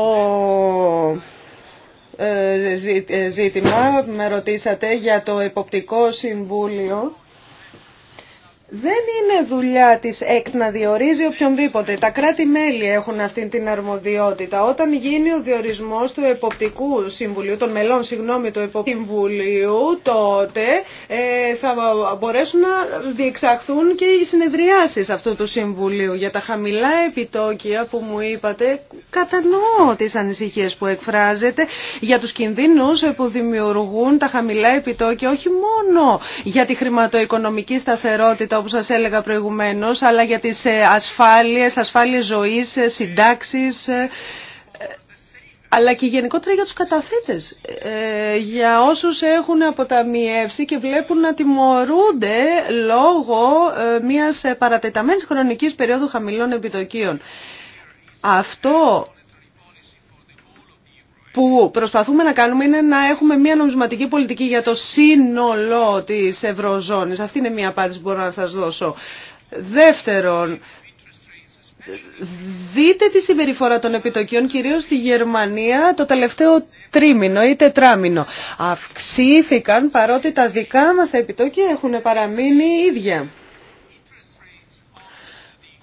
ε, ε, ζήτημα. Με ρωτήσατε για το Εποπτικό Συμβούλιο. Δεν είναι δουλειά της ΕΚΤ να διορίζει οποιονδήποτε. Τα κράτη-μέλη έχουν αυτή την αρμοδιότητα. Όταν γίνει ο διορισμός του Εποπτικού Συμβουλίου, των μελών, συγγνώμη, του Εποπτικού Συμβουλίου, τότε ε, θα μπορέσουν να διεξαχθούν και οι συνεδριάσεις αυτού του Συμβουλίου. Για τα χαμηλά επιτόκια που μου είπατε, κατανοώ τις ανησυχίες που εκφράζεται για τους κινδύνους που δημιουργούν τα χαμηλά επιτόκια, όχι μόνο για τη χρηματοοικονομική σταθερότητα, όπως σας έλεγα προηγουμένως, αλλά για τις ε, ασφάλειες, ασφάλειες ζωής, ε, συντάξεις, ε, αλλά και γενικότερα για τους καταθέτες, για όσους έχουν αποταμιεύσει και βλέπουν να τιμωρούνται λόγω μιας παρατεταμένης χρονικής περίοδου χαμηλών επιτοκίων. Αυτό που προσπαθούμε να κάνουμε είναι να έχουμε μια νομισματική πολιτική για το σύνολο της Ευρωζώνης. Αυτή είναι μια απάντηση που μπορώ να σας δώσω. Δεύτερον, δείτε τη συμπεριφορά των επιτοκιών κυρίως στη Γερμανία το τελευταίο τρίμηνο ή τετράμινο. Αυξήθηκαν παρότι τα δικά μας τα επιτόκια έχουν παραμείνει ίδια.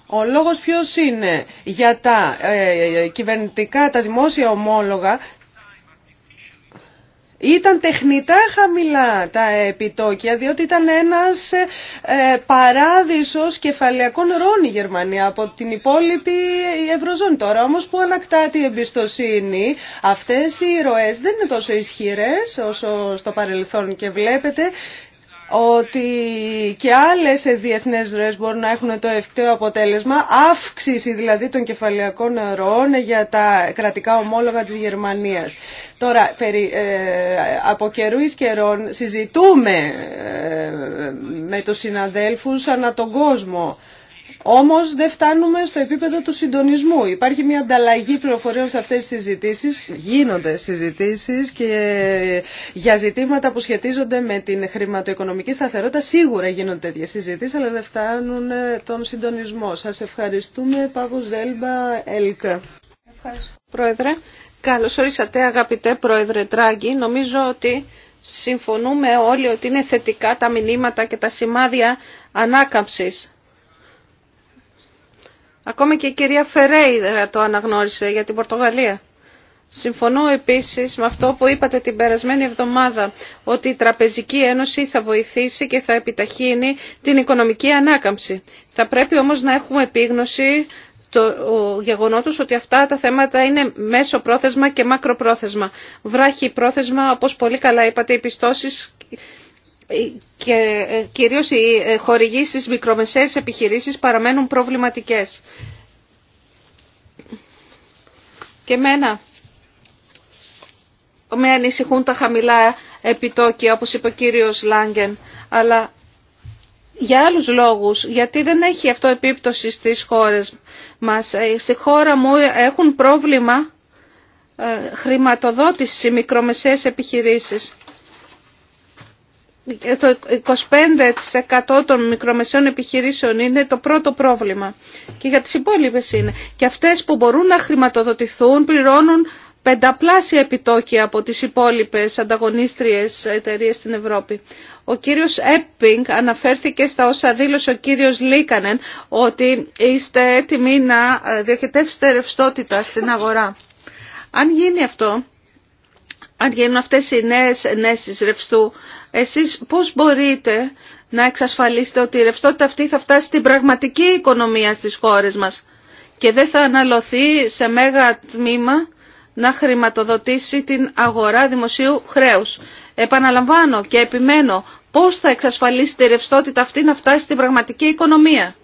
Ο λόγος ποιος είναι για τα ε, κυβερνητικά, τα δημόσια ομόλογα ήταν τεχνητά χαμηλά τα επιτόκια, διότι ήταν ένας ε, παράδεισος κεφαλαιακών ροών η Γερμανία από την υπόλοιπη ε, Ευρωζώνη. Τώρα όμως που ανακτά την εμπιστοσύνη, αυτές οι ροές δεν είναι τόσο ισχυρές όσο στο παρελθόν και βλέπετε ότι και άλλες διεθνές ροές μπορούν να έχουν το ευκταίο αποτέλεσμα, αύξηση δηλαδή των κεφαλαιακών ροών για τα κρατικά ομόλογα της Γερμανίας. Τώρα, περί, ε, από καιρού εις καιρών συζητούμε ε, με τους συναδέλφους ανά τον κόσμο όμως δεν φτάνουμε στο επίπεδο του συντονισμού. Υπάρχει μια ανταλλαγή πληροφοριών σε αυτές τις συζητήσεις, γίνονται συζητήσεις και για ζητήματα που σχετίζονται με την χρηματοοικονομική σταθερότητα σίγουρα γίνονται τέτοια συζητήσεις, αλλά δεν φτάνουν τον συντονισμό. Σας ευχαριστούμε, Παύο Ζέλμπα, ΕΛΚΑ. Ευχαριστώ. Πρόεδρε, καλώς ορίσατε αγαπητέ Πρόεδρε Τράγκη. Νομίζω ότι συμφωνούμε όλοι ότι είναι θετικά τα μηνύματα και τα σημάδια ανάκαμψης Ακόμη και η κυρία Φερέιδρα το αναγνώρισε για την Πορτογαλία. Συμφωνώ επίσης με αυτό που είπατε την περασμένη εβδομάδα, ότι η Τραπεζική Ένωση θα βοηθήσει και θα επιταχύνει την οικονομική ανάκαμψη. Θα πρέπει όμως να έχουμε επίγνωση το γεγονότος ότι αυτά τα θέματα είναι μέσο πρόθεσμα και μακροπρόθεσμα. Βράχει πρόθεσμα, όπως πολύ καλά είπατε, οι πιστώσεις και ε, κυρίως οι ε, χορηγήσεις μικρομεσαίες επιχειρήσεις παραμένουν προβληματικές. Και μένα με ανησυχούν τα χαμηλά επιτόκια, όπως είπε ο κύριος Λάγκεν, αλλά για άλλους λόγους, γιατί δεν έχει αυτό επίπτωση στις χώρες μας. Ε, στη χώρα μου έχουν πρόβλημα χρηματοδότηση μικρομεσαίες επιχειρήσεις το 25% των μικρομεσαίων επιχειρήσεων είναι το πρώτο πρόβλημα και για τις υπόλοιπες είναι. Και αυτές που μπορούν να χρηματοδοτηθούν πληρώνουν πενταπλάσια επιτόκια από τις υπόλοιπες ανταγωνίστριες εταιρείε στην Ευρώπη. Ο κύριος Έππινγκ αναφέρθηκε στα όσα δήλωσε ο κύριος Λίκανεν ότι είστε έτοιμοι να διοχετεύσετε ρευστότητα στην αγορά. Αν γίνει αυτό, αν γίνουν αυτές οι νέες ενέσεις ρευστού, εσείς πώς μπορείτε να εξασφαλίσετε ότι η ρευστότητα αυτή θα φτάσει στην πραγματική οικονομία στις χώρες μας και δεν θα αναλωθεί σε μέγα τμήμα να χρηματοδοτήσει την αγορά δημοσίου χρέους. Επαναλαμβάνω και επιμένω πώς θα εξασφαλίσει τη ρευστότητα αυτή να φτάσει στην πραγματική οικονομία.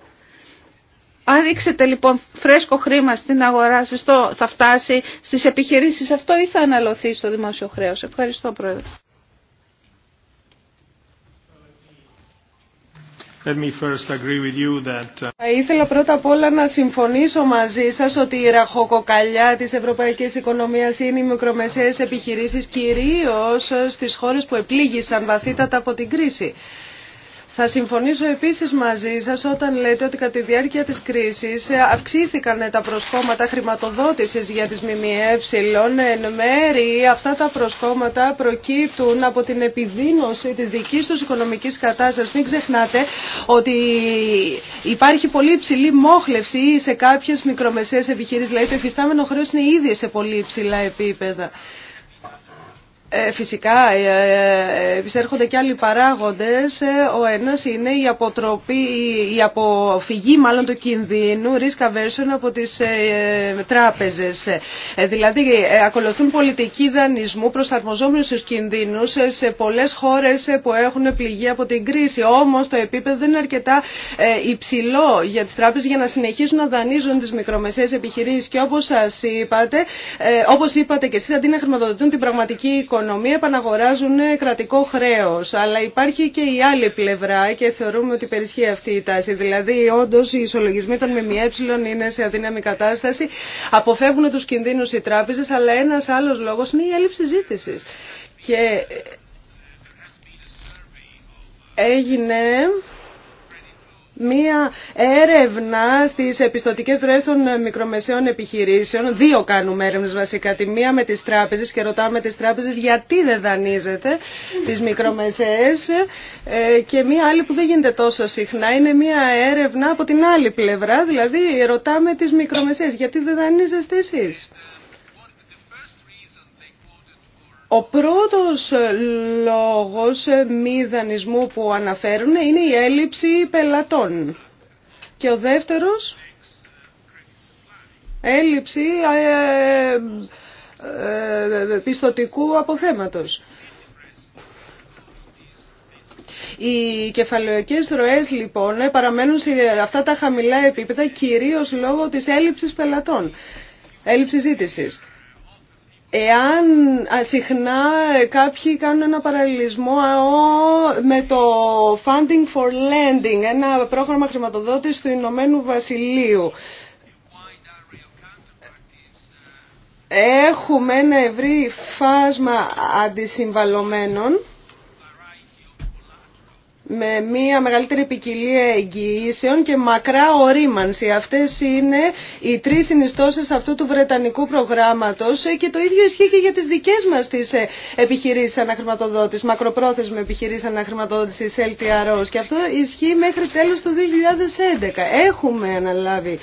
Αν ρίξετε λοιπόν φρέσκο χρήμα στην αγορά σε θα φτάσει στις επιχειρήσεις αυτό ή θα αναλωθεί στο δημόσιο χρέος. Ευχαριστώ Πρόεδρε. Let me first agree with you that... Uh, θα ήθελα πρώτα απ' όλα να συμφωνήσω μαζί σας ότι η ραχοκοκαλιά της ευρωπαϊκής οικονομίας είναι οι μικρομεσαίες επιχειρήσεις κυρίως στις χώρες που επλήγησαν βαθύτατα από την κρίση. Θα συμφωνήσω επίσης μαζί σας όταν λέτε ότι κατά τη διάρκεια της κρίσης αυξήθηκαν τα προσκόμματα χρηματοδότησης για τις ΜΜΕ. Εν μέρη αυτά τα προσκόμματα προκύπτουν από την επιδείνωση της δικής τους οικονομικής κατάστασης. Μην ξεχνάτε ότι υπάρχει πολύ υψηλή μόχλευση σε κάποιες μικρομεσαίες επιχειρήσεις. Δηλαδή το εφιστάμενο χρέος είναι ήδη σε πολύ υψηλά επίπεδα. Ε, φυσικά ε, ε, επισέρχονται και άλλοι παράγοντες. Ο ένας είναι η αποτροπή, η αποφυγή μάλλον του κινδύνου, risk aversion από τις τράπεζες. Δηλαδή ακολουθούν πολιτική δανεισμού στου στους κινδύνους σε πολλές χώρες που έχουν πληγεί από την κρίση. Όμως το επίπεδο δεν είναι αρκετά υψηλό για τις τράπεζες για να συνεχίσουν να δανείζουν τις μικρομεσαίες επιχειρήσεις. Και όπως σας είπατε, όπως είπατε και εσείς, αντί να χρηματοδοτούν την πραγματική οικονομία, οικονομία επαναγοράζουν κρατικό χρέος. Αλλά υπάρχει και η άλλη πλευρά και θεωρούμε ότι περισχύει αυτή η τάση. Δηλαδή όντως οι ισολογισμοί των ΜΜΕ είναι σε αδύναμη κατάσταση. Αποφεύγουν τους κινδύνους οι τράπεζες αλλά ένας άλλος λόγος είναι η έλλειψη ζήτηση. Και έγινε μία έρευνα στις επιστοτικές δροές των μικρομεσαίων επιχειρήσεων. Δύο κάνουμε έρευνες βασικά. Τη μία με τις τράπεζες και ρωτάμε τις τράπεζες γιατί δεν δανείζετε τις μικρομεσαίες. Ε, και μία άλλη που δεν γίνεται τόσο συχνά είναι μία έρευνα από την άλλη πλευρά. Δηλαδή ρωτάμε τις μικρομεσαίες γιατί δεν δανείζεστε εσείς. Ο πρώτος ε, λόγος ε, μη που αναφέρουν είναι η έλλειψη πελατών. Και ο δεύτερος, έλλειψη ε, πιστοτικού αποθέματος. Οι κεφαλαιοκές ροές λοιπόν παραμένουν σε αυτά τα χαμηλά επίπεδα κυρίως λόγω της έλλειψης πελατών, έλλειψης ζήτησης. Εάν συχνά ε, κάποιοι κάνουν ένα παραλληλισμό με το Funding for Lending, ένα πρόγραμμα χρηματοδότησης του Ηνωμένου Βασιλείου, έχουμε ένα ευρύ φάσμα αντισυμβαλωμένων με μια μεγαλύτερη ποικιλία εγγυήσεων και μακρά ορίμανση. Αυτές είναι οι τρεις συνιστώσεις αυτού του Βρετανικού προγράμματος και το ίδιο ισχύει και για τις δικές μας τις ε, επιχειρήσεις αναχρηματοδότησης, μακροπρόθεσμη επιχειρήσεις αναχρηματοδότησης LTROs και αυτό ισχύει μέχρι τέλος του 2011. Έχουμε αναλάβει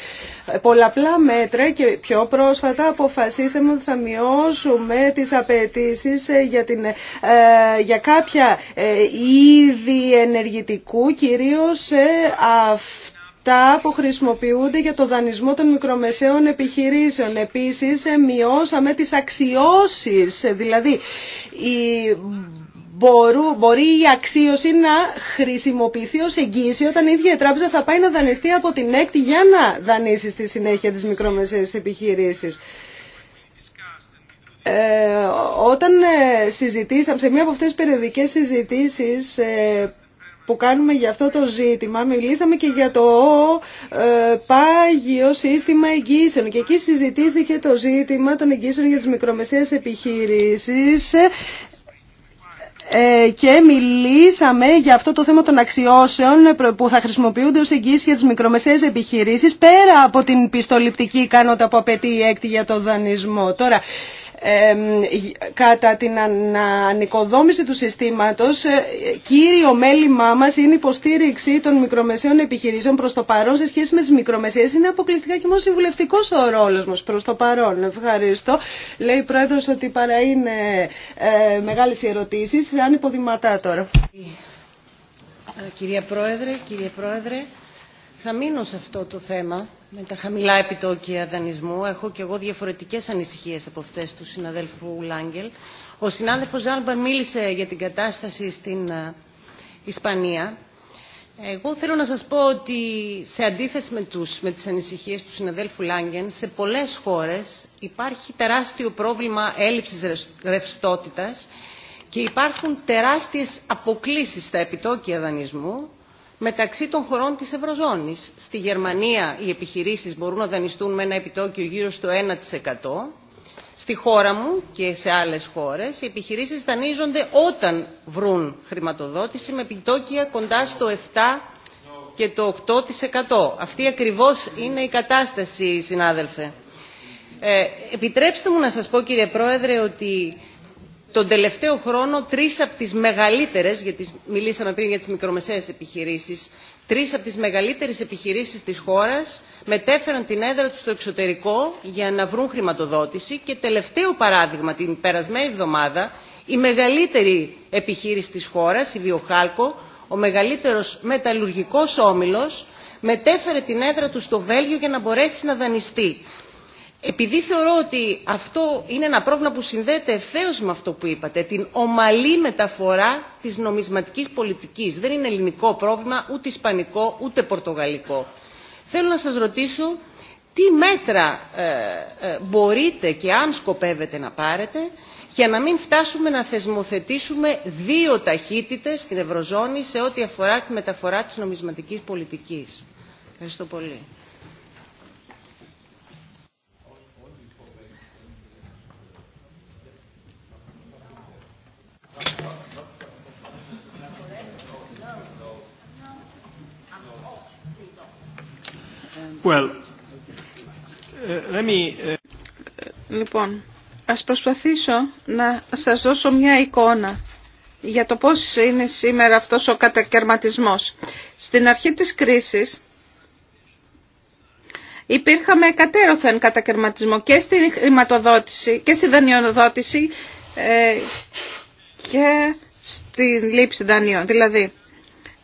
πολλαπλά μέτρα και πιο πρόσφατα αποφασίσαμε ότι θα μειώσουμε τις απαιτήσει ε, για, ε, για κάποια ε, είδη ενεργητικού, κυρίως αυτά που χρησιμοποιούνται για το δανεισμό των μικρομεσαίων επιχειρήσεων. Επίσης, μειώσαμε τις αξιώσεις, δηλαδή μπορού, μπορεί η αξίωση να χρησιμοποιηθεί ως εγγύηση όταν η ίδια η τράπεζα θα πάει να δανειστεί από την έκτη για να δανείσει στη συνέχεια τις μικρομεσαίες επιχειρήσεις. Ε, όταν ε, συζητήσαμε, σε μία από αυτές τις περιοδικές συζητήσεις ε, που κάνουμε για αυτό το ζήτημα, μιλήσαμε και για το ε, πάγιο σύστημα εγγύσεων και εκεί συζητήθηκε το ζήτημα των εγγύσεων για τις μικρομεσαίες επιχειρήσεις ε, και μιλήσαμε για αυτό το θέμα των αξιώσεων που θα χρησιμοποιούνται ως εγγύηση για τις μικρομεσαίες επιχειρήσεις πέρα από την πιστοληπτική ικανότητα που απαιτεί η έκτη για το δανεισμό. Τώρα, κατά την ανοικοδόμηση του συστήματος ε, κύριο μέλημά μας είναι υποστήριξη των μικρομεσαίων επιχειρήσεων προς το παρόν σε σχέση με τις μικρομεσαίες είναι αποκλειστικά και μόνο συμβουλευτικό ο ρόλος μας προς το παρόν. Ευχαριστώ. Λέει η Πρόεδρος ότι παρά είναι ε, μεγάλες ερωτήσεις. Αν υποδηματά τώρα. Ε, κυρία Πρόεδρε, κύριε Πρόεδρε, θα μείνω σε αυτό το θέμα με τα χαμηλά επιτόκια δανεισμού. Έχω και εγώ διαφορετικές ανησυχίες από αυτές του συναδέλφου Λάγκελ. Ο συνάδελφος Ζάλμπα μίλησε για την κατάσταση στην ε, Ισπανία. Εγώ θέλω να σας πω ότι σε αντίθεση με, τους, με τις ανησυχίες του συναδέλφου Λάγκελ, σε πολλές χώρες υπάρχει τεράστιο πρόβλημα έλλειψης ρευστότητας και υπάρχουν τεράστιες αποκλήσει στα επιτόκια δανεισμού μεταξύ των χωρών της Ευρωζώνης. Στη Γερμανία οι επιχειρήσεις μπορούν να δανειστούν με ένα επιτόκιο γύρω στο 1%. Στη χώρα μου και σε άλλες χώρες οι επιχειρήσεις δανείζονται όταν βρουν χρηματοδότηση με επιτόκια κοντά στο 7% και το 8%. Αυτή ακριβώς είναι η κατάσταση, συνάδελφε. Ε, επιτρέψτε μου να σας πω, κύριε Πρόεδρε, ότι τον τελευταίο χρόνο τρεις από τις μεγαλύτερες, γιατί μιλήσαμε πριν για τις μικρομεσαίες επιχειρήσεις, τρεις από τις μεγαλύτερες επιχειρήσεις της χώρας μετέφεραν την έδρα τους στο εξωτερικό για να βρουν χρηματοδότηση και τελευταίο παράδειγμα την περασμένη εβδομάδα η μεγαλύτερη επιχείρηση της χώρας, η Βιοχάλκο, ο μεγαλύτερος μεταλλουργικός όμιλος, μετέφερε την έδρα του στο Βέλγιο για να μπορέσει να δανειστεί. Επειδή θεωρώ ότι αυτό είναι ένα πρόβλημα που συνδέεται ευθέως με αυτό που είπατε, την ομαλή μεταφορά της νομισματικής πολιτικής. Δεν είναι ελληνικό πρόβλημα, ούτε ισπανικό, ούτε πορτογαλικό. Θέλω να σας ρωτήσω τι μέτρα ε, ε, μπορείτε και αν σκοπεύετε να πάρετε για να μην φτάσουμε να θεσμοθετήσουμε δύο ταχύτητες στην Ευρωζώνη σε ό,τι αφορά τη μεταφορά της νομισματικής πολιτικής. Ευχαριστώ πολύ. Ε, ε, λοιπόν, ας προσπαθήσω να σας δώσω μια εικόνα για το πώς είναι σήμερα αυτός ο κατακαιρματισμός. Στην αρχή της κρίσης υπήρχαμε κατέρωθεν κατακαιρματισμό και στην χρηματοδότηση και στη δανειοδότηση ε, και στην λήψη δανείων. Δηλαδή,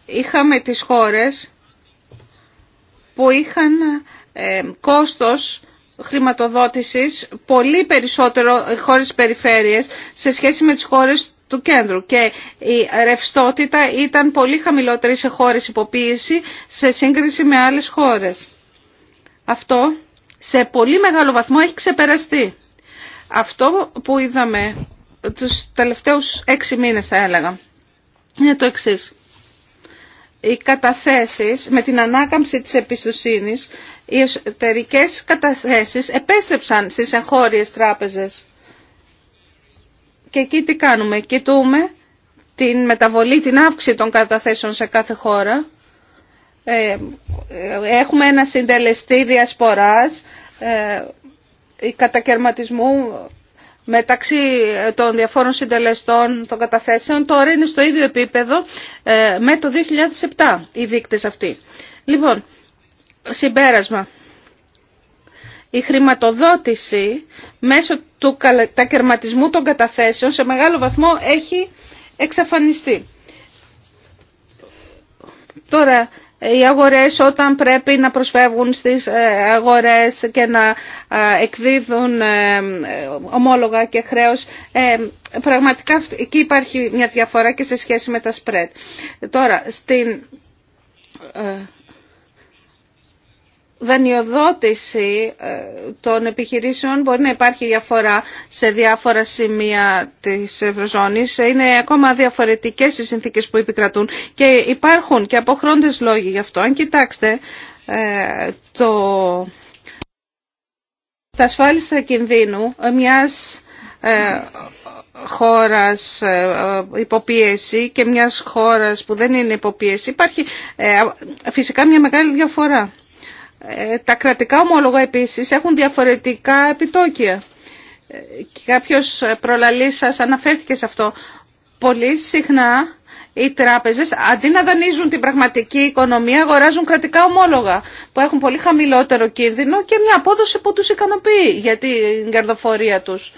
είχαμε τις χώρες που είχαν ε, κόστος χρηματοδότησης πολύ περισσότερο χώρες περιφέρειες σε σχέση με τις χώρες του κέντρου και η ρευστότητα ήταν πολύ χαμηλότερη σε χώρες υποποίηση σε σύγκριση με άλλες χώρες. Αυτό σε πολύ μεγάλο βαθμό έχει ξεπεραστεί. Αυτό που είδαμε τους τελευταίους έξι μήνες θα έλεγα είναι το εξής οι καταθέσεις, με την ανάκαμψη της εμπιστοσύνης, οι εσωτερικές καταθέσεις επέστρεψαν στις εγχώριες τράπεζες. Και εκεί τι κάνουμε, κοιτούμε την μεταβολή, την αύξηση των καταθέσεων σε κάθε χώρα. Ε, έχουμε ένα συντελεστή διασποράς ε, κατακαιρματισμού μεταξύ ε, των διαφόρων συντελεστών των καταθέσεων τώρα είναι στο ίδιο επίπεδο ε, με το 2007 οι δείκτες αυτοί. Λοιπόν, συμπέρασμα. Η χρηματοδότηση μέσω του κερματισμού των καταθέσεων σε μεγάλο βαθμό έχει εξαφανιστεί. Τώρα, οι αγορές όταν πρέπει να προσφεύγουν στις ε, αγορές και να ε, εκδίδουν ε, ομόλογα και χρέος. Πραγματικά εκεί υπάρχει μια διαφορά και σε σχέση με τα spread. Τώρα, στην δανειοδότηση ε, των επιχειρήσεων μπορεί να υπάρχει διαφορά σε διάφορα σημεία της Ευρωζώνης. Είναι ακόμα διαφορετικές οι συνθήκες που επικρατούν και υπάρχουν και αποχρόντες λόγοι γι' αυτό. Αν κοιτάξτε ε, το... τα ασφάλιστα κινδύνου μιας ε, χώρας υποπίεση και μιας χώρας που δεν είναι υποπίεση υπάρχει φυσικά μια μεγάλη διαφορά. Ε, τα κρατικά ομόλογα επίσης έχουν διαφορετικά επιτόκια. Ε, και κάποιος προλαλής σας αναφέρθηκε σε αυτό. Πολύ συχνά οι τράπεζες αντί να δανείζουν την πραγματική οικονομία αγοράζουν κρατικά ομόλογα που έχουν πολύ χαμηλότερο κίνδυνο και μια απόδοση που τους ικανοποιεί για την καρδοφορία τους.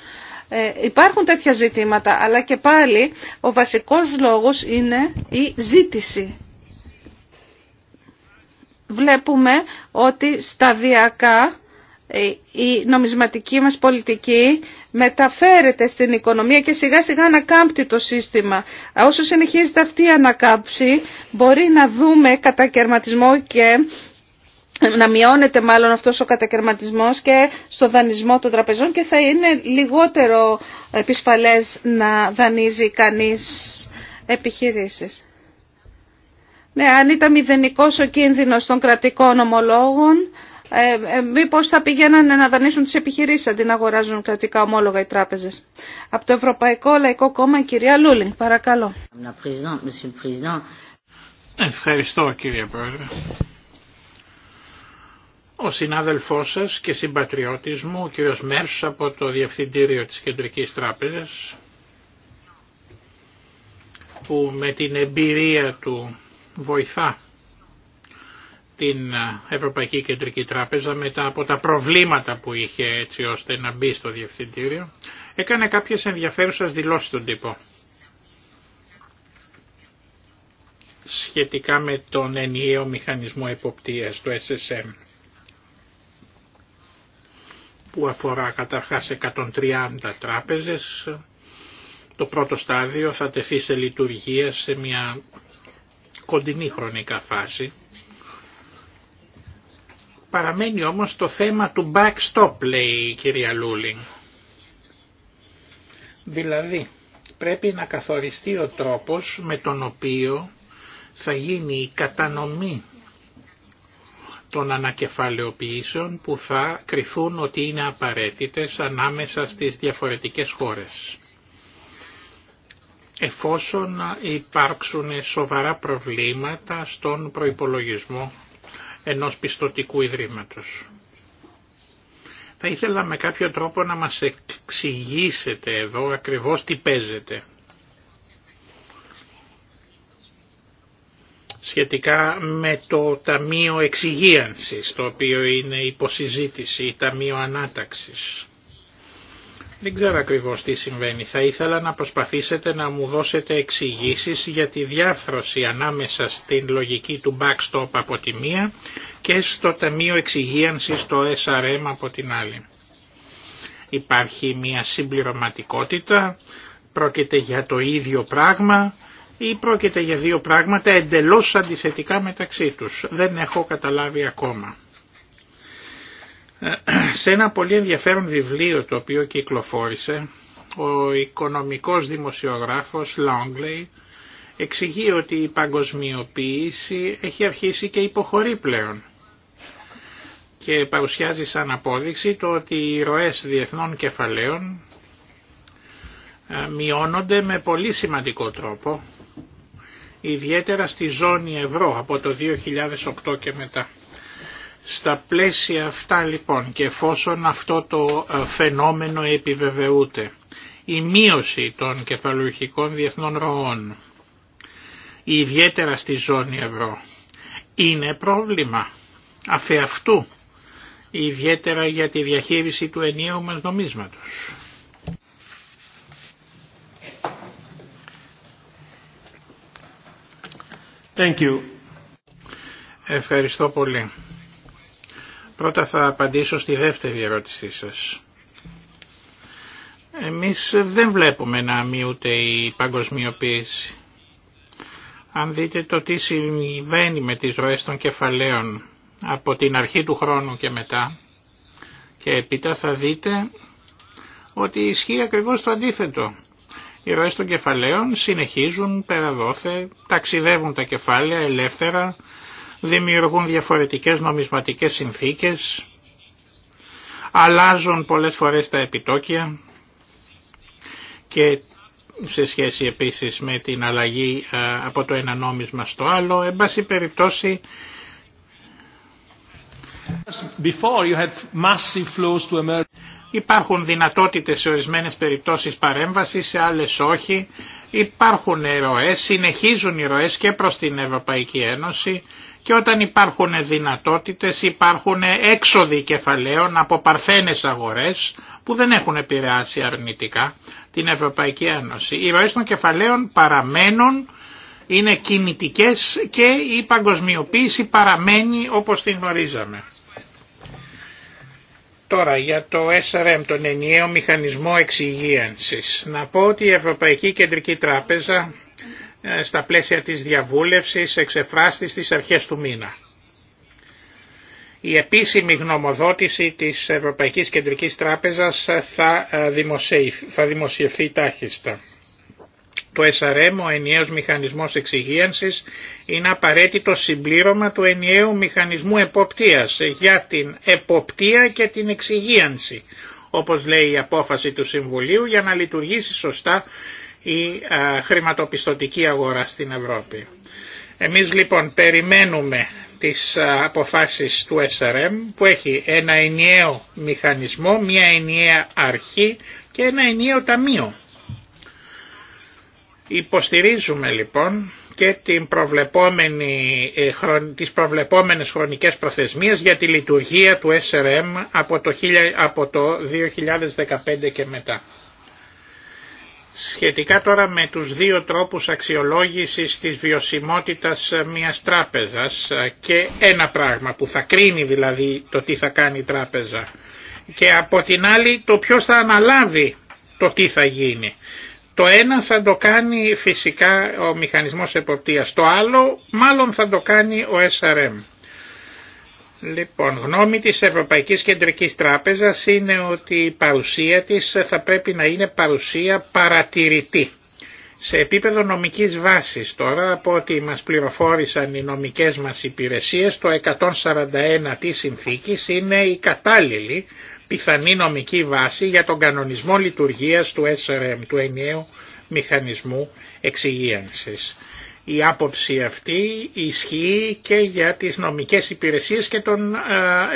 Ε, υπάρχουν τέτοια ζητήματα αλλά και πάλι ο βασικός λόγος είναι η ζήτηση βλέπουμε ότι σταδιακά ε, η νομισματική μας πολιτική μεταφέρεται στην οικονομία και σιγά σιγά ανακάμπτει το σύστημα. Όσο συνεχίζεται αυτή η ανακάμψη μπορεί να δούμε κατακαιρματισμό και να μειώνεται μάλλον αυτός ο κατακαιρματισμός και στο δανεισμό των τραπεζών και θα είναι λιγότερο επισφαλές να δανείζει κανείς επιχειρήσεις. Ναι, αν ήταν μηδενικό ο κίνδυνο των κρατικών ομολόγων, ε, ε θα πηγαίνανε να δανείσουν τι επιχειρήσει αντί να αγοράζουν κρατικά ομόλογα οι τράπεζε. Από το Ευρωπαϊκό Λαϊκό Κόμμα, η κυρία Λούλινγκ, παρακαλώ. Ευχαριστώ κύριε Πρόεδρε. Ο συνάδελφός σας και συμπατριώτης μου, ο κύριος Μέρσος από το Διευθυντήριο της Κεντρικής Τράπεζας, που με την εμπειρία του βοηθά την Ευρωπαϊκή Κεντρική Τράπεζα μετά από τα προβλήματα που είχε έτσι ώστε να μπει στο Διευθυντήριο, έκανε κάποιες ενδιαφέρουσες δηλώσεις στον τύπο. σχετικά με τον ενιαίο μηχανισμό εποπτείας, το SSM, που αφορά καταρχάς 130 τράπεζες. Το πρώτο στάδιο θα τεθεί σε λειτουργία σε μια κοντινή χρονικά φάση. Παραμένει όμως το θέμα του backstop, λέει η κυρία Λούλινγκ. Δηλαδή, πρέπει να καθοριστεί ο τρόπος με τον οποίο θα γίνει η κατανομή των ανακεφαλαιοποιήσεων που θα κριθούν ότι είναι απαραίτητες ανάμεσα στις διαφορετικές χώρες εφόσον υπάρξουν σοβαρά προβλήματα στον προϋπολογισμό ενός πιστοτικού ιδρύματος. Θα ήθελα με κάποιο τρόπο να μας εξηγήσετε εδώ ακριβώς τι παίζεται. σχετικά με το Ταμείο Εξυγίανσης, το οποίο είναι υποσυζήτηση, ή Ταμείο Ανάταξης. Δεν ξέρω ακριβώς τι συμβαίνει. Θα ήθελα να προσπαθήσετε να μου δώσετε εξηγήσει για τη διάρθρωση ανάμεσα στην λογική του backstop από τη μία και στο Ταμείο Εξυγίανσης το SRM από την άλλη. Υπάρχει μια συμπληρωματικότητα, πρόκειται για το ίδιο πράγμα ή πρόκειται για δύο πράγματα εντελώς αντιθετικά μεταξύ τους. Δεν έχω καταλάβει ακόμα. Σε ένα πολύ ενδιαφέρον βιβλίο το οποίο κυκλοφόρησε, ο οικονομικός δημοσιογράφος Longley εξηγεί ότι η παγκοσμιοποίηση έχει αρχίσει και υποχωρεί πλέον και παρουσιάζει σαν απόδειξη το ότι οι ροές διεθνών κεφαλαίων ε, μειώνονται με πολύ σημαντικό τρόπο, ιδιαίτερα στη ζώνη ευρώ από το 2008 και μετά. Στα πλαίσια αυτά λοιπόν και εφόσον αυτό το ε, φαινόμενο επιβεβαιούται, η μείωση των κεφαλουχικών διεθνών ροών, ιδιαίτερα στη ζώνη ευρώ, είναι πρόβλημα αυτού ιδιαίτερα για τη διαχείριση του ενιαίου μας νομίσματος. Ευχαριστώ πολύ. Πρώτα θα απαντήσω στη δεύτερη ερώτησή σας. Εμείς δεν βλέπουμε να αμείωται η παγκοσμιοποίηση. Αν δείτε το τι συμβαίνει με τις ροές των κεφαλαίων από την αρχή του χρόνου και μετά και επίτα θα δείτε ότι ισχύει ακριβώς το αντίθετο. Οι ροές των κεφαλαίων συνεχίζουν περαδόθε, ταξιδεύουν τα κεφάλαια ελεύθερα δημιουργούν διαφορετικές νομισματικές συνθήκες, αλλάζουν πολλές φορές τα επιτόκια και σε σχέση επίσης με την αλλαγή ε, από το ένα νόμισμα στο άλλο. Εν πάση περιπτώσει Before you massive flows υπάρχουν δυνατότητες σε ορισμένες περιπτώσεις παρέμβασης, σε άλλες όχι. Υπάρχουν ροές, συνεχίζουν οι ροές και προς την Ευρωπαϊκή Ένωση και όταν υπάρχουν δυνατότητες υπάρχουν έξοδοι κεφαλαίων από παρθένες αγορές που δεν έχουν επηρεάσει αρνητικά την Ευρωπαϊκή Ένωση. Οι ροές των κεφαλαίων παραμένουν, είναι κινητικές και η παγκοσμιοποίηση παραμένει όπως την γνωρίζαμε. Τώρα για το SRM, τον ενιαίο μηχανισμό εξυγίανσης. Να πω ότι η Ευρωπαϊκή Κεντρική Τράπεζα ε, στα πλαίσια της διαβούλευσης εξεφράστης στις αρχές του μήνα. Η επίσημη γνωμοδότηση της Ευρωπαϊκής Κεντρικής Τράπεζας θα, ε, θα δημοσιευθεί τάχιστα. Το SRM, ο ενιαίος μηχανισμός εξυγίανσης, είναι απαραίτητο συμπλήρωμα του ενιαίου μηχανισμού εποπτείας για την εποπτεία και την εξυγίανση, όπως λέει η απόφαση του Συμβουλίου για να λειτουργήσει σωστά η χρηματοπιστωτική αγορά στην Ευρώπη. Εμείς λοιπόν περιμένουμε τις αποφάσεις του SRM που έχει ένα ενιαίο μηχανισμό, μια ενιαία αρχή και ένα ενιαίο ταμείο. Υποστηρίζουμε λοιπόν και την προβλεπόμενη, ε, τις προβλεπόμενες χρονικές προθεσμίες για τη λειτουργία του SRM από το 2015 και μετά. Σχετικά τώρα με τους δύο τρόπους αξιολόγησης της βιωσιμότητας μιας τράπεζας και ένα πράγμα που θα κρίνει δηλαδή το τι θα κάνει η τράπεζα και από την άλλη το ποιος θα αναλάβει το τι θα γίνει. Το ένα θα το κάνει φυσικά ο μηχανισμός εποπτείας, το άλλο μάλλον θα το κάνει ο SRM. Λοιπόν, γνώμη της Ευρωπαϊκής Κεντρικής Τράπεζας είναι ότι η παρουσία της θα πρέπει να είναι παρουσία παρατηρητή. Σε επίπεδο νομικής βάσης τώρα, από ό,τι μας πληροφόρησαν οι νομικές μας υπηρεσίες, το 141 της συνθήκης είναι η κατάλληλη πιθανή νομική βάση για τον κανονισμό λειτουργίας του SRM, του ενιαίου μηχανισμού εξυγίανσης. Η άποψη αυτή ισχύει και για τις νομικές υπηρεσίες και των ε,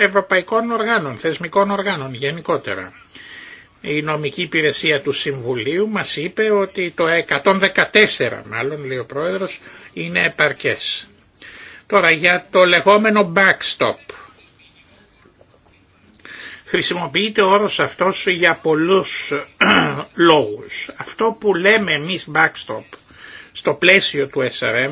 ευρωπαϊκών οργάνων, θεσμικών οργάνων γενικότερα. Η νομική υπηρεσία του Συμβουλίου μας είπε ότι το 114 μάλλον λέει ο Πρόεδρος είναι επαρκές. Τώρα για το λεγόμενο backstop. Χρησιμοποιείται ο όρος αυτός για πολλούς λόγους. Αυτό που λέμε εμείς backstop στο πλαίσιο του SRM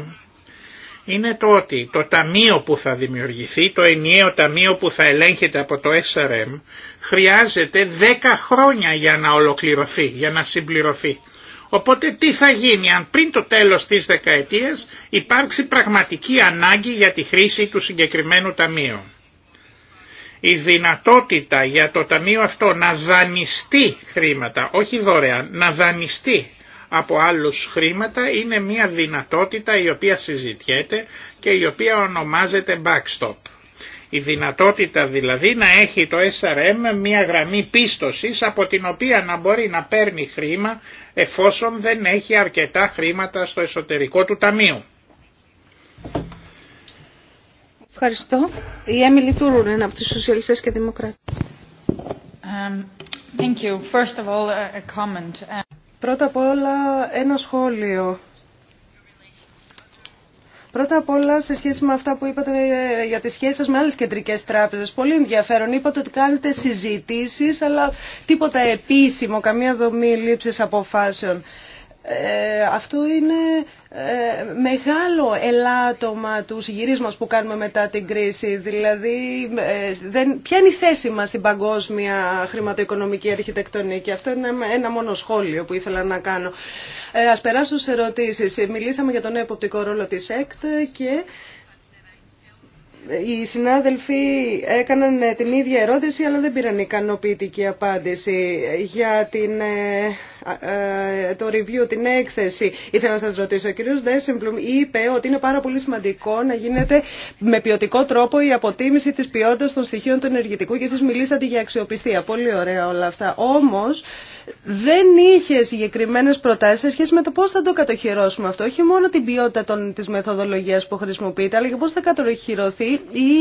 είναι το ότι το ταμείο που θα δημιουργηθεί, το ενιαίο ταμείο που θα ελέγχεται από το SRM, χρειάζεται 10 χρόνια για να ολοκληρωθεί, για να συμπληρωθεί. Οπότε τι θα γίνει αν πριν το τέλος της δεκαετίας υπάρξει πραγματική ανάγκη για τη χρήση του συγκεκριμένου ταμείου. Η δυνατότητα για το ταμείο αυτό να δανειστεί χρήματα, όχι δωρεάν, να δανειστεί από άλλους χρήματα είναι μια δυνατότητα η οποία συζητιέται και η οποία ονομάζεται backstop. Η δυνατότητα δηλαδή να έχει το SRM μια γραμμή πίστοσης από την οποία να μπορεί να παίρνει χρήμα εφόσον δεν έχει αρκετά χρήματα στο εσωτερικό του ταμείου. Ευχαριστώ. Η Έμιλη από Σοσιαλιστές και Πρώτα απ' όλα ένα σχόλιο. Πρώτα απ' όλα σε σχέση με αυτά που είπατε για τις σχέσεις σας με άλλες κεντρικές τράπεζες. Πολύ ενδιαφέρον. Είπατε ότι κάνετε συζητήσεις αλλά τίποτα επίσημο, καμία δομή λήψης αποφάσεων. Ε, αυτό είναι ε, μεγάλο ελάττωμα του συγγυρίσματος που κάνουμε μετά την κρίση. Δηλαδή, ε, δεν, ποια είναι η θέση μας στην παγκόσμια χρηματοοικονομική αρχιτεκτονική. Αυτό είναι ένα μόνο σχόλιο που ήθελα να κάνω. Ε, ας περάσω σε ερωτήσεις. Μιλήσαμε για τον εποπτικό ρόλο της ΕΚΤ και... Οι συνάδελφοι έκαναν την ίδια ερώτηση αλλά δεν πήραν ικανοποιητική απάντηση για την ε, το review, την έκθεση. Ήθελα να σας ρωτήσω, ο κύριος Δέσσεμπλουμ είπε ότι είναι πάρα πολύ σημαντικό να γίνεται με ποιοτικό τρόπο η αποτίμηση της ποιότητας των στοιχείων του ενεργητικού και εσείς μιλήσατε για αξιοπιστία. Πολύ ωραία όλα αυτά. Όμως, δεν είχε συγκεκριμένε προτάσει σε σχέση με το πώ θα το κατοχυρώσουμε αυτό. Όχι μόνο την ποιότητα τη μεθοδολογία που χρησιμοποιείται, αλλά και πώ θα κατοχυρωθεί η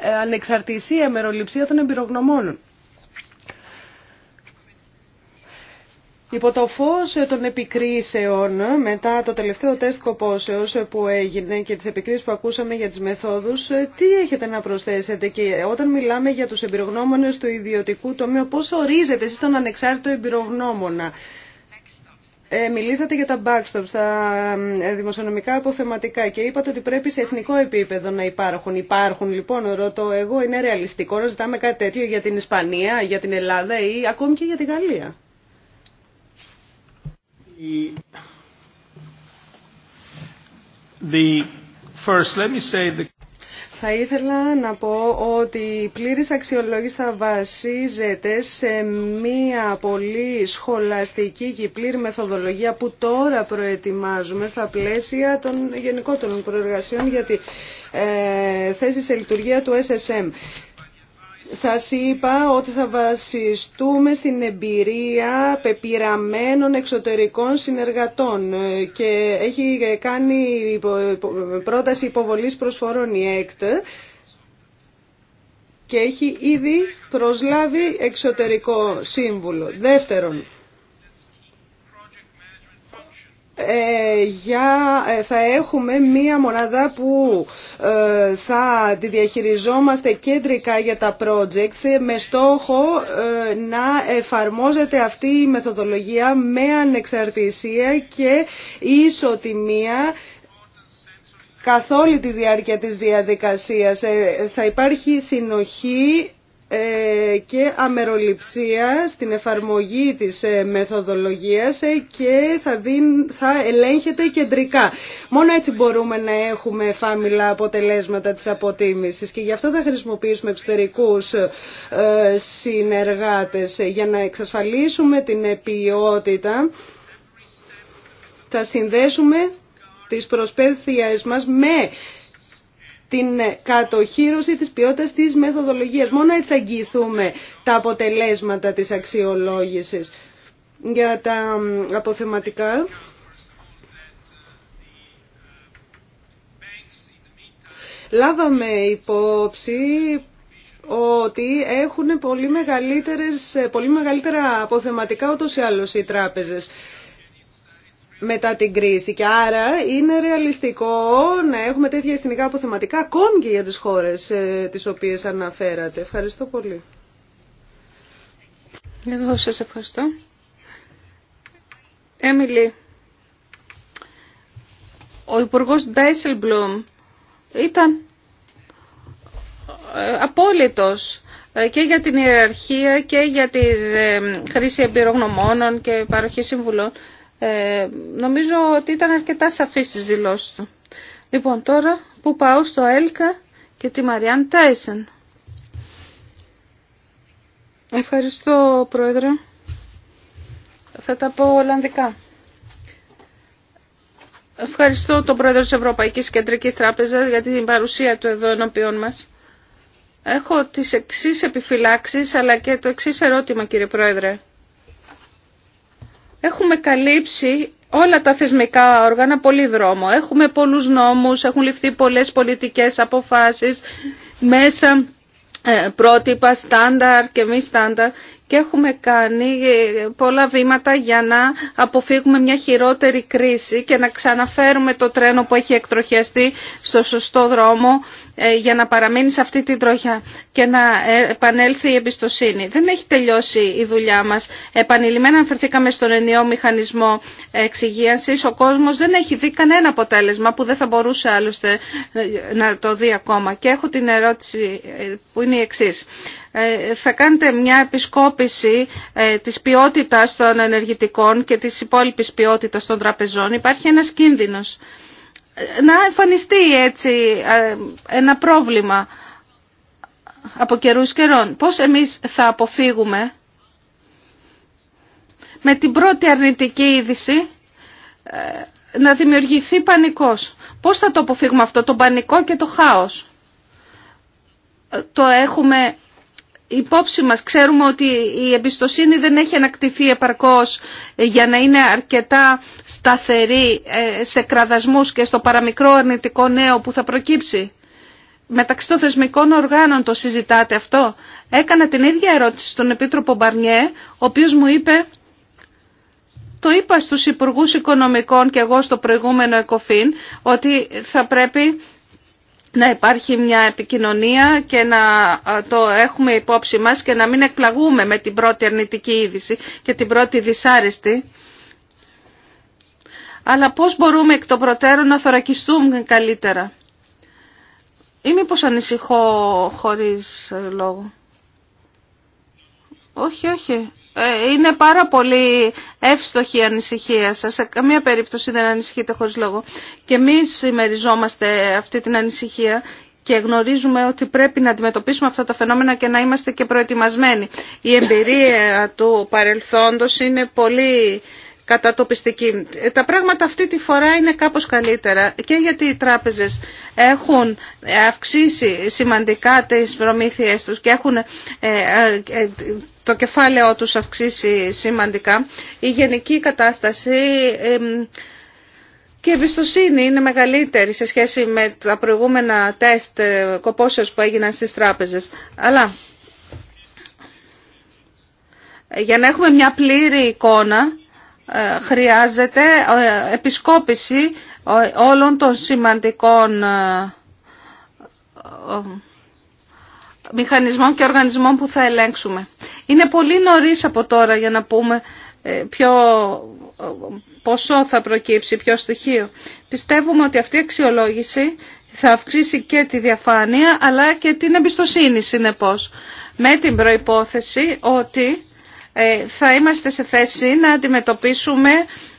ε, ανεξαρτησία, μεροληψία των εμπειρογνωμόνων. Υπό το φως των επικρίσεων μετά το τελευταίο τεστ κοπόσεως που έγινε και τις επικρίσεις που ακούσαμε για τις μεθόδους, τι έχετε να προσθέσετε και όταν μιλάμε για τους εμπειρογνώμονες του ιδιωτικού τομέα, πώς ορίζετε εσείς τον ανεξάρτητο εμπειρογνώμονα. Ε, μιλήσατε για τα backstops, τα ε, δημοσιονομικά αποθεματικά και είπατε ότι πρέπει σε εθνικό επίπεδο να υπάρχουν. Υπάρχουν λοιπόν, ρωτώ εγώ, είναι ρεαλιστικό να ζητάμε κάτι τέτοιο για την Ισπανία, για την Ελλάδα ή ακόμη και για τη Γαλλία. Θα ήθελα να πω ότι η πλήρης αξιολόγηση θα βασίζεται σε μία πολύ σχολαστική και πλήρη μεθοδολογία που τώρα προετοιμάζουμε στα πλαίσια των γενικότερων προεργασιών για τη ε, θέση σε λειτουργία του SSM. Σας είπα ότι θα βασιστούμε στην εμπειρία πεπειραμένων εξωτερικών συνεργατών και έχει κάνει πρόταση υποβολής προσφορών η ΕΚΤ και έχει ήδη προσλάβει εξωτερικό σύμβουλο. Δεύτερον, ε, για, ε, θα έχουμε μία μονάδα που ε, θα τη διαχειριζόμαστε κέντρικα για τα projects με στόχο να εφαρμόζεται αυτή η μεθοδολογία με ανεξαρτησία και ισοτιμία καθ' όλη τη διάρκεια της διαδικασίας. Θα υπάρχει συνοχή ε, και αμεροληψία στην εφαρμογή της ε, μεθοδολογίας ε, και θα, δίν, θα ελέγχεται κεντρικά. Μόνο έτσι μπορούμε να έχουμε φάμιλα αποτελέσματα της αποτίμησης και γι' αυτό θα χρησιμοποιήσουμε εξωτερικούς συνεργάτες για να εξασφαλίσουμε την ποιότητα. Θα συνδέσουμε τις προσπέθειες μας με την κατοχήρωση της ποιότητας της μεθοδολογίας. Μόνο έτσι θα τα αποτελέσματα της αξιολόγησης. Για τα αποθεματικά... Λάβαμε υπόψη ότι έχουν πολύ, μεγαλύτερες, πολύ μεγαλύτερα αποθεματικά ούτως ή άλλως οι τράπεζες μετά την κρίση και άρα είναι ρεαλιστικό να έχουμε τέτοια εθνικά αποθεματικά ακόμη και για τις χώρες ε, τις οποίες αναφέρατε. Ευχαριστώ πολύ. Εγώ σας ευχαριστώ. Έμιλι, ο Υπουργός Ντάισελμπλουμ ήταν ε, απόλυτος ε, και για την ιεραρχία και για τη χρήση εμπειρογνωμόνων και παροχή συμβουλών. Ε, νομίζω ότι ήταν αρκετά σαφή στις δηλώσεις του. Λοιπόν, τώρα που πάω στο Έλκα και τη Μαριάν Τάισεν. Ευχαριστώ, Πρόεδρε. Θα τα πω Ολλανδικά. Ευχαριστώ τον Πρόεδρο της Ευρωπαϊκής Κεντρικής Τράπεζας για την παρουσία του εδώ ενώπιόν μας. Έχω τις εξής επιφυλάξεις αλλά και το εξής ερώτημα κύριε Πρόεδρε. Έχουμε καλύψει όλα τα θεσμικά όργανα πολύ δρόμο. Έχουμε πολλούς νόμους, έχουν ληφθεί πολλές πολιτικές αποφάσεις μέσα ε, πρότυπα, στάνταρ και μη στάνταρ και έχουμε κάνει πολλά βήματα για να αποφύγουμε μια χειρότερη κρίση και να ξαναφέρουμε το τρένο που έχει εκτροχιαστεί στο σωστό δρόμο ε, για να παραμείνει σε αυτή την τροχιά και να ε, επανέλθει η εμπιστοσύνη. Δεν έχει τελειώσει η δουλειά μας. Επανειλημμένα αναφερθήκαμε στον ενιαίο μηχανισμό εξυγίανσης. Ο κόσμος δεν έχει δει κανένα αποτέλεσμα που δεν θα μπορούσε άλλωστε ε, να το δει ακόμα. Και έχω την ερώτηση που είναι η εξής. Ε, θα κάνετε μια επισκόπηση ε, της ποιότητας των ενεργητικών και της υπόλοιπης ποιότητας των τραπεζών. Υπάρχει ένας κίνδυνος ε, να εμφανιστεί έτσι ένα πρόβλημα από καιρούς καιρών. Πώς εμείς θα αποφύγουμε με την πρώτη αρνητική είδηση να δημιουργηθεί πανικός. Πώς θα το αποφύγουμε αυτό, τον πανικό και το χάος. Το έχουμε υπόψη μας. Ξέρουμε ότι η εμπιστοσύνη δεν έχει ανακτηθεί επαρκώς για να είναι αρκετά σταθερή ε, σε κραδασμούς και στο παραμικρό αρνητικό νέο που θα προκύψει. Μεταξύ των θεσμικών οργάνων το συζητάτε αυτό. Έκανα την ίδια ερώτηση στον Επίτροπο Μπαρνιέ, ο οποίος μου είπε, το είπα στους Υπουργούς Οικονομικών και εγώ στο προηγούμενο ΕΚΟΦΗΝ, ότι θα πρέπει να υπάρχει μια επικοινωνία και να ε, το έχουμε υπόψη μας και να μην εκπλαγούμε με την πρώτη αρνητική είδηση και την πρώτη δυσάρεστη. Αλλά πώς μπορούμε εκ των προτέρων να θωρακιστούμε καλύτερα. Ή μήπω ανησυχώ χωρίς ε, λόγο. Όχι, όχι. Ε, είναι πάρα πολύ εύστοχη η ανησυχία σας. Σε καμία περίπτωση δεν ανησυχείτε χωρίς λόγο. Και εμείς συμμεριζόμαστε αυτή την ανησυχία και γνωρίζουμε ότι πρέπει να αντιμετωπίσουμε αυτά τα φαινόμενα και να είμαστε και προετοιμασμένοι. Η εμπειρία του παρελθόντος είναι πολύ κατατοπιστική. Τα πράγματα αυτή τη φορά είναι κάπως καλύτερα και γιατί οι τράπεζες έχουν αυξήσει σημαντικά τις προμήθειές τους και έχουν ε, ε, το κεφάλαιο τους αυξήσει σημαντικά. Η γενική κατάσταση και η εμπιστοσύνη είναι μεγαλύτερη σε σχέση με τα προηγούμενα τεστ ε, κοπόσεως που έγιναν στις τράπεζες. Αλλά για να έχουμε μια πλήρη εικόνα ε, χρειάζεται ε, επισκόπηση όλων των σημαντικών μηχανισμών και οργανισμών που θα ελέγξουμε. Είναι πολύ νωρίς από τώρα για να πούμε ε, ποιο ε, ποσό θα προκύψει, ποιο στοιχείο. Πιστεύουμε ότι αυτή η αξιολόγηση θα αυξήσει και τη διαφάνεια αλλά και την εμπιστοσύνη συνεπώς με την προϋπόθεση ότι ε, θα είμαστε σε θέση να αντιμετωπίσουμε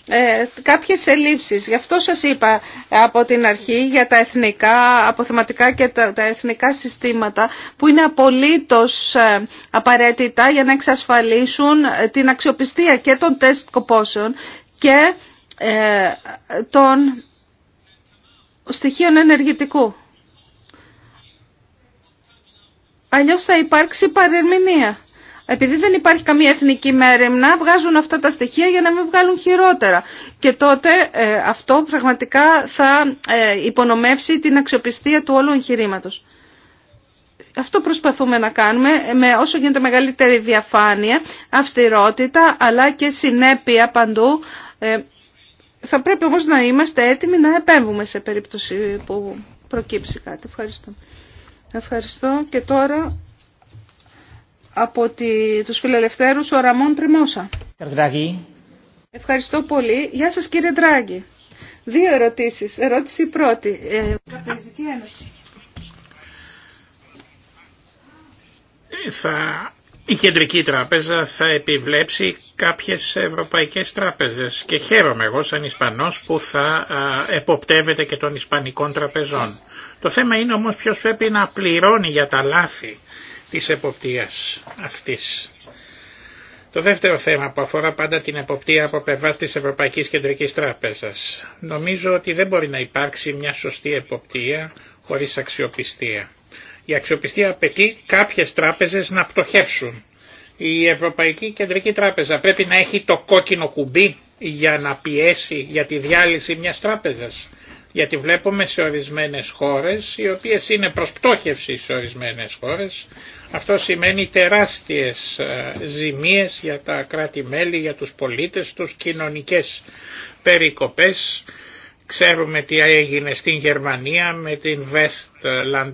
ε, κάποιες ελλείψεις. Γι' αυτό σας είπα από την αρχή για τα εθνικά αποθεματικά και τα, εθνικά συστήματα που είναι απολύτως ε, απαραίτητα για να εξασφαλίσουν ε, την αξιοπιστία και των τεστ κοπόσεων και ε, των στοιχείων ενεργητικού. Αλλιώς θα υπάρξει παρερμηνία. Επειδή δεν υπάρχει καμία εθνική μέρεμνα, βγάζουν αυτά τα στοιχεία για να μην βγάλουν χειρότερα. Και τότε ε, αυτό πραγματικά θα ε, υπονομεύσει την αξιοπιστία του όλου εγχειρήματο. Αυτό προσπαθούμε να κάνουμε ε, με όσο γίνεται μεγαλύτερη διαφάνεια, αυστηρότητα, αλλά και συνέπεια παντού. Θα πρέπει όμως να είμαστε έτοιμοι να επέμβουμε σε περίπτωση που προκύψει κάτι. Ευχαριστώ. Ευχαριστώ και τώρα από τη, τους φιλελευθέρους ο Ραμόν Τριμόσα. Ευχαριστώ πολύ. Γεια σας κύριε Ντράγκη. Δύο ερωτήσεις. Ερώτηση πρώτη. Ε, ε, θα... Η Κεντρική Τράπεζα θα επιβλέψει κάποιες ευρωπαϊκές τράπεζες και χαίρομαι εγώ σαν Ισπανός που θα εποπτεύεται και των Ισπανικών τραπεζών. Το θέμα είναι όμως ποιος πρέπει να πληρώνει για τα λάθη της εποπτείας αυτής. Το δεύτερο θέμα που αφορά πάντα την εποπτεία από πλευρά της Ευρωπαϊκής Κεντρικής Τράπεζας. Νομίζω ότι δεν μπορεί να υπάρξει μια σωστή εποπτεία χωρίς αξιοπιστία. Η αξιοπιστία απαιτεί κάποιες τράπεζες να πτωχεύσουν. Η Ευρωπαϊκή Κεντρική Τράπεζα πρέπει να έχει το κόκκινο κουμπί για να πιέσει για τη διάλυση μιας τράπεζας γιατί βλέπουμε σε ορισμένες χώρες, οι οποίες είναι πτώχευση σε ορισμένες χώρες, αυτό σημαίνει τεράστιες ε, ζημίες για τα κράτη-μέλη, για τους πολίτες τους, κοινωνικές περικοπές. Ξέρουμε τι έγινε στην Γερμανία με την West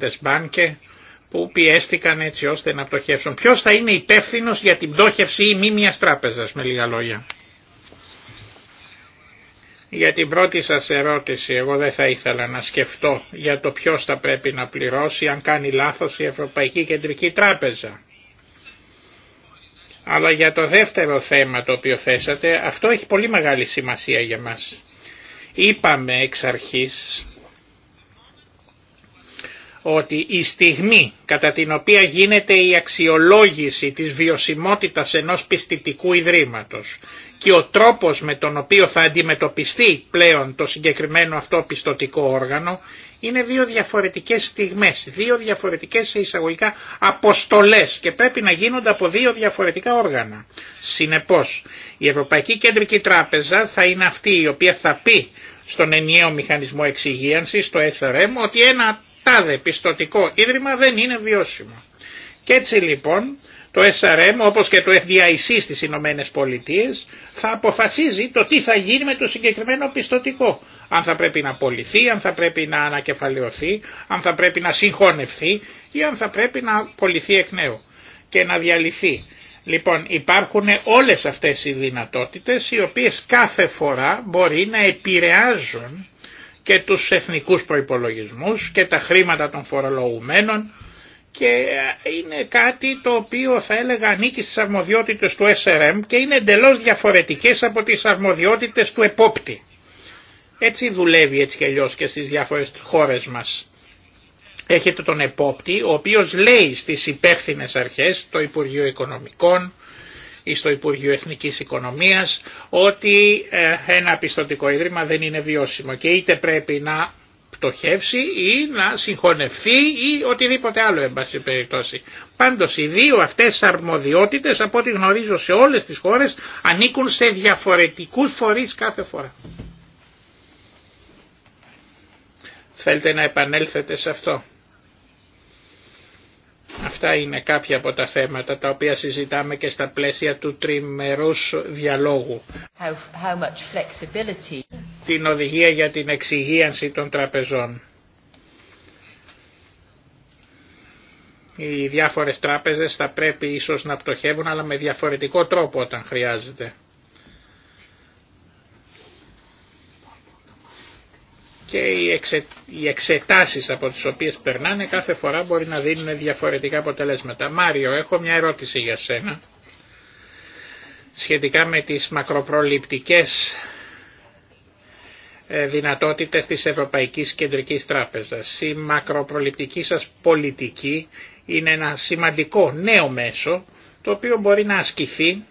που πιέστηκαν έτσι ώστε να πτωχεύσουν. Ποιος θα είναι υπεύθυνο για την πτώχευση ή μη μιας τράπεζας με λίγα λόγια. Για την πρώτη σας ερώτηση εγώ δεν θα ήθελα να σκεφτώ για το ποιος θα πρέπει να πληρώσει αν κάνει λάθος η Ευρωπαϊκή Κεντρική Τράπεζα. Αλλά για το δεύτερο θέμα το οποίο θέσατε, αυτό έχει πολύ μεγάλη σημασία για μας. Είπαμε εξ αρχής ότι η στιγμή κατά την οποία γίνεται η αξιολόγηση της βιωσιμότητας ενός πιστητικού ιδρύματος και ο τρόπος με τον οποίο θα αντιμετωπιστεί πλέον το συγκεκριμένο αυτό πιστοτικό όργανο είναι δύο διαφορετικές στιγμές, δύο διαφορετικές εισαγωγικά αποστολές και πρέπει να γίνονται από δύο διαφορετικά όργανα. Συνεπώς, η Ευρωπαϊκή Κεντρική Τράπεζα θα είναι αυτή η οποία θα πει στον ενιαίο μηχανισμό εξυγίανσης, το SRM, ότι ένα τάδε πιστοτικό ίδρυμα δεν είναι βιώσιμο. Και έτσι λοιπόν το SRM όπως και το FDIC στις Ηνωμένε Πολιτείε θα αποφασίζει το τι θα γίνει με το συγκεκριμένο πιστοτικό. Αν θα πρέπει να πολιθεί, αν θα πρέπει να ανακεφαλαιωθεί, αν θα πρέπει να συγχωνευθεί ή αν θα πρέπει να πολιθεί εκ νέου και να διαλυθεί. Λοιπόν υπάρχουν όλες αυτές οι δυνατότητες οι οποίες κάθε φορά μπορεί να επηρεάζουν και τους εθνικούς προϋπολογισμούς και τα χρήματα των φορολογουμένων και ε, είναι κάτι το οποίο θα έλεγα ανήκει στις αρμοδιότητες του SRM και είναι εντελώς διαφορετικές από τις αρμοδιότητες του επόπτη. Έτσι δουλεύει έτσι και αλλιώς και στις διάφορες χώρες μας. Έχετε τον επόπτη ο οποίος λέει στις υπεύθυνες αρχές, το Υπουργείο Οικονομικών ή στο Υπουργείο Εθνικής Οικονομίας ότι ε, ένα πιστοτικό ίδρυμα δεν είναι βιώσιμο και είτε πρέπει να στοχεύσει ή να συγχωνευτεί ή οτιδήποτε άλλο εν πάση περιπτώσει. Πάντως οι δύο αυτές αρμοδιότητες από ό,τι γνωρίζω σε όλες τις χώρες ανήκουν σε διαφορετικούς φορείς κάθε φορά. Θέλετε να επανέλθετε σε αυτό. Αυτά είναι κάποια από τα θέματα τα οποία συζητάμε και στα πλαίσια του τριμερούς διαλόγου. how much flexibility την οδηγία για την εξυγίανση των τραπεζών. Οι διάφορες τράπεζες θα πρέπει ίσως να πτωχεύουν αλλά με διαφορετικό τρόπο όταν χρειάζεται. και οι, εξε, εξετάσεις από τις οποίες περνάνε κάθε φορά μπορεί να δίνουν διαφορετικά αποτελέσματα. Μάριο, έχω μια ερώτηση για σένα σχετικά με τις μακροπροληπτικές ε, δυνατότητες της Ευρωπαϊκής Κεντρικής Τράπεζας. Η μακροπροληπτική σας πολιτική είναι ένα σημαντικό νέο μέσο το οποίο μπορεί να ασκηθεί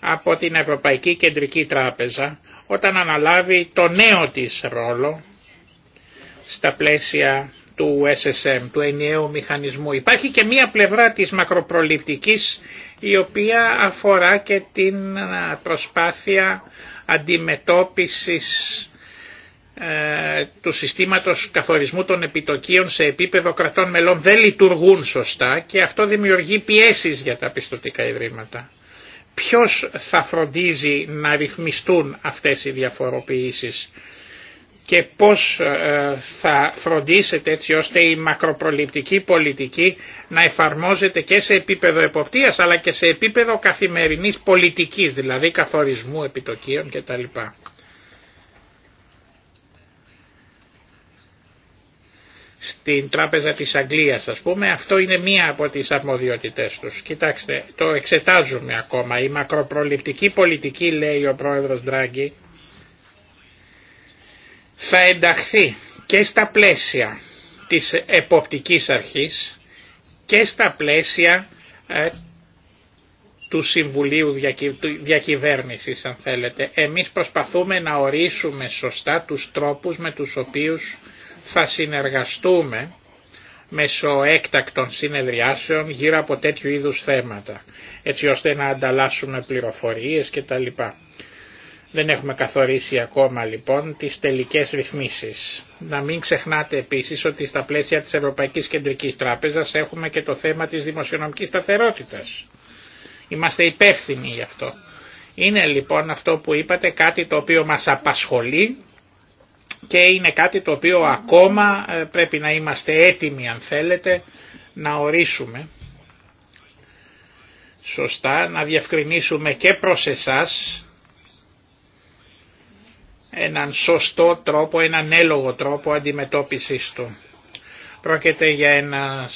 από την Ευρωπαϊκή Κεντρική Τράπεζα όταν αναλάβει το νέο της ρόλο στα πλαίσια του SSM, του ενιαίου μηχανισμού. Υπάρχει και μία πλευρά της μακροπροληπτικής η οποία αφορά και την προσπάθεια αντιμετώπισης ε, του συστήματος καθορισμού των επιτοκίων σε επίπεδο κρατών μελών δεν λειτουργούν σωστά και αυτό δημιουργεί πιέσεις για τα πιστοτικά ιδρύματα. Ποιος θα φροντίζει να ρυθμιστούν αυτές οι διαφοροποιήσεις και πώς ε, θα φροντίσετε έτσι ώστε η μακροπροληπτική πολιτική να εφαρμόζεται και σε επίπεδο εποπτείας αλλά και σε επίπεδο καθημερινής πολιτικής δηλαδή καθορισμού επιτοκίων κτλ. στην Τράπεζα της Αγγλίας ας πούμε, αυτό είναι μία από τις αρμοδιότητές τους. Κοιτάξτε, το εξετάζουμε ακόμα. Η μακροπροληπτική πολιτική, λέει ο πρόεδρος Ντράγκη, θα ενταχθεί και στα πλαίσια της εποπτικής αρχής και στα πλαίσια ε, του Συμβουλίου Διακυβέρνησης αν θέλετε. Εμείς προσπαθούμε να ορίσουμε σωστά τους τρόπους με τους οποίους θα συνεργαστούμε μέσω έκτακτων συνεδριάσεων γύρω από τέτοιου είδους θέματα, έτσι ώστε να ανταλλάσσουμε πληροφορίες κτλ. Δεν έχουμε καθορίσει ακόμα λοιπόν τις τελικές ρυθμίσεις. Να μην ξεχνάτε επίσης ότι στα πλαίσια της Ευρωπαϊκής Κεντρικής Τράπεζας έχουμε και το θέμα της δημοσιονομικής σταθερότητας Είμαστε υπεύθυνοι γι' αυτό. Είναι λοιπόν αυτό που είπατε κάτι το οποίο μας απασχολεί και είναι κάτι το οποίο ακόμα ε, πρέπει να είμαστε έτοιμοι αν θέλετε να ορίσουμε σωστά, να διευκρινίσουμε και προς εσάς έναν σωστό τρόπο, έναν έλογο τρόπο αντιμετώπισης του. Πρόκειται για ένα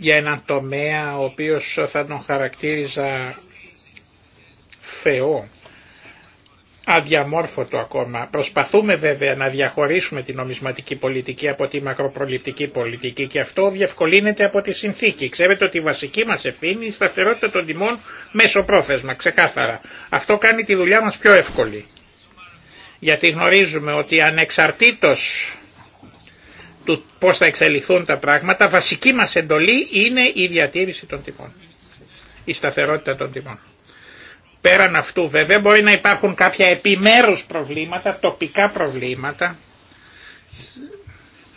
για έναν τομέα ο οποίος θα τον χαρακτήριζα φαιό, αδιαμόρφωτο ακόμα. Προσπαθούμε βέβαια να διαχωρίσουμε την νομισματική πολιτική από τη μακροπροληπτική πολιτική και αυτό διευκολύνεται από τη συνθήκη. Ξέρετε ότι η βασική μας ευθύνη η σταθερότητα των τιμών μέσω πρόθεσμα, ξεκάθαρα. Αυτό κάνει τη δουλειά μας πιο εύκολη. Γιατί γνωρίζουμε ότι ανεξαρτήτως του πώς θα εξελιχθούν τα πράγματα, βασική μας εντολή είναι η διατήρηση των τιμών, η σταθερότητα των τιμών. Πέραν αυτού βέβαια μπορεί να υπάρχουν κάποια επιμέρους προβλήματα, τοπικά προβλήματα,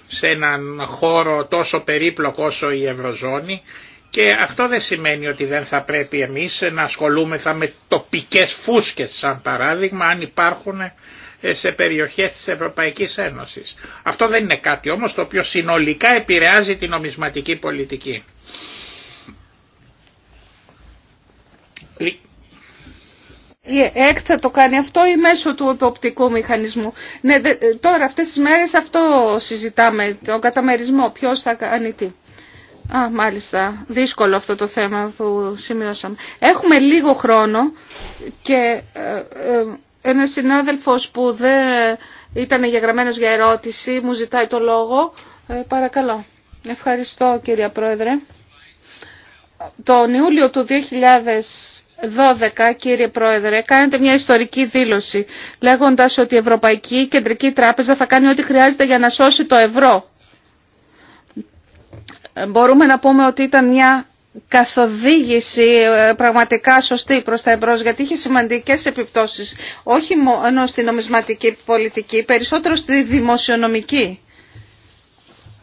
σε έναν χώρο τόσο περίπλοκο όσο η Ευρωζώνη και αυτό δεν σημαίνει ότι δεν θα πρέπει εμείς να ασχολούμεθα με τοπικές φούσκες σαν παράδειγμα αν υπάρχουν ε, σε περιοχές της Ευρωπαϊκής Ένωσης. Αυτό δεν είναι κάτι όμως το οποίο συνολικά επηρεάζει την νομισματική πολιτική. Η το κάνει αυτό ή μέσω του υποπτικού μηχανισμού. Ναι, ε, τώρα αυτές τις μέρες αυτό συζητάμε, τον καταμερισμό, ποιος θα κάνει τι. Α, μάλιστα. Δύσκολο αυτό το θέμα που σημειώσαμε. Έχουμε λίγο χρόνο και ε, ε ένα συνάδελφος που δεν ήταν εγγεγραμμένος για ερώτηση μου ζητάει το λόγο. Ε, παρακαλώ. Ευχαριστώ κυρία Πρόεδρε. Τον Ιούλιο του 2012, κύριε Πρόεδρε, κάνετε μια ιστορική δήλωση, λέγοντας ότι η Ευρωπαϊκή Κεντρική Τράπεζα θα κάνει ό,τι χρειάζεται για να σώσει το ευρώ. Ε, μπορούμε να πούμε ότι ήταν μια καθοδήγηση ε, πραγματικά σωστή προς τα εμπρός γιατί είχε σημαντικές επιπτώσεις όχι μόνο στη νομισματική πολιτική περισσότερο στη δημοσιονομική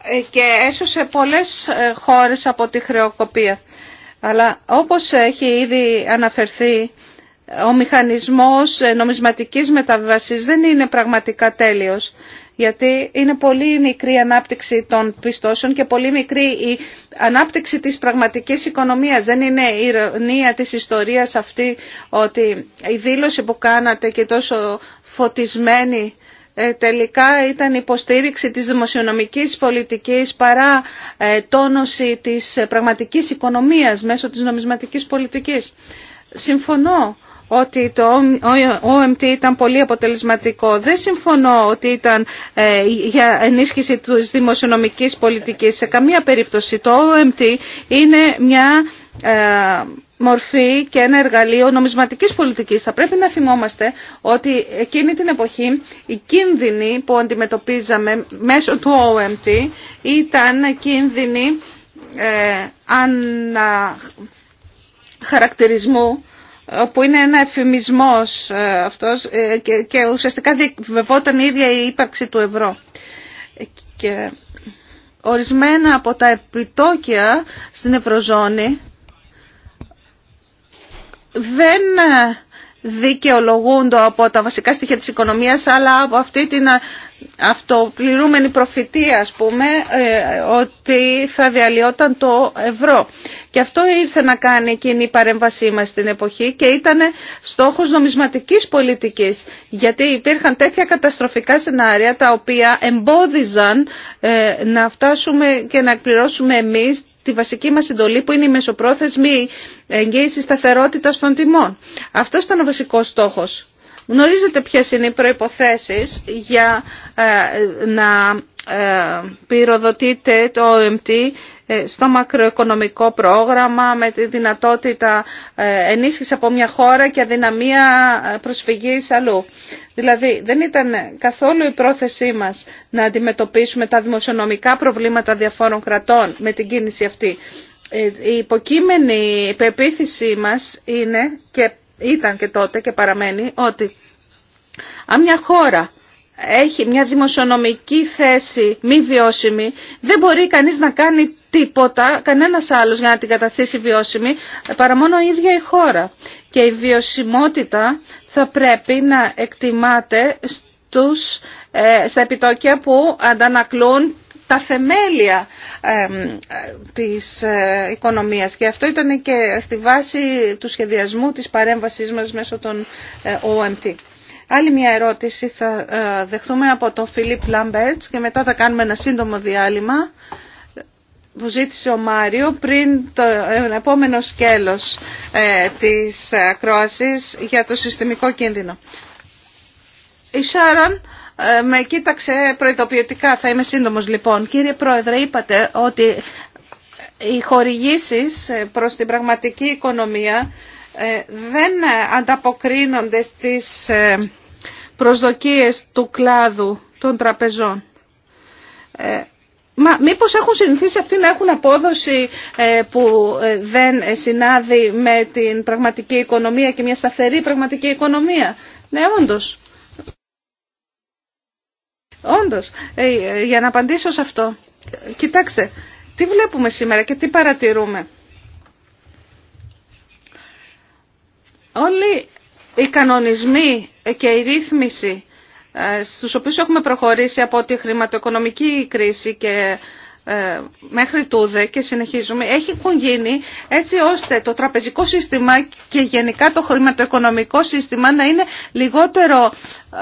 ε, και έσωσε πολλές ε, χώρες από τη χρεοκοπία. Αλλά όπως έχει ήδη αναφερθεί ο μηχανισμός νομισματικής μεταβασής δεν είναι πραγματικά τέλειος γιατί είναι πολύ μικρή η ανάπτυξη των πιστώσεων και πολύ μικρή η ανάπτυξη της πραγματικής οικονομίας. Δεν είναι η ηρωνία της ιστορίας αυτή ότι η δήλωση που κάνατε και τόσο φωτισμένη ε, τελικά ήταν υποστήριξη της δημοσιονομικής πολιτικής παρά ε, τόνωση της πραγματικής οικονομίας μέσω της νομισματικής πολιτικής. Συμφωνώ ότι το OMT ήταν πολύ αποτελεσματικό. Δεν συμφωνώ ότι ήταν ε, για ενίσχυση της δημοσιονομικής πολιτικής. Σε καμία περίπτωση το OMT είναι μια ε, μορφή και ένα εργαλείο νομισματικής πολιτικής. Θα πρέπει να θυμόμαστε ότι εκείνη την εποχή οι κίνδυνοι που αντιμετωπίζαμε μέσω του OMT ήταν κίνδυνη ε, ανα χαρακτηρισμού όπου είναι ένα εφημισμός ε, αυτός ε, και ουσιαστικά διεκβεβόταν η ίδια η ύπαρξη του ευρώ. Και ορισμένα από τα επιτόκια στην Ευρωζώνη δεν ε, το από τα βασικά στοιχεία της οικονομίας αλλά από αυτή την ε, αυτοπληρούμενη προφητεία ας πούμε ε, ότι θα διαλυόταν το ευρώ. Και αυτό ήρθε να κάνει εκείνη η παρέμβασή μας στην εποχή και ήταν στόχος νομισματικής πολιτικής γιατί υπήρχαν τέτοια καταστροφικά σενάρια τα οποία εμπόδιζαν ε, να φτάσουμε και να εκπληρώσουμε εμείς τη βασική μας συντολή που είναι η μεσοπρόθεσμη εγγύηση σταθερότητας των τιμών. Αυτό ήταν ο βασικός στόχος. Γνωρίζετε ποιες είναι οι προϋποθέσεις για ε, να ε, πυροδοτείτε το OMT ε, στο μακροοικονομικό πρόγραμμα με τη δυνατότητα ενίσχυση από μια χώρα και αδυναμία προσφυγής αλλού. Δηλαδή δεν ήταν καθόλου η πρόθεσή μας να αντιμετωπίσουμε τα δημοσιονομικά προβλήματα διαφόρων κρατών με την κίνηση αυτή. Ε, η υποκείμενη πεποίθησή μας είναι και ήταν και τότε και παραμένει ότι αν μια χώρα έχει μια δημοσιονομική θέση μη βιώσιμη, δεν μπορεί κανείς να κάνει τίποτα, κανένας άλλος για να την καταστήσει βιώσιμη, παρά μόνο η ίδια η χώρα. Και η βιωσιμότητα θα πρέπει να εκτιμάτε στους, ε, στα επιτόκια που αντανακλούν τα θεμέλια ε, ε, της οικονομίας και αυτό ήταν και στη βάση του σχεδιασμού της παρέμβασής μας μέσω των OMT. Άλλη μια ερώτηση θα δεχθούμε από τον Φιλίπ Λάμπερτς και μετά θα κάνουμε ένα σύντομο διάλειμμα που ζήτησε ο Μάριο πριν το επόμενο σκέλος ε, της ακρόασης για το συστημικό κίνδυνο. Η Σάρον ε, με κοίταξε προειδοποιητικά, θα είμαι σύντομος λοιπόν. Κύριε Πρόεδρε, είπατε ότι οι χορηγήσεις προς την πραγματική οικονομία ε, δεν ανταποκρίνονται στις προσδοκίες του κλάδου των τραπεζών. Μα μήπως έχουν συνηθίσει αυτοί να έχουν απόδοση ε, που ε, δεν ε, συνάδει με την πραγματική οικονομία και μια σταθερή πραγματική οικονομία. Ναι, όντως. Όντως, για να απαντήσω σε αυτό. Κοιτάξτε, τι βλέπουμε σήμερα και τι παρατηρούμε. Όλοι οι κανονισμοί και η ρύθμιση ε, στους οποίους έχουμε προχωρήσει από τη χρηματοοικονομική κρίση και ε, μέχρι τούδε και συνεχίζουμε έχουν γίνει έτσι ώστε το τραπεζικό σύστημα και γενικά το χρηματοοικονομικό σύστημα να είναι λιγότερο ε,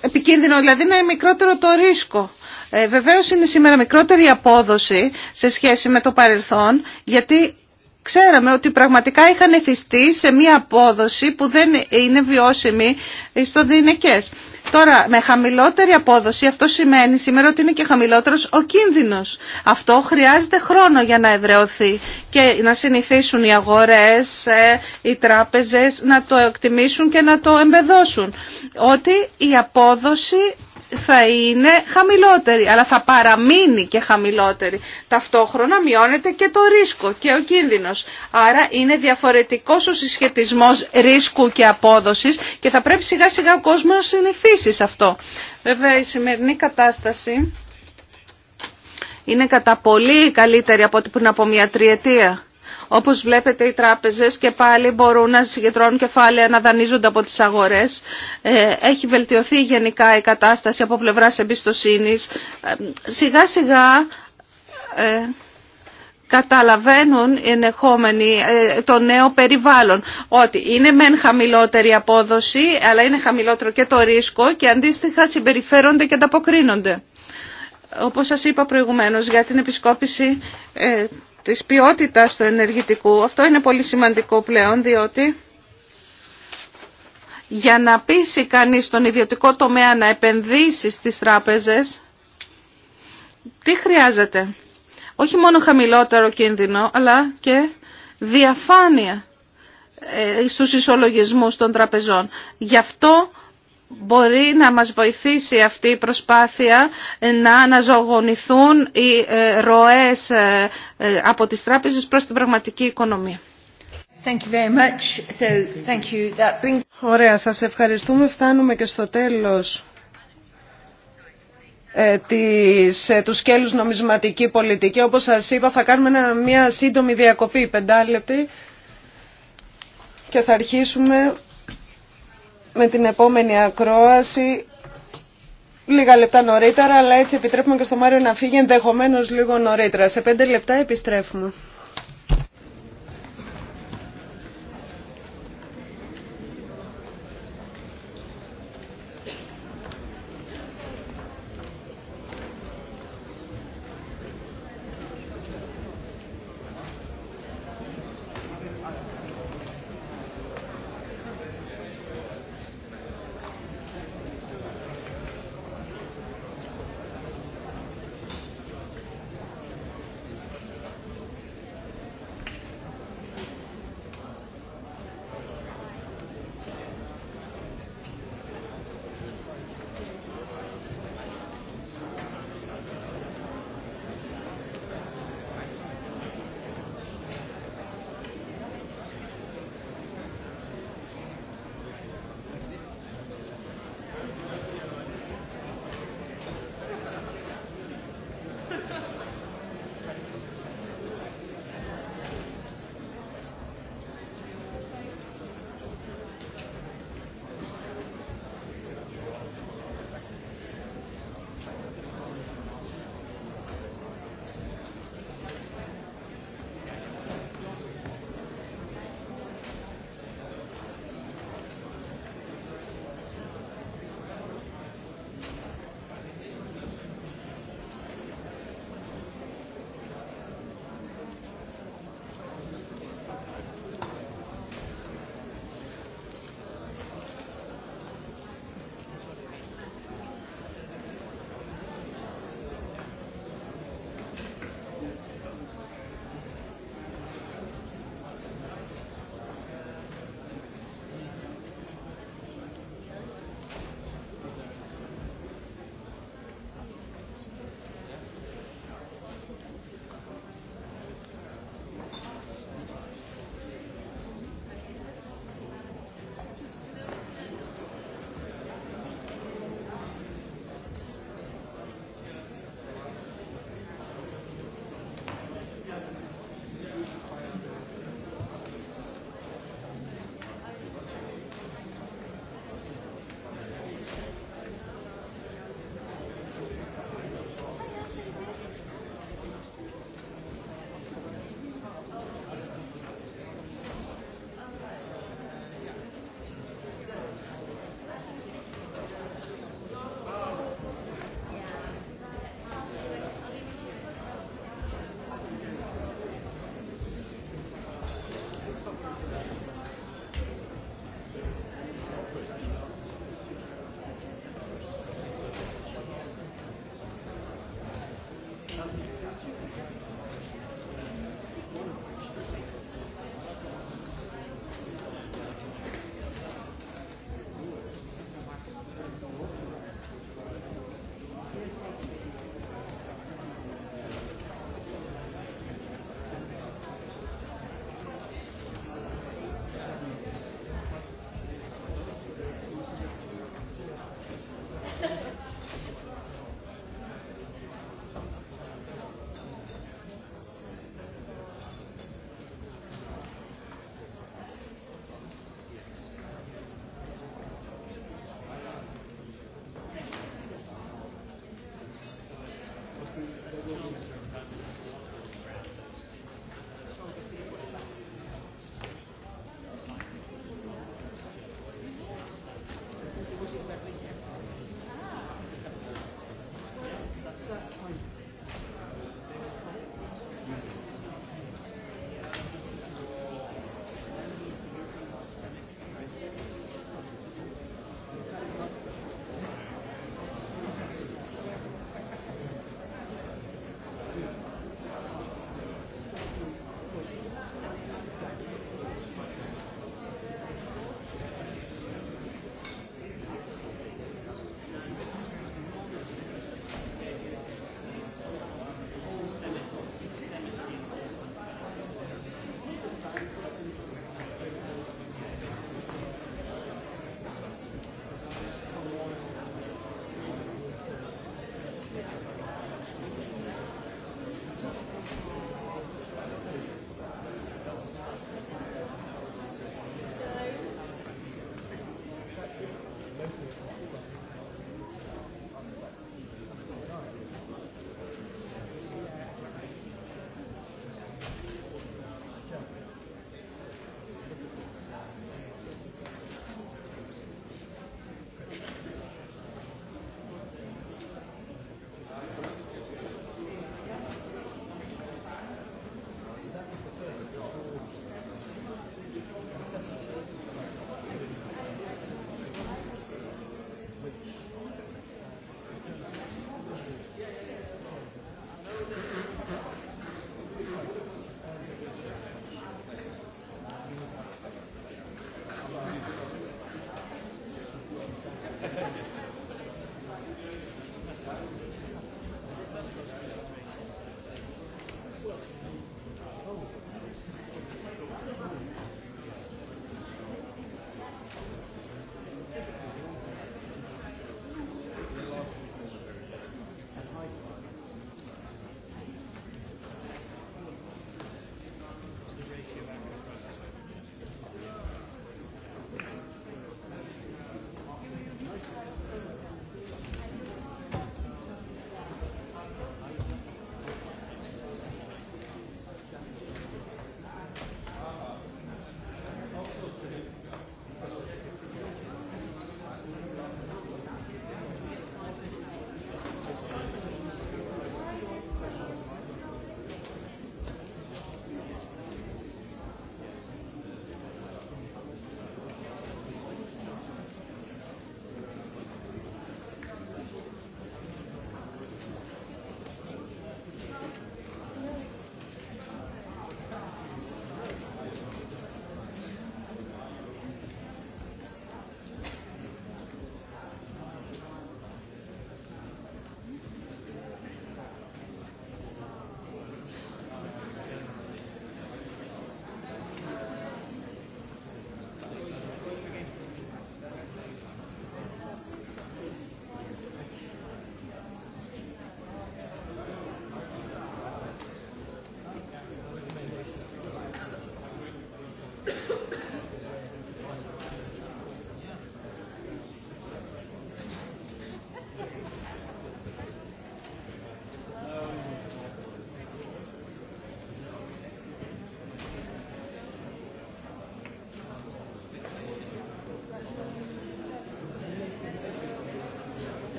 επικίνδυνο, δηλαδή να είναι μικρότερο το ρίσκο. Βεβαίως είναι σήμερα μικρότερη απόδοση σε σχέση με το παρελθόν γιατί ξέραμε ότι πραγματικά είχαν εθιστεί σε μία απόδοση που δεν είναι βιώσιμη στο δινεκές. Τώρα, με χαμηλότερη απόδοση, αυτό σημαίνει σήμερα ότι είναι και χαμηλότερος ο κίνδυνος. Αυτό χρειάζεται χρόνο για να εδρεωθεί και να συνηθίσουν οι αγορές, ε, οι τράπεζες, να το εκτιμήσουν και να το εμπεδώσουν. Ότι η απόδοση θα είναι χαμηλότερη, αλλά θα παραμείνει και χαμηλότερη. Ταυτόχρονα μειώνεται και το ρίσκο και ο κίνδυνος. Άρα είναι διαφορετικός ο συσχετισμός ρίσκου και απόδοσης και θα πρέπει σιγά σιγά ο κόσμος να συνηθίσει σε αυτό. Βέβαια η σημερινή κατάσταση είναι κατά πολύ καλύτερη από ό,τι πριν από μια τριετία. Όπως βλέπετε οι τράπεζες και πάλι μπορούν να συγκεντρώνουν κεφάλαια, να δανείζονται από τις αγορές. Ε, έχει βελτιωθεί γενικά η κατάσταση από πλευράς εμπιστοσύνης. Ε, σιγά σιγά ε, καταλαβαίνουν οι ενεχόμενοι το νέο περιβάλλον. Ότι είναι μεν χαμηλότερη απόδοση, αλλά είναι χαμηλότερο και το ρίσκο και αντίστοιχα συμπεριφέρονται και ανταποκρίνονται. Όπως σας είπα προηγουμένως για την επισκόπηση της ποιότητας του ενεργητικού. Αυτό είναι πολύ σημαντικό πλέον διότι για να πείσει κανείς τον ιδιωτικό τομέα να επενδύσει στις τράπεζες, τι χρειάζεται. Όχι μόνο χαμηλότερο κίνδυνο, αλλά και διαφάνεια ε, στους ισολογισμούς των τραπεζών. Γι' αυτό μπορεί να μας βοηθήσει αυτή η προσπάθεια να αναζωογονηθούν οι ε, ροές ε, ε, από τις τράπεζες προς την πραγματική οικονομία. Thank you very much. Ωραία, σας ευχαριστούμε. Φτάνουμε και στο τέλος της, του σκέλους νομισματική πολιτική. Όπως σας είπα θα κάνουμε μια σύντομη διακοπή, πεντάλεπτη, και θα αρχίσουμε με την επόμενη ακρόαση λίγα λεπτά νωρίτερα, αλλά έτσι επιτρέπουμε και στο Μάριο να φύγει ενδεχομένως λίγο νωρίτερα. Σε πέντε λεπτά επιστρέφουμε.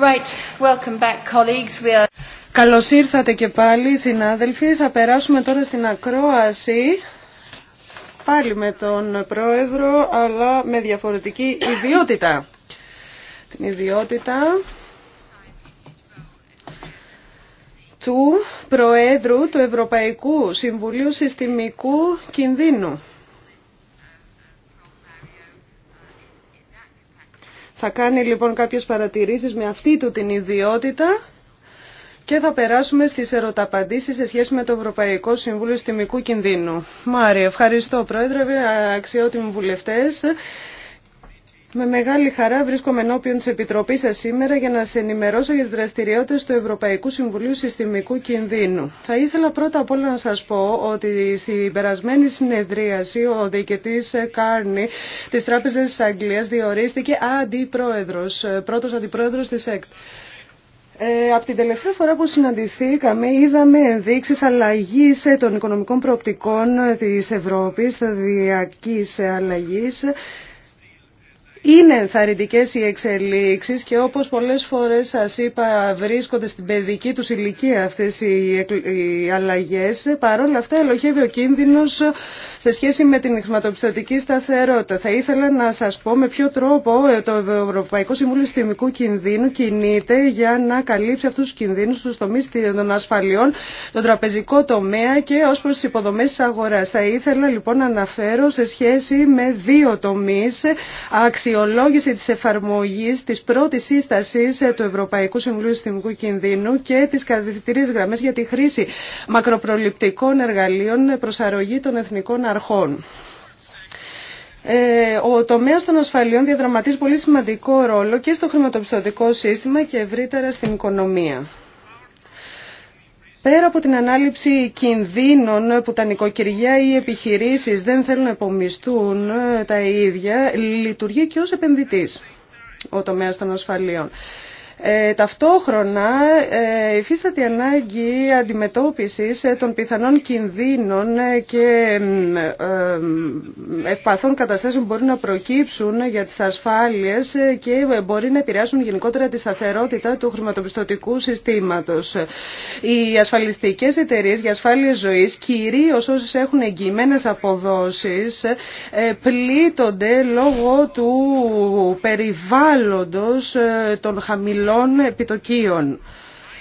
Right. Καλώς ήρθατε και πάλι συνάδελφοι. Θα περάσουμε τώρα στην ακρόαση πάλι με τον πρόεδρο αλλά με διαφορετική ιδιότητα. Την ιδιότητα του Προέδρου του Ευρωπαϊκού Συμβουλίου Συστημικού Κινδύνου. Θα κάνει λοιπόν κάποιες παρατηρήσεις με αυτή του την ιδιότητα και θα περάσουμε στις ερωταπαντήσεις σε σχέση με το Ευρωπαϊκό Συμβούλιο Συστημικού Κινδύνου. Μάρια, ευχαριστώ Πρόεδρε, αξιότιμοι βουλευτές. Με μεγάλη χαρά βρίσκομαι ενώπιον τη Επιτροπή σα σήμερα για να σε ενημερώσω για τι δραστηριότητε του Ευρωπαϊκού Συμβουλίου Συστημικού Κινδύνου. Θα ήθελα πρώτα απ' όλα να σα πω ότι στην περασμένη συνεδρίαση ο διοικητή Κάρνη τη Τράπεζα τη Αγγλία διορίστηκε αντιπρόεδρο, πρώτο αντιπρόεδρο τη ΕΚΤ. Ε, από την τελευταία φορά που συναντηθήκαμε είδαμε ενδείξεις αλλαγής των οικονομικών προοπτικών της Ευρώπης, σταδιακής αλλαγής. Είναι ενθαρρυντικές οι εξελίξεις και όπως πολλές φορές σας είπα βρίσκονται στην παιδική του ηλικία αυτές οι αλλαγές. Παρόλα αυτά ελοχεύει ο κίνδυνος σε σχέση με την χρηματοπιστωτική σταθερότητα. Θα ήθελα να σας πω με ποιο τρόπο το Ευρωπαϊκό Συμβούλιο Συστημικού Κινδύνου κινείται για να καλύψει αυτούς τους κινδύνους στους τομείς των ασφαλιών, τον τραπεζικό τομέα και ως προς τις υποδομές της αγοράς. Θα ήθελα λοιπόν να αναφέρω σε σχέση με δύο τομείς αξιολόγηση της εφαρμογής της πρώτης σύστασης του Ευρωπαϊκού Συμβουλίου Συστημικού Κινδύνου και τις κατευθυντήριες γραμμές για τη χρήση μακροπροληπτικών εργαλείων προσαρρογή των εθνικών αρχών. Ε, ο τομέας των ασφαλιών διαδραματίζει πολύ σημαντικό ρόλο και στο χρηματοπιστωτικό σύστημα και ευρύτερα στην οικονομία. Πέρα από την ανάληψη κινδύνων που τα νοικοκυριά ή οι επιχειρήσεις δεν θέλουν να υπομισθούν ε, τα ίδια, λειτουργεί και ως επενδυτής ο τομέας των ασφαλείων. Ε, ταυτόχρονα ε, υφίσταται η ανάγκη αντιμετώπισης ε, των πιθανών κινδύνων και ευπαθών καταστάσεων που μπορεί να προκύψουν για τις ασφάλειες και μπορεί να επηρεάσουν γενικότερα τη σταθερότητα του χρηματοπιστωτικού συστήματος. Οι ασφαλιστικές εταιρείες για ασφάλειες ζωής, κυρίως όσες έχουν εγγυημένες αποδόσεις, πλήττονται λόγω του περιβάλλοντος των χαμηλών υψηλών επιτοκίων.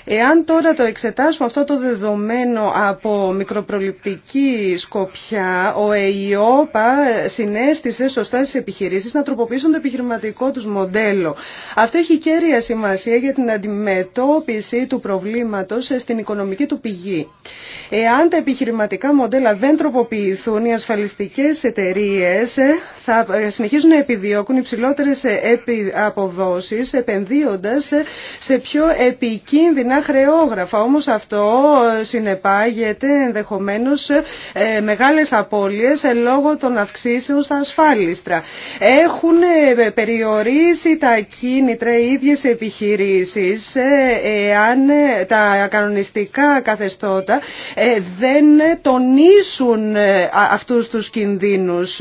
Εάν τώρα το εξετάσουμε αυτό το δεδομένο από μικροπροληπτική σκοπιά, ο ΕΙΟΠΑ συνέστησε σωστά στις επιχειρήσεις να τροποποιήσουν το επιχειρηματικό τους μοντέλο. Αυτό έχει κέρια σημασία για την αντιμετώπιση του προβλήματος στην οικονομική του πηγή. Εάν τα επιχειρηματικά μοντέλα δεν τροποποιηθούν, οι ασφαλιστικές εταιρείες θα συνεχίζουν να επιδιώκουν υψηλότερες αποδόσεις, επενδύοντας σε πιο επικίνδυνα χρεόγραφα. Όμως αυτό ε, συνεπάγεται ενδεχομένως ε, ε, μεγάλες απώλειες λόγω των αυξήσεων στα ασφάλιστρα. Έχουν περιορίσει τα κίνητρα οι ίδιες επιχειρήσεις εάν τα κανονιστικά καθεστώτα δεν τονίσουν αυτούς τους κινδύνους.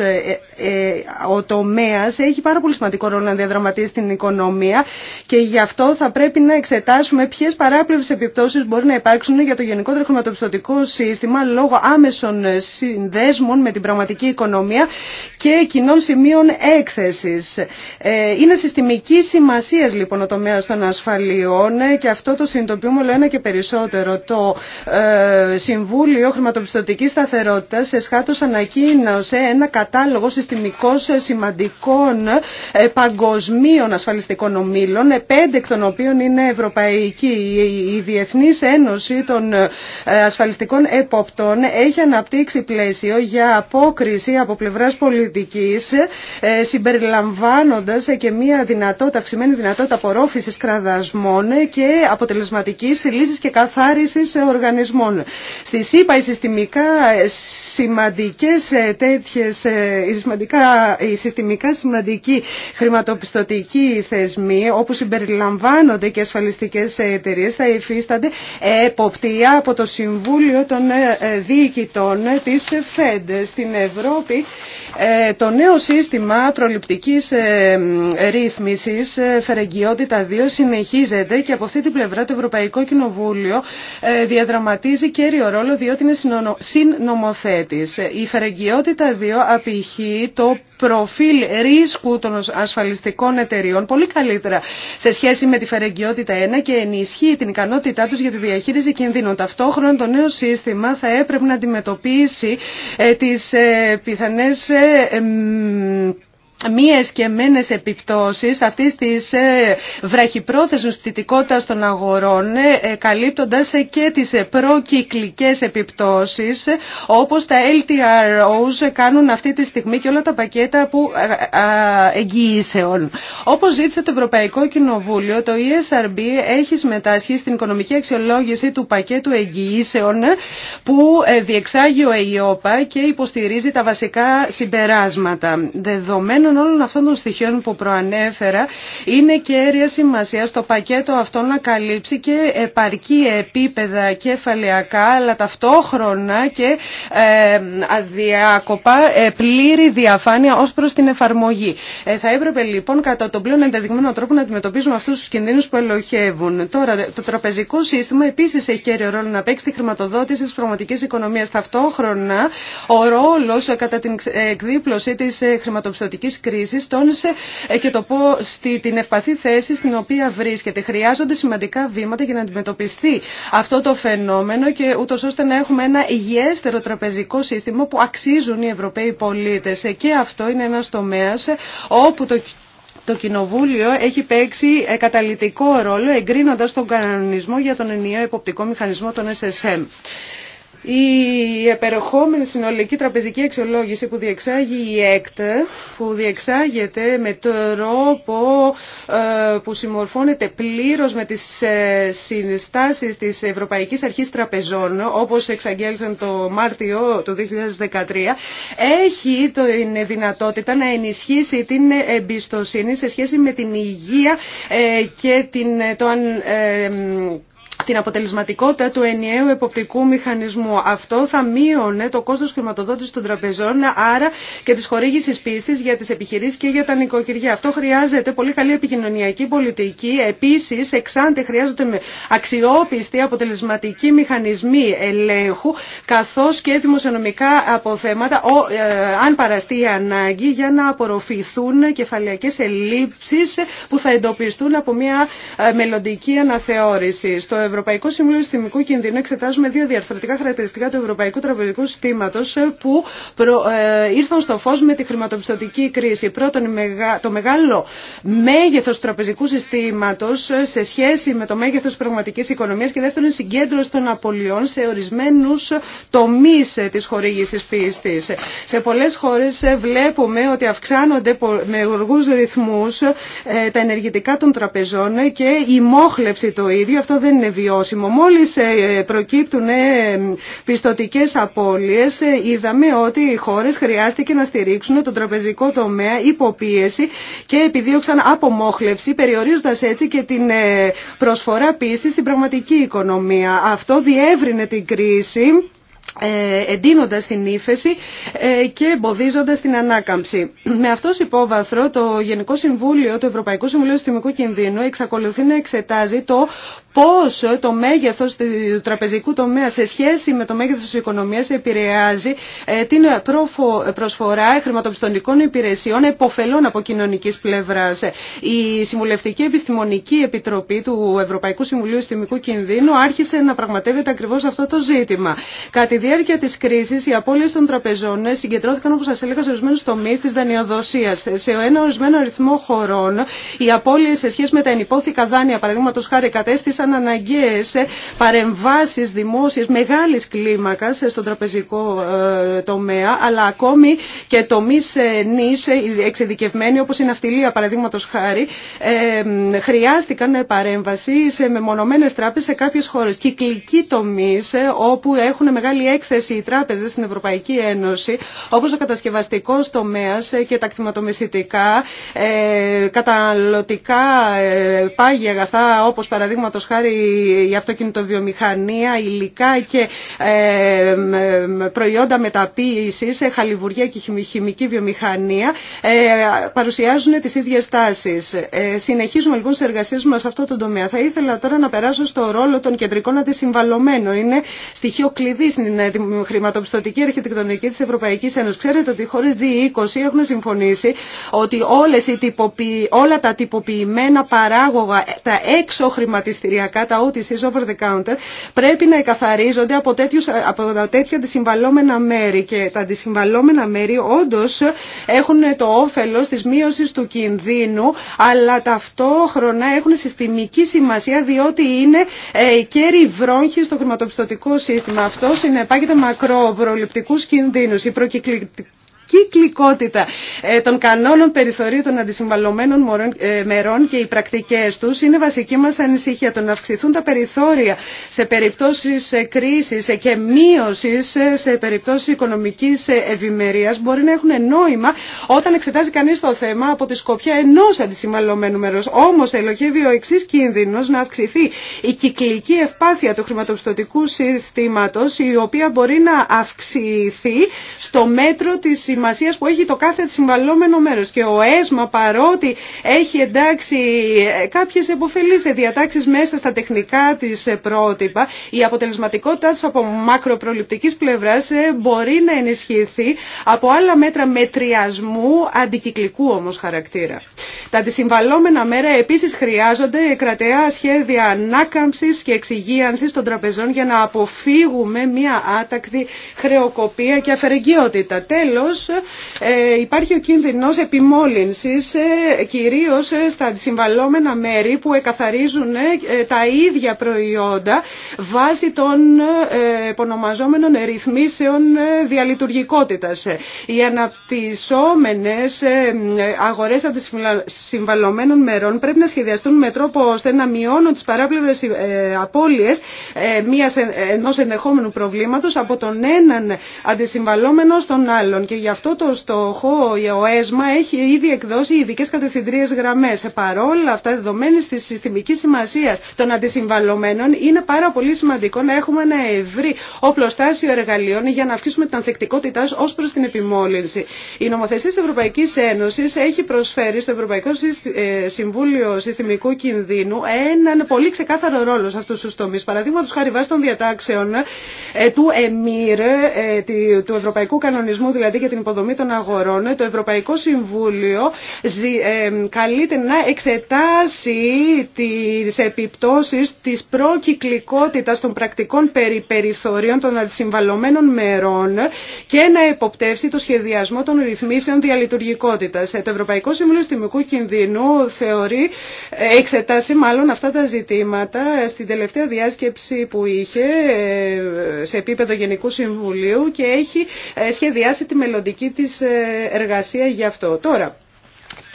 Ο τομέας έχει πάρα πολύ σημαντικό ρόλο να διαδραματίσει την οικονομία και γι' αυτό θα πρέπει να εξετάσουμε ποιες παρά παράπλευρες επιπτώσεις μπορεί να υπάρξουν για το γενικότερο χρηματοπιστωτικό σύστημα λόγω άμεσων συνδέσμων με την πραγματική οικονομία και κοινών σημείων έκθεσης. Ε, είναι συστημική σημασία λοιπόν ο τομέας των ασφαλιών ε, και αυτό το συνειδητοποιούμε όλο ένα και περισσότερο. Το ε, Συμβούλιο Χρηματοπιστωτικής Σταθερότητας εσχάτως ανακοίνωσε ένα κατάλογο συστημικώς σημαντικών παγκοσμίων ασφαλιστικών ομήλων, πέντε εκ των οποίων είναι ευρωπαϊκοί. Η Διεθνής Ένωση των Ασφαλιστικών Εποπτών έχει αναπτύξει πλαίσιο για απόκριση από πλευρά πολιτικής ε, συμπεριλαμβάνοντας και μια δυνατότητα, αυξημένη δυνατότητα απορρόφησης κραδασμών και αποτελεσματικής λύσης και καθάρισης οργανισμών. Στη ΣΥΠΑ οι συστημικά ε, σημαντικές ε, συστημικά σημαντικοί χρηματοπιστωτικοί θεσμοί όπου συμπεριλαμβάνονται και ασφαλιστικές εταιρείες θα υφίστανται εποπτεία από το Συμβούλιο των Διοικητών της ΦΕΔ. Στην Ευρώπη ε, το νέο σύστημα προληπτικής ε, ρύθμισης ε, φερεγγιότητα 2 συνεχίζεται και από αυτή την πλευρά το Ευρωπαϊκό Κοινοβούλιο διαδραματίζει κέριο ρόλο διότι είναι συνομοθέτης. Η φερεγγιότητα 2 απηχεί το προφίλ ρίσκου των ασφαλιστικών εταιριών πολύ καλύτερα σε σχέση με τη φερεγγιότητα 1 και ενισχύει την ικανότητά τους για τη διαχείριση κινδύνων. Ταυτόχρονα το νέο σύστημα θα έπρεπε να αντιμετωπίσει τις πιθανές και ε, μίες και μένες επιπτώσεις αυτής της ε, βραχυπρόθεσμης πτυτικότητας των αγορών ε, ε, καλύπτοντας και τις προκυκλικές επιπτώσεις όπως τα LTROs κάνουν αυτή τη στιγμή και όλα τα πακέτα που εγγυήσεων. Όπως ζήτησε το Ευρωπαϊκό Κοινοβούλιο, το ESRB έχει συμμετάσχει στην οικονομική αξιολόγηση του πακέτου εγγυήσεων που διεξάγει ο ΕΙΟΠΑ και υποστηρίζει τα βασικά συμπεράσματα. Δεδομένου όλων αυτών των στοιχείων που προανέφερα είναι κέρια σημασία στο πακέτο αυτό να καλύψει και επαρκή επίπεδα κεφαλαιακά αλλά ταυτόχρονα και ε, αδιάκοπα ε, πλήρη διαφάνεια ως προς την εφαρμογή. Ε, θα έπρεπε λοιπόν κατά τον πλέον ενδεδειγμένο τρόπο να αντιμετωπίζουμε αυτούς τους κινδύνους που ελοχεύουν. Τώρα το τραπεζικό σύστημα επίσης έχει κέριο ρόλο να παίξει τη χρηματοδότηση της πραγματικής οικονομίας. Ταυτόχρονα ο ρόλος κατά την εκδίπλωση της χρηματοπιστωτικής κρίση, κρίσης τόνισε ε, και το πω στη, την ευπαθή θέση στην οποία βρίσκεται. Χρειάζονται σημαντικά βήματα για να αντιμετωπιστεί αυτό το φαινόμενο και ούτως ώστε να έχουμε ένα υγιέστερο τραπεζικό σύστημα που αξίζουν οι Ευρωπαίοι πολίτες. Ε, και αυτό είναι ένας τομέας ε, όπου το το Κοινοβούλιο έχει παίξει καταλητικό ρόλο εγκρίνοντας τον κανονισμό για τον ενιαίο εποπτικό μηχανισμό των SSM. Η επερχόμενη συνολική τραπεζική αξιολόγηση που διεξάγει η ΕΚΤ, που διεξάγεται με τρόπο ε, που συμμορφώνεται πλήρως με τις ε, συνστάσεις της Ευρωπαϊκής Αρχής Τραπεζών, όπως εξαγγέλθαν το Μάρτιο του 2013, έχει την δυνατότητα να ενισχύσει την εμπιστοσύνη σε σχέση με την υγεία ε, και την, το αν την αποτελεσματικότητα του ενιαίου εποπτικού μηχανισμού. Αυτό θα μείωνε το κόστος χρηματοδότησης των τραπεζών, άρα και της χορήγησης πίστης για τις επιχειρήσεις και για τα νοικοκυριά. Αυτό χρειάζεται πολύ καλή επικοινωνιακή πολιτική. Επίσης, εξάντε χρειάζονται με αξιόπιστοι αποτελεσματικοί μηχανισμοί ελέγχου, καθώς και δημοσιονομικά αποθέματα, ε, αν παραστεί η ανάγκη, για να απορροφηθούν κεφαλαιακές ελλείψεις που θα εντοπιστούν από μια ε, μελλοντική αναθεώρηση. Στο Ευρωπαϊκό Συμβούλιο Συστημικού Κινδύνου εξετάζουμε δύο διαρθρωτικά χαρακτηριστικά του Ευρωπαϊκού Τραπεζικού Συστήματο ε, που ε, ήρθαν στο φω με τη χρηματοπιστωτική κρίση. Πρώτον, το μεγάλο μέγεθο του τραπεζικού συστήματο ε, σε σχέση με το μέγεθο πραγματική οικονομία και δεύτερον, η συγκέντρωση των απολειών σε ορισμένου τομεί τη χορήγηση πίστη. Σε πολλέ χώρε βλέπουμε ότι αυξάνονται με οργού ρυθμού τα ενεργητικά των τραπεζών και η μόχλευση το ίδιο. Αυτό δεν είναι βιώσιμο βιώσιμο. Μόλις ε, προκύπτουν ε, πιστοτικές απώλειες, ε, είδαμε ότι οι χώρες χρειάστηκε να στηρίξουν τον τραπεζικό τομέα υποπίεση και επιδίωξαν απομόχλευση, περιορίζοντας έτσι και την προσφορά πίστη στην πραγματική οικονομία. Αυτό διεύρυνε την κρίση εντείνοντας την ύφεση και εμποδίζοντας την ανάκαμψη. Με αυτό υπόβαθρο το Γενικό Συμβούλιο του Ευρωπαϊκού Συμβουλίου Συστημικού Κινδύνου εξακολουθεί να εξετάζει το Πώ το μέγεθος του τραπεζικού τομέα σε σχέση με το μέγεθος της οικονομίας επηρεάζει ε, την προσφορά χρηματοπιστωτικών υπηρεσιών εποφελών από κοινωνικής πλευράς. Ε, η Συμβουλευτική Επιστημονική Επιτροπή του Ευρωπαϊκού Συμβουλίου Συστημικού Κινδύνου άρχισε να πραγματεύεται ακριβώς αυτό το ζήτημα. Κατά τη διάρκεια της κρίσης οι απώλειες των τραπεζών συγκεντρώθηκαν όπως σας έλεγα σε ορισμένους τομείς της δανειοδοσίας. Σε ένα ορισμένο αριθμό χωρών οι απώλειες σε σχέση με τα ενυπόθηκα δάνεια παραδείγματος χάρη κατέστησαν ήταν αναγκαίες παρεμβάσεις δημόσιες μεγάλης κλίμακας στον τραπεζικό ε, τομέα, αλλά ακόμη και τομείς νης ε, εξειδικευμένοι όπως η ναυτιλία παραδείγματος χάρη, ε, χρειάστηκαν παρέμβαση σε μεμονωμένες τράπεζες σε κάποιες χώρες. Κυκλικοί τομείς όπου έχουν μεγάλη έκθεση οι τράπεζες στην Ευρωπαϊκή Ένωση, όπως ο κατασκευαστικός τομέας και τα κτηματομεσητικά, καταναλωτικά πάγια αγαθά όπως παραδείγματος χάρη η αυτοκινητοβιομηχανία, υλικά και ε, προϊόντα μεταποίησης, ε, χαλιβουργία και χημική βιομηχανία ε, παρουσιάζουν τις ίδιες τάσεις. Συνεχίζουμε λοιπόν στις εργασίες μας σε αυτό το τομέα. Θα ήθελα τώρα να περάσω στο ρόλο των κεντρικών αντισυμβαλωμένων. Είναι στοιχείο κλειδί στην χρηματοπιστωτική αρχιτεκτονική της Ευρωπαϊκής Ένωσης. Ξέρετε ότι οι χώρες G20 έχουν συμφωνήσει ότι όλες οι τυποποιη... όλα τα τυποποιημένα παράγωγα, τα έξω χρηματιστηριακά κατά τα over the counter πρέπει να εκαθαρίζονται από, τέτοιους, από τέτοια αντισυμβαλόμενα μέρη και τα αντισυμβαλόμενα μέρη όντως έχουν το όφελος της μείωσης του κινδύνου αλλά ταυτόχρονα έχουν συστημική σημασία διότι είναι ε, κέρι βρόχη στο χρηματοπιστωτικό σύστημα. Αυτό συνεπάγεται μακροπροληπτικούς κινδύνους. Η κυκλικότητα ε, των κανόνων περιθωρίου των αντισυμβαλλωμένων ε, μερών και οι πρακτικές τους είναι βασική μας ανησυχία. Το να αυξηθούν τα περιθώρια σε περιπτώσεις ε, κρίσης και μείωση σε περιπτώσεις οικονομικής ευημερίας μπορεί να έχουν νόημα όταν εξετάζει κανείς το θέμα από τη σκοπιά ενός αντισυμβαλλωμένου μερός. Όμως ελοχεύει ο εξής κίνδυνος να αυξηθεί η κυκλική ευπάθεια του χρηματοπιστωτικού συστήματος η οποία μπορεί να αυξηθεί στο μέτρο της που έχει το κάθε συμβαλόμενο μέρο Και ο ΕΣΜΑ παρότι έχει εντάξει ε, κάποιες σε διατάξει μέσα στα τεχνικά της ε, πρότυπα, η αποτελεσματικότητά του από μακροπροληπτική πλευρά ε, μπορεί να ενισχυθεί από άλλα μέτρα μετριασμού αντικυκλικού όμω χαρακτήρα. Τα αντισυμβαλόμενα μέρα επίσης χρειάζονται κρατεά σχέδια ανάκαμψη και εξυγίανση των τραπεζών για να αποφύγουμε μια άτακτη χρεοκοπία και αφαιρεγγιότητα. Τέλος, ε, υπάρχει ο κίνδυνος επιμόλυνσης ε, κυρίως ε, στα συμβαλόμενα μέρη που εκαθαρίζουν τα ίδια προϊόντα βάσει των επωνομαζόμενων ρυθμίσεων διαλειτουργικότητας. Οι αναπτυσσόμενες αγορές αντισυμβαλωμένων μερών πρέπει να σχεδιαστούν με τρόπο ώστε να μειώνουν τις παράπλευρες απώλειες μιας ενός ενδεχόμενου προβλήματος από τον έναν αντισυμβαλόμενο στον άλλον. Και γι' αυτό το στόχο ο ΕΣΜΑ έχει ήδη εκδώσει ειδικέ κατευθυντρίε γραμμέ. Ε, παρόλα αυτά, δεδομένε τη συστημική σημασία των αντισυμβαλωμένων, είναι πάρα πολύ σημαντικό να έχουμε ένα ευρύ οπλοστάσιο εργαλείων για να αυξήσουμε την ανθεκτικότητά ω προ την επιμόλυνση. Η νομοθεσία τη Ευρωπαϊκή Ένωση έχει προσφέρει στο Ευρωπαϊκό ε, Συμβούλιο Συστημικού Κινδύνου έναν πολύ ξεκάθαρο ρόλο σε αυτού του τομεί. Παραδείγματο χάρη βάσει των διατάξεων ε, του ΕΜΙΡ, του Ευρωπαϊκού Κανονισμού δηλαδή για την υποδομή των αγορών, το Ευρωπαϊκό Συμβούλιο ε, καλείται να εξετάσει τις επιπτώσεις της προκυκλικότητας των πρακτικών περιπεριθωριών των αντισυμβαλωμένων μερών και να εποπτεύσει το σχεδιασμό των ρυθμίσεων διαλειτουργικότητας. Ε, το Ευρωπαϊκό Συμβούλιο Στιμικού Κινδυνού θεωρεί, ε, εξετάσει μάλλον αυτά τα ζητήματα στην τελευταία διάσκεψη που είχε σε επίπεδο Γενικού Συμβουλίου και έχει σχεδιάσει τη μελλοντική δική της ε, εργασία γι' αυτό. Τώρα,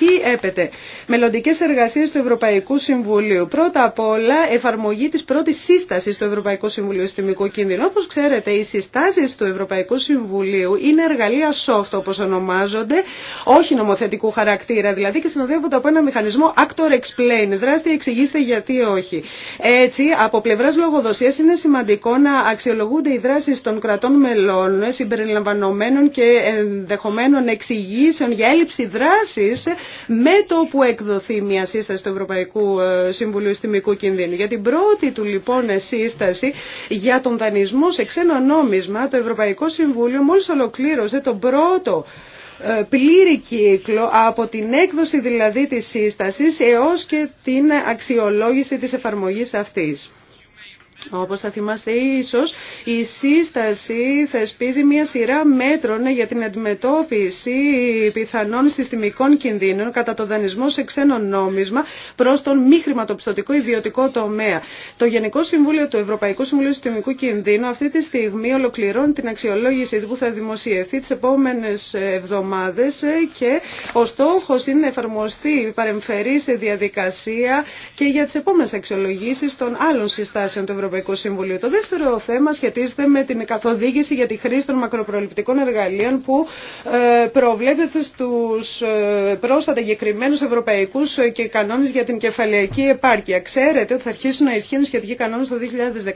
τι έπεται. Μελλοντικέ εργασίες του Ευρωπαϊκού Συμβουλίου. Πρώτα απ' όλα εφαρμογή τη πρώτη σύσταση του Ευρωπαϊκού Συμβουλίου Συστημικού Κίνδυνου. Όπω ξέρετε, οι συστάσει του Ευρωπαϊκού Συμβουλίου είναι εργαλεία soft όπω ονομάζονται, όχι νομοθετικού χαρακτήρα δηλαδή και συνοδεύονται από ένα μηχανισμό actor explain. Δράστη εξηγήστε γιατί όχι. Έτσι, από πλευρά λογοδοσία είναι σημαντικό να αξιολογούνται οι δράσει των κρατών μελών συμπεριλαμβανομένων και ενδεχομένων εξηγήσεων για έλλειψη δράση με το που εκδοθεί μια σύσταση του Ευρωπαϊκού ε, Συμβουλίου στημικού Κινδύνου. Για την πρώτη του λοιπόν σύσταση για τον δανεισμό σε ξένο νόμισμα, το Ευρωπαϊκό Συμβούλιο μόλις ολοκλήρωσε τον πρώτο ε, πλήρη κύκλο από την έκδοση δηλαδή της σύστασης έως και την αξιολόγηση της εφαρμογής αυτής. Όπως θα θυμάστε ίσως, η σύσταση θεσπίζει μια σειρά μέτρων για την αντιμετώπιση πιθανών συστημικών κινδύνων κατά το δανεισμό σε ξένο νόμισμα προς τον μη χρηματοπιστωτικό ιδιωτικό τομέα. Το Γενικό Συμβούλιο του Ευρωπαϊκού Συμβουλίου Συστημικού Κινδύνου αυτή τη στιγμή ολοκληρώνει την αξιολόγηση που θα δημοσιευθεί τις επόμενες εβδομάδες και ο στόχος είναι να εφαρμοστεί παρεμφερή σε διαδικασία και για τις επόμενες αξιολογήσεις των άλλων συστάσεων του Ευρωπαϊκού Ευρωπαϊκό Συμβουλίο. Το δεύτερο θέμα σχετίζεται με την καθοδήγηση για τη χρήση των μακροπροληπτικών εργαλείων που ε, προβλέπεται στους ε, πρόσφατα εγκεκριμένους ευρωπαϊκούς ε, και κανόνες για την κεφαλαιακή επάρκεια. Ξέρετε ότι θα αρχίσουν να ισχύουν σχετικοί κανόνε το 2014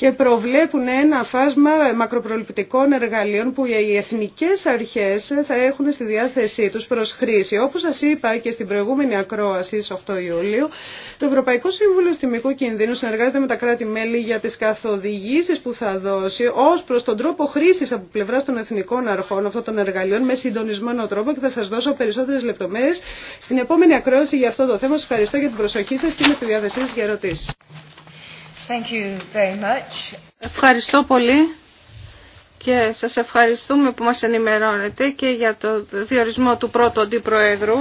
και προβλέπουν ένα φάσμα μακροπροληπτικών εργαλείων που οι εθνικές αρχές θα έχουν στη διάθεσή τους προς χρήση. Όπως σας είπα και στην προηγούμενη ακρόαση στις 8 Ιουλίου, το Ευρωπαϊκό Σύμβουλο Στιμικού Κινδύνου συνεργάζεται με τα κράτη-μέλη για τις καθοδηγήσεις που θα δώσει ως προς τον τρόπο χρήσης από πλευρά των εθνικών αρχών αυτών των εργαλείων με συντονισμένο τρόπο και θα σας δώσω περισσότερες λεπτομέρειες στην επόμενη ακρόαση για αυτό το θέμα. Σας ευχαριστώ για την προσοχή σας και είμαι στη διάθεσή σα για ερωτήσεις. Ευχαριστώ πολύ και σας ευχαριστούμε που μας ενημερώνετε και για το διορισμό του πρώτου αντιπροέδρου.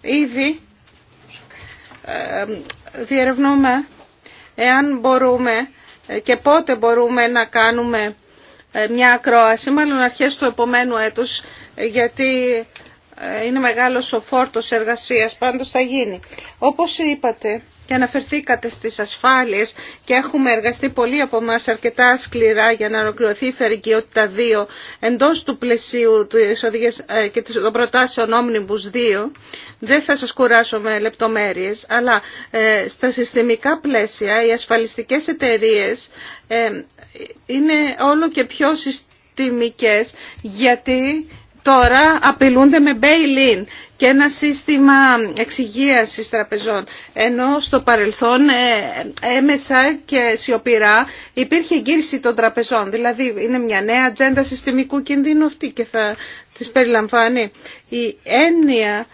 Ήδη διερευνούμε εάν μπορούμε και πότε μπορούμε να κάνουμε ε, μια ακρόαση, μάλλον αρχές του επομένου έτους, γιατί ε, είναι μεγάλος ο φόρτος εργασίας, πάντως θα γίνει. Όπως είπατε, και αναφερθήκατε στις ασφάλειες και έχουμε εργαστεί πολλοί από εμά αρκετά σκληρά για να ολοκληρωθεί η φερικιότητα 2 εντός του πλαισίου του οδηγίας ε, και των προτάσεων Omnibus 2. Δεν θα σας κουράσω με λεπτομέρειες, αλλά ε, στα συστημικά πλαίσια οι ασφαλιστικές εταιρείες ε, είναι όλο και πιο συστημικές γιατί τώρα απειλούνται με bail-in και ένα σύστημα εξυγίασης τραπεζών. Ενώ στο παρελθόν ε, έμεσα και σιωπηρά υπήρχε εγκύρηση των τραπεζών. Δηλαδή είναι μια νέα ατζέντα συστημικού κινδύνου αυτή και θα τις περιλαμβάνει. Η έννοια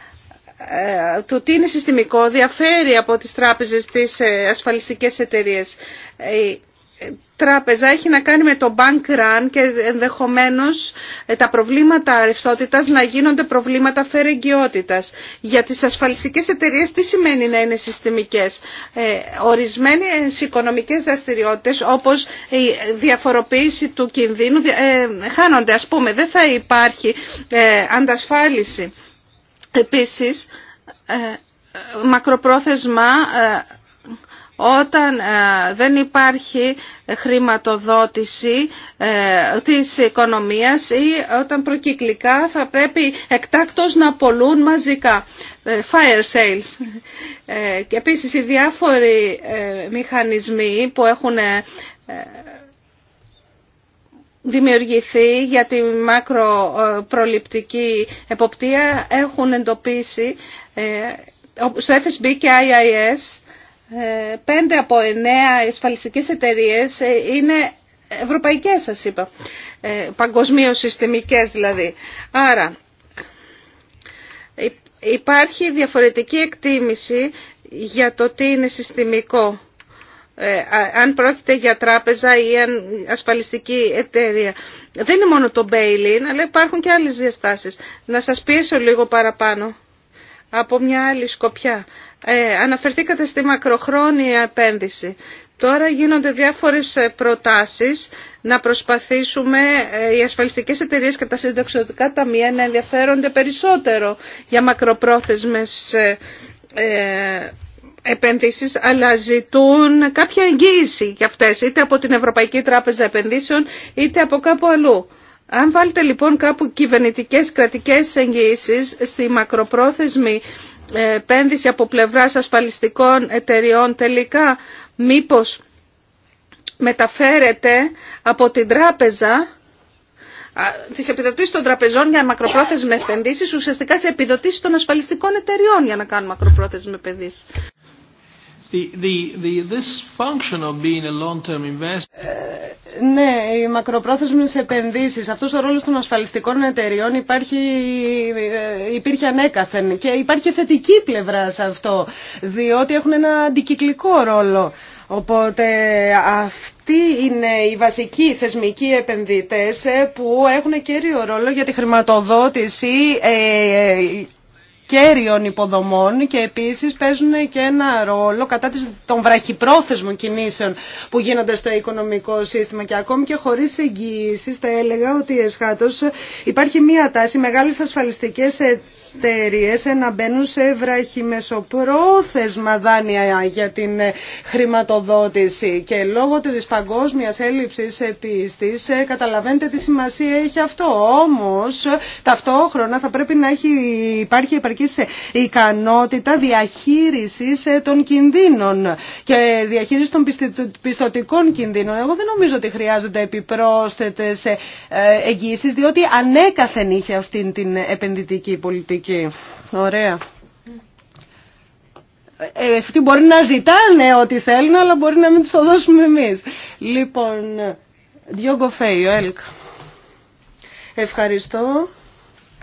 ε, του τι είναι συστημικό διαφέρει από τις τράπεζες, τις ε, ασφαλιστικές εταιρείες τράπεζα έχει να κάνει με το bank run και ενδεχομένως ε, τα προβλήματα ρευστότητας να γίνονται προβλήματα φερεγγιότητας. Για τις ασφαλιστικές εταιρείες τι σημαίνει να είναι συστημικές. Ε, ορισμένες οικονομικές δραστηριότητες όπως η διαφοροποίηση του κινδύνου ε, χάνονται. Ας πούμε δεν θα υπάρχει αντασφάλιση. Επίσης μακροπρόθεσμα όταν ε, δεν υπάρχει χρηματοδότηση ε, της οικονομίας ή όταν προκυκλικά θα πρέπει εκτάκτως να πολλούν μαζικά. Ε, fire sales. Και επίσης οι διάφοροι μηχανισμοί που έχουν δημιουργηθεί για τη μακροπροληπτική εποπτεία έχουν εντοπίσει στο FSB και IIS πέντε από εννέα ασφαλιστικές εταιρείες ε, είναι ευρωπαϊκές σας είπα, ε, παγκοσμίως συστημικές δηλαδή. Άρα υπάρχει διαφορετική εκτίμηση για το τι είναι συστημικό. Ε, αν πρόκειται για τράπεζα ή ασφαλιστική εταιρεία. Δεν είναι μόνο το bail-in, αλλά υπάρχουν και άλλες διαστάσεις. Να σας πείσω λίγο παραπάνω από μια άλλη σκοπιά. Ε, αναφερθήκατε στη μακροχρόνια επένδυση. Τώρα γίνονται διάφορες ε, προτάσεις να προσπαθήσουμε ε, οι ασφαλιστικές εταιρείες και τα συνταξιωτικά ταμεία να ενδιαφέρονται περισσότερο για μακροπρόθεσμες επενδύσεις, αλλά ζητούν κάποια εγγύηση για αυτές, είτε από την Ευρωπαϊκή Τράπεζα Επενδύσεων, είτε από κάπου αλλού. Αν βάλετε λοιπόν κάπου κυβερνητικές κρατικές εγγύησεις στη μακροπρόθεσμη επένδυση από πλευράς ασφαλιστικών εταιριών τελικά μήπως μεταφέρεται από την τράπεζα τι επιδοτήσει των τραπεζών για μακροπρόθεσμε επενδύσει ουσιαστικά σε επιδοτήσει των ασφαλιστικών εταιριών για να κάνουν μακροπρόθεσμε επενδύσει. Ναι, οι μακροπρόθεσμες επενδύσεις, αυτός ο ρόλος των ασφαλιστικών εταιριών υπάρχει, ε, υπήρχε ανέκαθεν και υπάρχει θετική πλευρά σε αυτό, διότι έχουν ένα αντικυκλικό ρόλο. Οπότε αυτοί είναι οι βασικοί θεσμικοί επενδυτές ε, που έχουν κύριο ρόλο για τη χρηματοδότηση ε, κέριων υποδομών και επίσης παίζουν και ένα ρόλο κατά των βραχυπρόθεσμων κινήσεων που γίνονται στο οικονομικό σύστημα και ακόμη και χωρίς εγγυήσεις θα έλεγα ότι εσχάτως υπάρχει μια τάση μεγάλες ασφαλιστικές να μπαίνουν σε βραχυμεσοπρόθεσμα δάνεια για την χρηματοδότηση και λόγω της παγκόσμιας έλλειψης πίστης ε, καταλαβαίνετε τι σημασία έχει αυτό. Όμως ταυτόχρονα θα πρέπει να έχει, υπάρχει υπαρκή ικανότητα διαχείρισης ε, των κινδύνων και διαχείριση των πιστοτικών κινδύνων. Εγώ δεν νομίζω ότι χρειάζονται επιπρόσθετες ε, εγγύσεις, διότι ανέκαθεν είχε αυτή την επενδυτική πολιτική εκεί. Ωραία. Ε, ε μπορεί να ζητάνε ό,τι θέλουν, αλλά μπορεί να μην τους το δώσουμε εμείς. Λοιπόν, Διόγκο Φέιο, ΕΛΚ. Ευχαριστώ,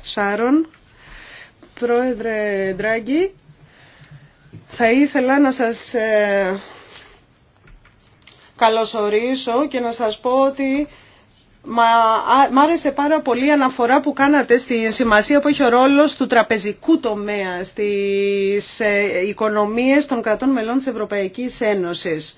Σάρων, Πρόεδρε Ντράγκη, θα ήθελα να σας ε, καλωσορίσω και να σας πω ότι Μα, μ' άρεσε πάρα πολύ η αναφορά που κάνατε στη σημασία που έχει ο ρόλος του τραπεζικού τομέα στις ε, οικονομίες των κρατών μελών της ευρωπαϊκή Ένωσης.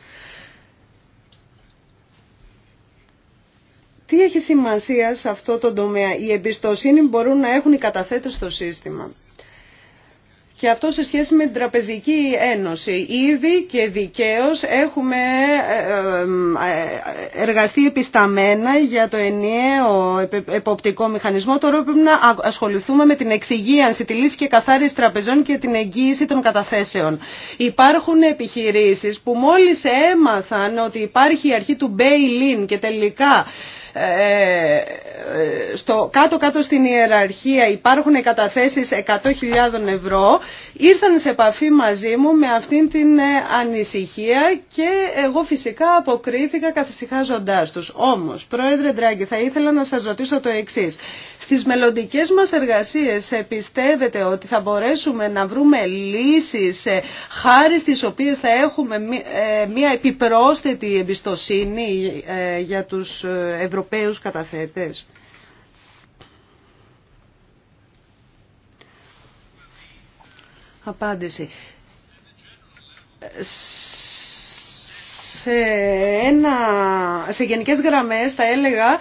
Τι έχει σημασία σε αυτό το τομέα. Η εμπιστοσύνη μπορούν να έχουν οι καταθέτες στο σύστημα και αυτό σε σχέση με την Τραπεζική Ένωση. Ήδη και δικαίω έχουμε ε, ε, ε, εργαστεί επισταμένα για το ενιαίο εποπτικό μηχανισμό. Τώρα πρέπει να ασχοληθούμε με την εξυγίανση, τη λύση και καθάριση τραπεζών και την εγγύηση των καταθέσεων. Υπάρχουν επιχειρήσεις που μόλις έμαθαν ότι υπάρχει η αρχή του bail-in και τελικά ε, ε, στο κάτω-κάτω στην ιεραρχία υπάρχουν καταθέσεις 100.000 ευρώ, ήρθαν σε επαφή μαζί μου με αυτήν την ε, ανησυχία και εγώ φυσικά αποκρίθηκα καθησυχάζοντάς τους. Όμως, Πρόεδρε Ντράγκη, θα ήθελα να σας ρωτήσω το εξή. Στις μελλοντικέ μας εργασίες πιστεύετε ότι θα μπορέσουμε να βρούμε λύσεις χάρη στις οποίες θα έχουμε μια επιπρόσθετη εμπιστοσύνη για τους Ευρωπαϊκούς Ευρωπαίους καταθέτες. Απάντηση. Σε, ένα, σε γενικές γραμμές θα έλεγα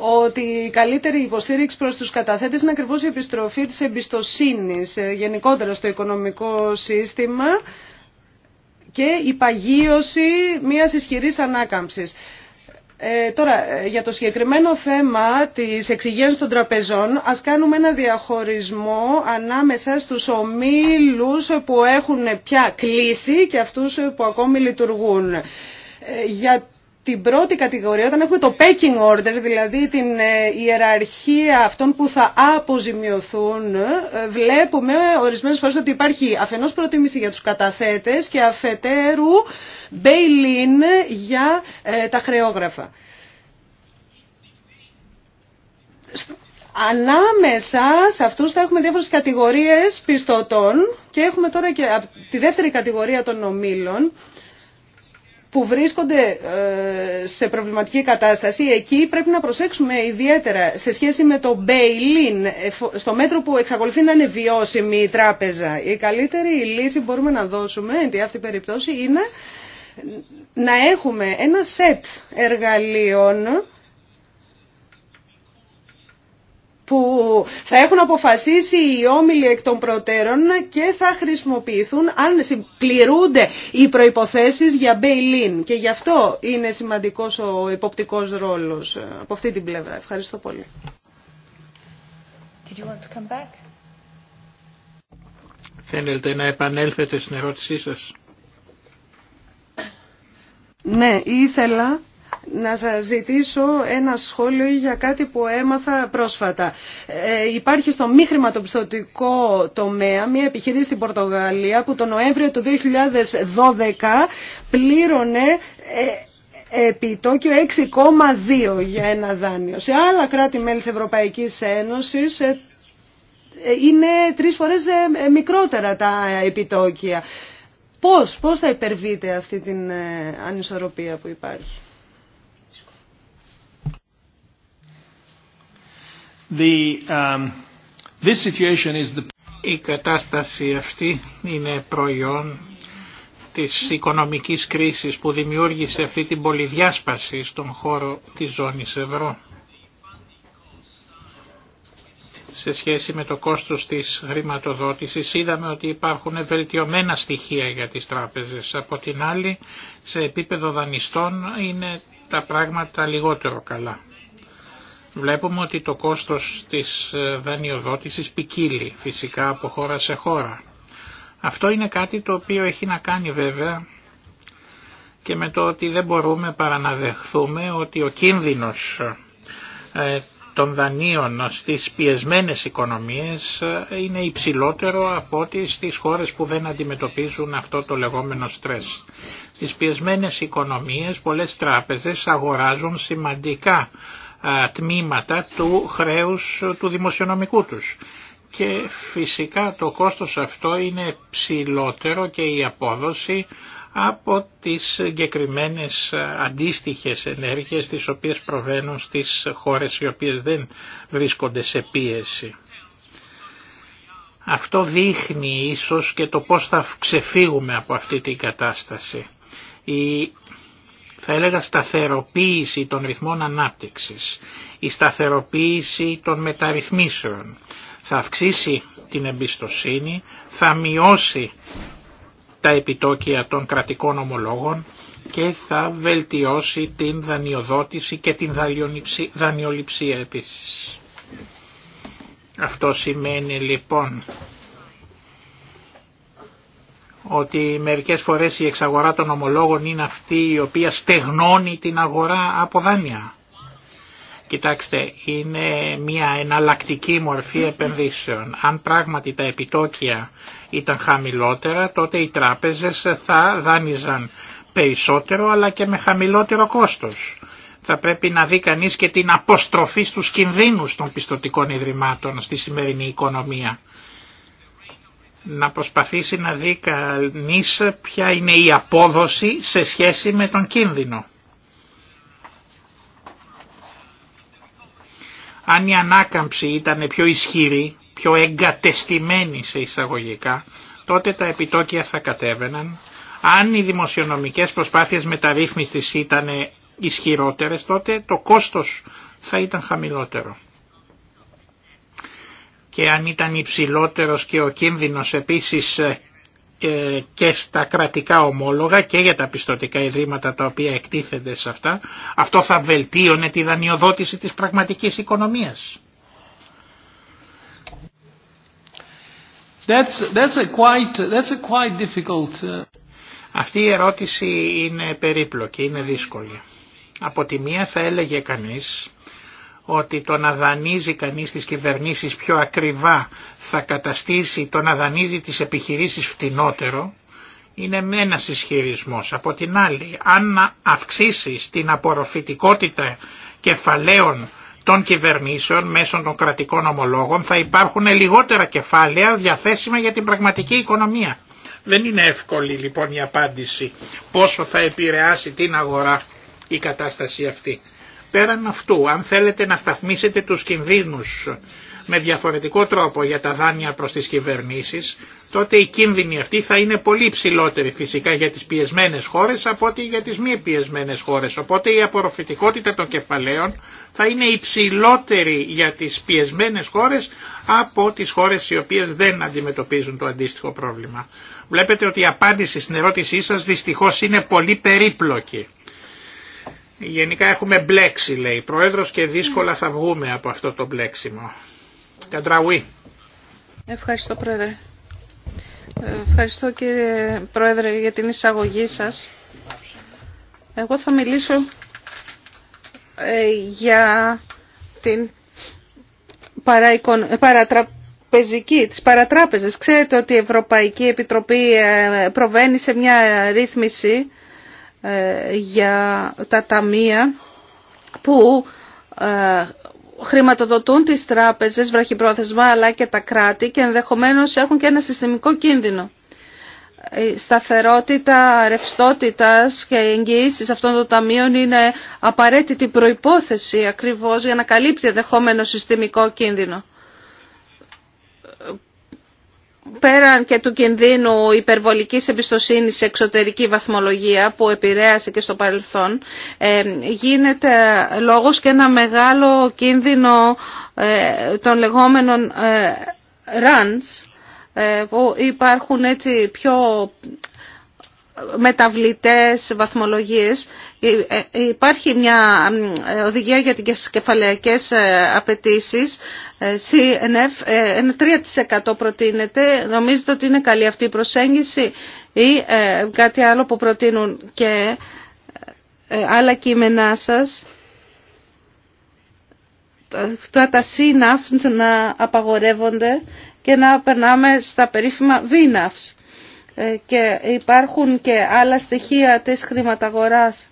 ότι η καλύτερη υποστήριξη προς τους καταθέτες είναι ακριβώς η επιστροφή της εμπιστοσύνης ε, γενικότερα στο οικονομικό σύστημα και η παγίωση μιας ισχυρής ανάκαμψης. Ε, τώρα, ε, για το συγκεκριμένο θέμα της εξυγένσης των τραπεζών, ας κάνουμε ένα διαχωρισμό ανάμεσα στους ομίλους που έχουν πια κλείσει και αυτούς που ακόμη λειτουργούν. Ε, για την πρώτη κατηγορία, όταν έχουμε το pecking order, δηλαδή την ε, ιεραρχία αυτών που θα αποζημιωθούν, ε, βλέπουμε ορισμένες φορές ότι υπάρχει αφενός προτίμηση για τους καταθέτες και αφετέρου bail-in για ε, τα χρεόγραφα. Ανάμεσα σε αυτούς θα έχουμε διάφορες κατηγορίες πιστωτών και έχουμε τώρα και τη δεύτερη κατηγορία των ομήλων, που βρίσκονται ε, σε προβληματική κατάσταση, εκεί πρέπει να προσέξουμε ιδιαίτερα σε σχέση με το bail-in, στο μέτρο που εξακολουθεί να είναι βιώσιμη η τράπεζα. Η καλύτερη λύση που μπορούμε να δώσουμε, εν τη αυτή περίπτωση, είναι να έχουμε ένα σετ εργαλείων που θα έχουν αποφασίσει οι όμιλοι εκ των προτέρων και θα χρησιμοποιηθούν αν συμπληρούνται οι προϋποθέσεις για bail Και γι' αυτό είναι σημαντικός ο υποπτικός ρόλος ε, από αυτή την πλευρά. Ευχαριστώ πολύ. Θέλετε να επανέλθετε στην ερώτησή σας. Ναι, ήθελα να σας ζητήσω ένα σχόλιο για κάτι που έμαθα πρόσφατα. Ε, υπάρχει στο μη χρηματοπιστωτικό τομέα μια επιχείρηση στην Πορτογαλία που τον Νοέμβριο του 2012 πλήρωνε ε, επιτόκιο 6,2 για ένα δάνειο. Σε άλλα κράτη-μέλη της Ευρωπαϊκής Ένωσης ε, είναι τρεις φορές μικρότερα τα επιτόκια. Πώς, πώς θα υπερβείτε αυτή την ανισορροπία που υπάρχει. Um, Η κατάσταση αυτή είναι προϊόν της οικονομικής κρίσης που δημιούργησε αυτή την πολυδιάσπαση στον χώρο της ζώνης ευρώ. Σε σχέση με το κόστος της χρηματοδότησης είδαμε ότι υπάρχουν βελτιωμένα στοιχεία για τις τράπεζες. Από την άλλη σε επίπεδο δανειστών είναι τα πράγματα λιγότερο καλά. Βλέπουμε ότι το κόστος της ε, δανειοδότησης ποικίλει φυσικά από χώρα σε χώρα. Αυτό είναι κάτι το οποίο έχει να κάνει βέβαια και με το ότι δεν μπορούμε παρά να δεχθούμε ότι ο κίνδυνος ε, των δανείων στις πιεσμένες οικονομίες ε, είναι υψηλότερο από ότι στις χώρες που δεν αντιμετωπίζουν αυτό το λεγόμενο στρες. Στις πιεσμένες οικονομίες πολλές τράπεζες αγοράζουν σημαντικά τμήματα του χρέους του δημοσιονομικού τους. Και φυσικά το κόστος αυτό είναι ψηλότερο και η απόδοση από τις συγκεκριμένε αντίστοιχες ενέργειες τις οποίες προβαίνουν στις χώρες οι οποίες δεν βρίσκονται σε πίεση. Αυτό δείχνει ίσως και το πώς θα ξεφύγουμε από αυτή την κατάσταση. Η θα έλεγα σταθεροποίηση των ρυθμών ανάπτυξης, η σταθεροποίηση των μεταρρυθμίσεων. Θα αυξήσει την εμπιστοσύνη, θα μειώσει τα επιτόκια των κρατικών ομολόγων και θα βελτιώσει την δανειοδότηση και την δανειοληψία επίσης. Αυτό σημαίνει λοιπόν ότι μερικές φορές η εξαγορά των ομολόγων είναι αυτή η οποία στεγνώνει την αγορά από δάνεια. Κοιτάξτε, είναι μια εναλλακτική μορφή επενδύσεων. Αν πράγματι τα επιτόκια ήταν χαμηλότερα, τότε οι τράπεζες θα δάνειζαν περισσότερο αλλά και με χαμηλότερο κόστος. Θα πρέπει να δει κανεί και την αποστροφή στους κινδύνους των πιστοτικών ιδρυμάτων στη σημερινή οικονομία να προσπαθήσει να δει κανεί ποια είναι η απόδοση σε σχέση με τον κίνδυνο. Αν η ανάκαμψη ήταν πιο ισχυρή, πιο εγκατεστημένη σε εισαγωγικά, τότε τα επιτόκια θα κατέβαιναν. Αν οι δημοσιονομικές προσπάθειες μεταρρύθμισης ήταν ισχυρότερες, τότε το κόστος θα ήταν χαμηλότερο και αν ήταν υψηλότερος και ο κίνδυνος επίσης ε, ε, και στα κρατικά ομόλογα και για τα πιστοτικά ιδρύματα τα οποία εκτίθενται σε αυτά, αυτό θα βελτίωνε τη δανειοδότηση της πραγματικής οικονομίας. Uh, Αυτή η ερώτηση είναι περίπλοκη, είναι δύσκολη. Από τη μία θα έλεγε κανείς ότι το να δανείζει κανείς τις κυβερνήσεις πιο ακριβά θα καταστήσει το να δανείζει τις επιχειρήσεις φτηνότερο, είναι με ένας ισχυρισμός. Από την άλλη, αν αυξήσει την απορροφητικότητα κεφαλαίων των κυβερνήσεων μέσω των κρατικών ομολόγων θα υπάρχουν λιγότερα κεφάλαια διαθέσιμα για την πραγματική οικονομία. Δεν είναι εύκολη λοιπόν η απάντηση πόσο θα επηρεάσει την αγορά η κατάσταση αυτή. Πέραν αυτού, αν θέλετε να σταθμίσετε τους κινδύνους με διαφορετικό τρόπο για τα δάνεια προς τις κυβερνήσεις, τότε οι κίνδυνοι αυτοί θα είναι πολύ ψηλότεροι φυσικά για τις πιεσμένες χώρες από ότι για τις μη πιεσμένες χώρες. Οπότε η απορροφητικότητα των κεφαλαίων θα είναι υψηλότερη για τις πιεσμένες χώρες από τις χώρες οι οποίες δεν αντιμετωπίζουν το αντίστοιχο πρόβλημα. Βλέπετε ότι η απάντηση στην ερώτησή σας δυστυχώς είναι πολύ περίπλοκη. Γενικά έχουμε μπλέξει λέει πρόεδρος και δύσκολα θα βγούμε από αυτό το μπλέξιμο. Καντραουή. Ευχαριστώ πρόεδρε. Ευχαριστώ κύριε πρόεδρε για την εισαγωγή σας. Εγώ θα μιλήσω ε, για την παρατραπεζική, της παρατράπεζες. Ξέρετε ότι η Ευρωπαϊκή Επιτροπή ε, προβαίνει σε μια ρύθμιση ε, για τα ταμεία που ε, χρηματοδοτούν τις τράπεζες βραχυπρόθεσμα αλλά και τα κράτη και ενδεχομένως έχουν και ένα συστημικό κίνδυνο. Η σταθερότητα ρευστότητας και εγγύησης αυτών των ταμείων είναι απαραίτητη προϋπόθεση ακριβώς για να καλύπτει ενδεχόμενο συστημικό κίνδυνο πέραν και του κινδύνου υπερβολικής εμπιστοσύνης σε εξωτερική βαθμολογία που επηρέασε και στο παρελθόν, ε, γίνεται λόγος και ένα μεγάλο κίνδυνο ε, των λεγόμενων ε, runs που υπάρχουν έτσι πιο μεταβλητές βαθμολογίες. Υπάρχει μια οδηγία για τις κεφαλαιακές απαιτήσει ε, CNF 3% ε, προτείνεται. Νομίζετε ότι είναι καλή αυτή η προσέγγιση ή ε, κάτι άλλο που προτείνουν και άλλα κείμενά σας. Αυτά τα CNAF να απαγορεύονται και να περνάμε στα περίφημα VNAFs. Και υπάρχουν και άλλα στοιχεία της χρηματαγοράς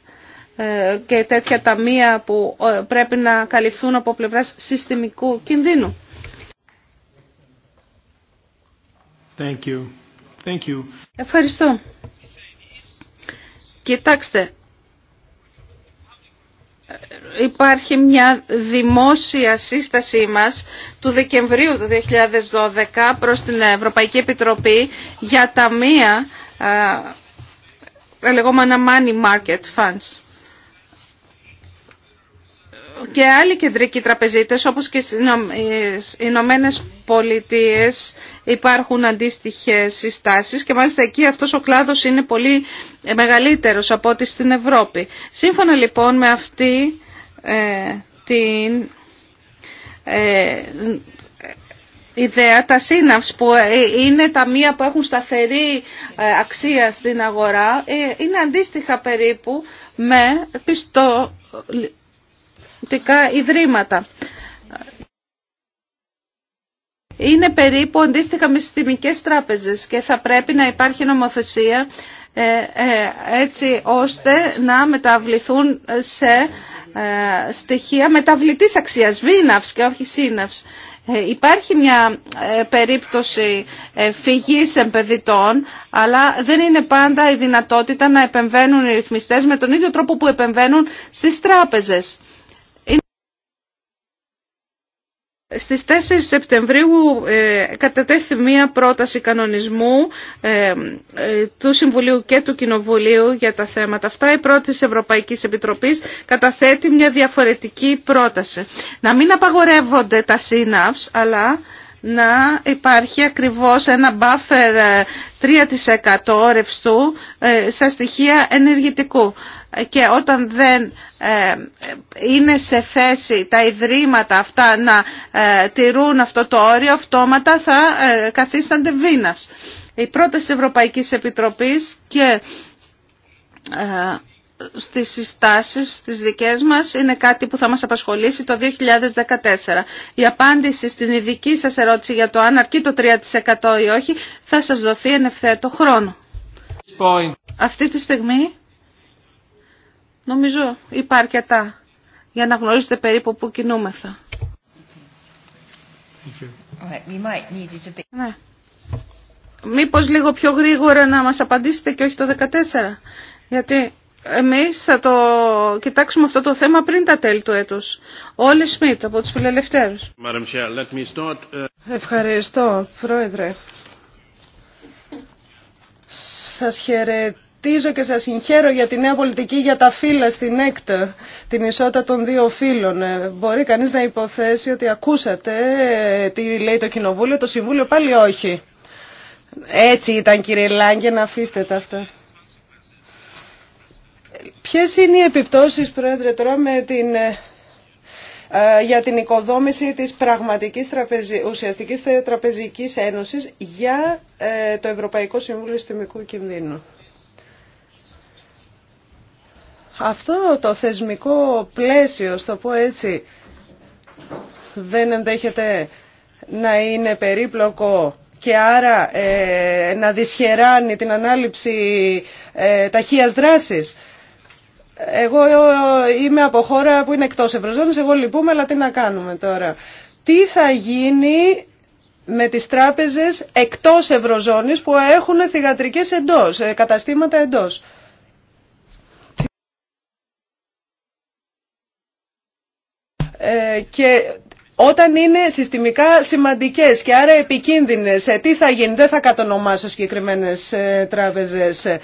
ε, και τέτοια ταμεία που ε, πρέπει να καλυφθούν από πλευράς συστημικού κινδύνου. Thank you. Thank you. Ευχαριστώ. Κοιτάξτε, υπάρχει μια δημόσια σύστασή μας του Δεκεμβρίου του 2012 προς την Ευρωπαϊκή Επιτροπή για ταμεία ε, τα λεγόμενα money market funds και άλλοι κεντρικοί τραπεζίτες όπως και στις ε, Ηνωμένε Πολιτείε υπάρχουν αντίστοιχες συστάσεις και μάλιστα εκεί αυτός ο κλάδος είναι πολύ μεγαλύτερος από ό,τι στην Ευρώπη. Σύμφωνα λοιπόν με αυτή ε, την ε, ιδέα, τα σύναυς που ε, είναι τα μία που έχουν σταθερή αξία στην αγορά, είναι αντίστοιχα περίπου με πιστό ερευνητικά ιδρύματα. Είναι περίπου αντίστοιχα με συστημικές τράπεζες και θα πρέπει να υπάρχει νομοθεσία ε, ε, έτσι ώστε να μεταβληθούν σε ε, στοιχεία μεταβλητής αξίας, βίναυς και όχι σύναυς. Υπάρχει μια περίπτωση φυγής εμπεδιτών, αλλά δεν είναι πάντα η δυνατότητα να επεμβαίνουν οι ρυθμιστές με τον ίδιο τρόπο που επεμβαίνουν στις τράπεζες. Στις 4 Σεπτεμβρίου ε, κατατέθη μία πρόταση κανονισμού ε, ε, του Συμβουλίου και του Κοινοβουλίου για τα θέματα αυτά. Η πρώτη της Ευρωπαϊκής Επιτροπής καταθέτει μια διαφορετική πρόταση. Να μην απαγορεύονται τα σύναψ, αλλά να υπάρχει ακριβώς ένα buffer 3% ρευστού στα στοιχεία ενεργητικού και όταν δεν ε, είναι σε θέση τα ιδρύματα αυτά να ε, τηρούν αυτό το όριο, αυτόματα θα ε, καθίστανται βίνας. Η πρόταση Ευρωπαϊκής Επιτροπής και στις συστάσεις στις δικές μας είναι κάτι που θα μας απασχολήσει το 2014. Η απάντηση στην ειδική σας ερώτηση για το αν αρκεί το 3% ή όχι θα σας δοθεί εν ευθέτω χρόνο. Αυτή τη στιγμή Νομίζω υπάρχει αρκετά για να γνωρίζετε περίπου πού κινούμεθα. Ναι. Μήπως λίγο πιο γρήγορα να μας απαντήσετε και όχι το 14. Γιατί εμείς θα το κοιτάξουμε αυτό το θέμα πριν τα τέλη του έτους. Όλοι Σμιτ από τους φιλελευθέρους. Uh, Ευχαριστώ, Πρόεδρε. Σας χαιρετώ χαιρετίζω και σας συγχαίρω για τη νέα πολιτική για τα φύλλα στην ΕΚΤ, την ισότητα των δύο φύλων. Ε, μπορεί κανείς να υποθέσει ότι ακούσατε ε, τι λέει το Κοινοβούλιο, το Συμβούλιο πάλι όχι. Έτσι ήταν κύριε Λάγκε, να αφήσετε τα αυτά. Ποιες είναι οι επιπτώσεις, Πρόεδρε, τώρα την ε, για την οικοδόμηση της πραγματικής τραπεζι... ουσιαστικής τραπεζικής ένωσης για το Ευρωπαϊκό Συμβούλιο Συστημικού Κινδύνου. Αυτό το θεσμικό πλαίσιο, στο πω έτσι, δεν ενδέχεται να είναι περίπλοκο και άρα ε, να δυσχεράνει την ανάληψη ε, ταχείας δράσης. Εγώ ε, είμαι από χώρα που είναι εκτός Ευρωζώνης, εγώ λυπούμαι, αλλά τι να κάνουμε τώρα. Τι θα γίνει με τις τράπεζες εκτός Ευρωζώνης που έχουν θυγατρικές εντός, ε, καταστήματα εντός. Ε, και όταν είναι συστημικά σημαντικές και άρα επικίνδυνες, ε, τι θα γίνει, δεν θα κατονομάσω συγκεκριμένες ε, τράπεζες.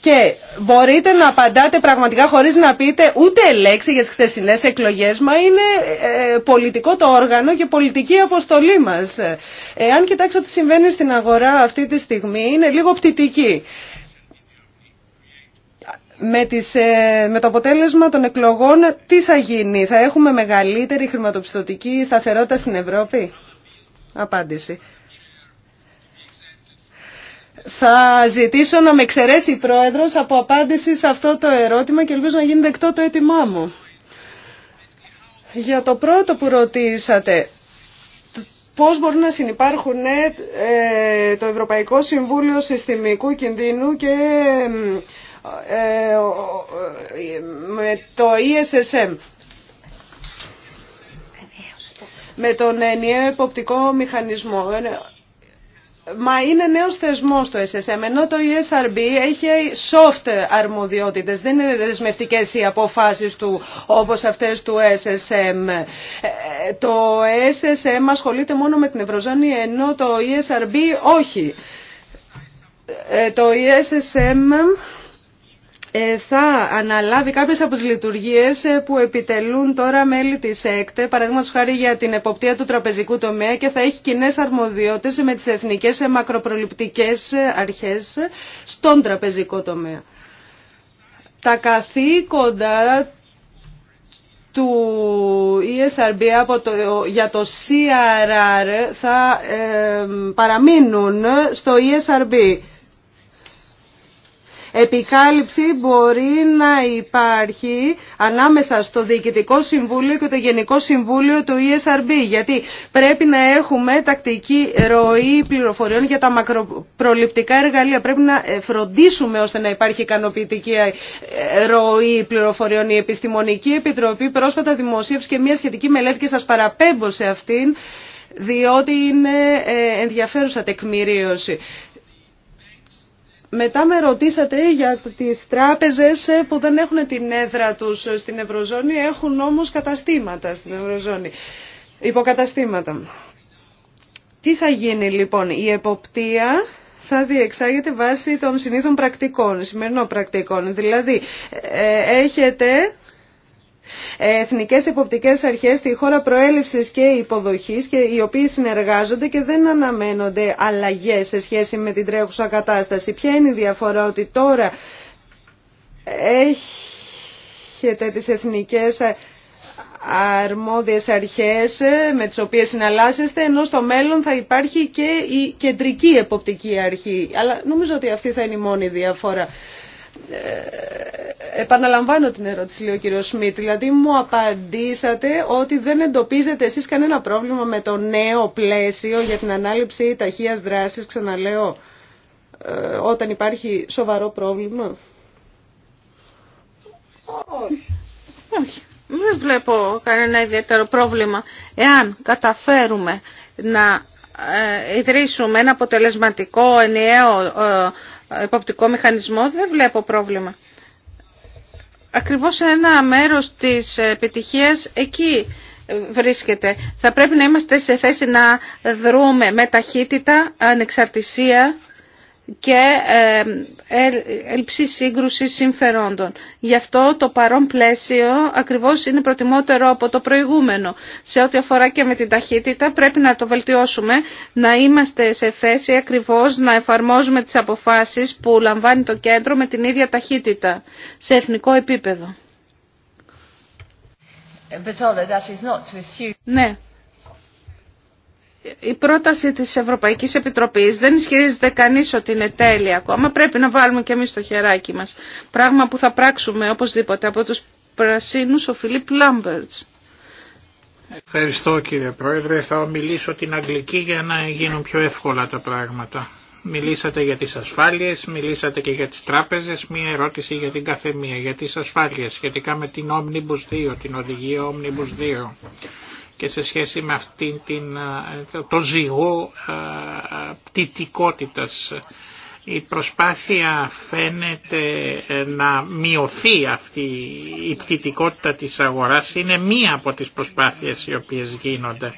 Και μπορείτε να απαντάτε πραγματικά χωρίς να πείτε ούτε λέξη για τις χθεσινές εκλογές, μα είναι πολιτικό το όργανο και πολιτική αποστολή μας. αν κοιτάξω τι συμβαίνει στην αγορά αυτή τη στιγμή, είναι λίγο πτητική με, τις, ε, με το αποτέλεσμα των εκλογών τι θα γίνει, θα έχουμε μεγαλύτερη χρηματοπιστωτική σταθερότητα στην Ευρώπη. Απάντηση. Θα ζητήσω να με εξαιρέσει η Πρόεδρος από απάντηση σε αυτό το ερώτημα και ελπίζω να γίνει δεκτό το έτοιμά μου. Για το πρώτο που ρωτήσατε, πώς μπορούν να συνεπάρχουν ε, το Ευρωπαϊκό Συμβούλιο Συστημικού Κινδύνου και ε, ε, με το ESSM με τον ενιαίο εποπτικό μηχανισμό. Ε, μα είναι νέος θεσμός το e SSM, ενώ το ESRB έχει soft αρμοδιότητες, δεν είναι δεσμευτικές οι αποφάσεις του όπως αυτές του e SSM. Ε, το e SSM ασχολείται μόνο με την Ευρωζώνη, ενώ το ESRB όχι. Το ESSM ε, θα αναλάβει κάποιες από τις λειτουργίες ε, που επιτελούν τώρα μέλη της ΕΚΤΕ, παραδείγματος χάρη για την εποπτεία του τραπεζικού τομέα και θα έχει κοινέ αρμοδιότητες με τις εθνικές ε, μακροπροληπτικές αρχές στον τραπεζικό τομέα. Τα καθήκοντα του ESRB από το, για το CRR θα παραμείνουν στο ESRB επικάλυψη μπορεί να υπάρχει ανάμεσα στο Διοικητικό Συμβούλιο και το Γενικό Συμβούλιο του ESRB. Γιατί πρέπει να έχουμε τακτική ροή πληροφοριών για τα μακροπροληπτικά εργαλεία. Πρέπει να φροντίσουμε ώστε να υπάρχει ικανοποιητική ε, ροή πληροφοριών. Η Επιστημονική Επιτροπή πρόσφατα δημοσίευσε και μια σχετική μελέτη και σας παραπέμπω σε αυτήν διότι είναι ε, ενδιαφέρουσα τεκμηρίωση. Μετά με ρωτήσατε για τις τράπεζες ε, που δεν έχουν την έδρα τους στην Ευρωζώνη, έχουν όμως καταστήματα στην Ευρωζώνη, υποκαταστήματα. Τι θα γίνει λοιπόν, η εποπτεία θα διεξάγεται βάσει των συνήθων πρακτικών, σημερινών πρακτικών. Δηλαδή, ε, έχετε εθνικές εποπτικές αρχές στη χώρα προέλευσης και υποδοχής και οι οποίοι συνεργάζονται και δεν αναμένονται αλλαγές σε σχέση με την τρέχουσα κατάσταση. Ποια είναι η διαφορά ότι τώρα έχετε τις εθνικές αρμόδιες αρχές με τις οποίες συναλλάσσεστε ενώ στο μέλλον θα υπάρχει και η κεντρική εποπτική αρχή. Αλλά νομίζω ότι αυτή θα είναι η μόνη διαφορά. Ε, επαναλαμβάνω την ερώτηση, λέει ο κύριο Σμιτ. Δηλαδή μου απαντήσατε ότι δεν εντοπίζετε εσεί κανένα πρόβλημα με το νέο πλαίσιο για την ανάληψη ταχεία δράση, ξαναλέω, ε, όταν υπάρχει σοβαρό πρόβλημα. Όχι. Δεν βλέπω κανένα ιδιαίτερο πρόβλημα. Εάν καταφέρουμε να ε, ιδρύσουμε ένα αποτελεσματικό ενιαίο εποπτικό μηχανισμό δεν βλέπω πρόβλημα. Ακριβώς ένα μέρος της επιτυχίας εκεί βρίσκεται. Θα πρέπει να είμαστε σε θέση να δρούμε με ταχύτητα, ανεξαρτησία και ε, ε, έλψη σύγκρουση συμφερόντων. Γι' αυτό το παρόν πλαίσιο ακριβώς είναι προτιμότερο από το προηγούμενο. Σε ό,τι αφορά και με την ταχύτητα πρέπει να το βελτιώσουμε, να είμαστε σε θέση ακριβώς να εφαρμόζουμε τις αποφάσεις που λαμβάνει το κέντρο με την ίδια ταχύτητα σε εθνικό επίπεδο. Ναι, η πρόταση της Ευρωπαϊκής Επιτροπής δεν ισχυρίζεται κανείς ότι είναι τέλεια ακόμα. Πρέπει να βάλουμε και εμείς το χεράκι μας. Πράγμα που θα πράξουμε οπωσδήποτε από τους πρασίνους ο Φιλίπ Λάμπερτς. Ευχαριστώ κύριε Πρόεδρε. Θα μιλήσω την Αγγλική για να γίνουν πιο εύκολα τα πράγματα. Μιλήσατε για τις ασφάλειες, μιλήσατε και για τις τράπεζες. Μία ερώτηση για την καθεμία, για τις ασφάλειες σχετικά με την Omnibus 2, την οδηγία Omnibus 2 και σε σχέση με αυτή την, ε, το ζυγό ε, ε, πτυτικότητας. Η προσπάθεια φαίνεται να μειωθεί αυτή η πτυτικότητα της αγοράς είναι μία από τις προσπάθειες οι οποίες γίνονται.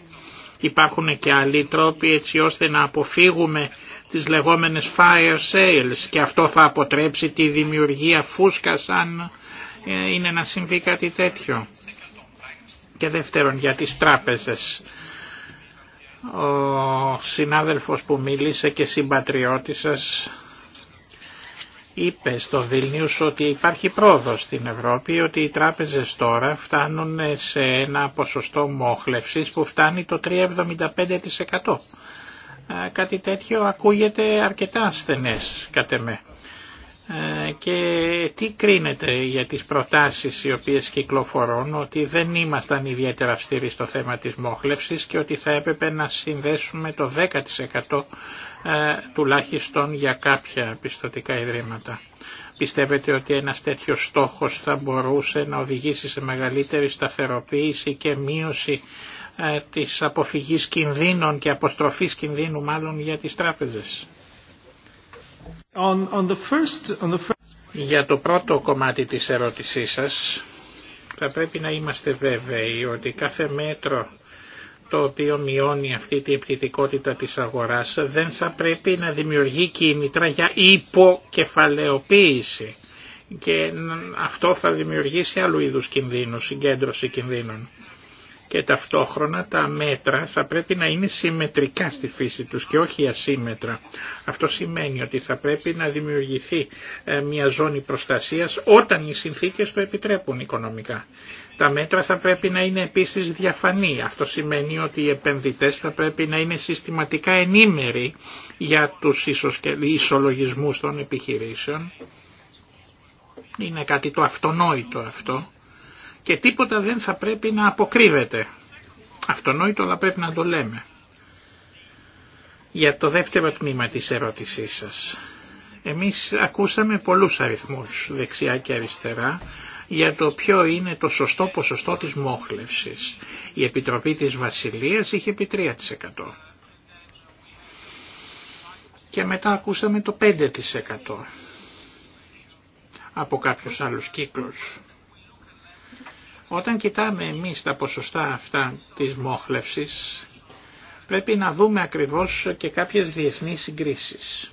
Υπάρχουν και άλλοι τρόποι έτσι ώστε να αποφύγουμε τις λεγόμενες fire sales και αυτό θα αποτρέψει τη δημιουργία φούσκας αν είναι να συμβεί κάτι τέτοιο. Και δεύτερον για τις τράπεζες. Ο συνάδελφος που μίλησε και συμπατριώτης σας είπε στο Βίλνιους ότι υπάρχει πρόοδος στην Ευρώπη, ότι οι τράπεζες τώρα φτάνουν σε ένα ποσοστό μόχλευσης που φτάνει το 3,75%. Ε, κάτι τέτοιο ακούγεται αρκετά ασθενές κατεμέ. Ε, και τι κρίνεται για τις προτάσεις οι οποίες κυκλοφορούν ότι δεν ήμασταν ιδιαίτερα αυστηροί στο θέμα της μόχλευσης και ότι θα έπρεπε να συνδέσουμε το 10% ε, τουλάχιστον για κάποια πιστοτικά ιδρύματα. Πιστεύετε ότι ένας τέτοιος στόχος θα μπορούσε να οδηγήσει σε μεγαλύτερη σταθεροποίηση και μείωση ε, της αποφυγής κινδύνων και αποστροφής κινδύνου μάλλον για τις τράπεζες. Για το πρώτο κομμάτι της ερώτησής σας, θα πρέπει να είμαστε βέβαιοι ότι κάθε μέτρο το οποίο μειώνει αυτή την επιθετικότητα της αγοράς δεν θα πρέπει να δημιουργεί κίνητρα για υποκεφαλαιοποίηση και αυτό θα δημιουργήσει άλλου είδους κινδύνους, συγκέντρωση κινδύνων και ταυτόχρονα τα μέτρα θα πρέπει να είναι συμμετρικά στη φύση τους και όχι ασύμμετρα. Αυτό σημαίνει ότι θα πρέπει να δημιουργηθεί ε, μια ζώνη προστασίας όταν οι συνθήκες το επιτρέπουν οικονομικά. Τα μέτρα θα πρέπει να είναι επίσης διαφανή. Αυτό σημαίνει ότι οι επενδυτές θα πρέπει να είναι συστηματικά ενήμεροι για τους ισολογισμούς των επιχειρήσεων. Είναι κάτι το αυτονόητο αυτό και τίποτα δεν θα πρέπει να αποκρύβεται. Αυτονόητο αλλά πρέπει να το λέμε. Για το δεύτερο τμήμα της ερώτησής σας. Εμείς ακούσαμε πολλούς αριθμούς δεξιά και αριστερά για το ποιο είναι το σωστό ποσοστό της μόχλευσης. Η Επιτροπή της Βασιλείας είχε πει 3%. Και μετά ακούσαμε το 5% από κάποιους άλλους κύκλους. Όταν κοιτάμε εμείς τα ποσοστά αυτά της μόχλευσης, πρέπει να δούμε ακριβώς και κάποιες διεθνείς συγκρίσεις.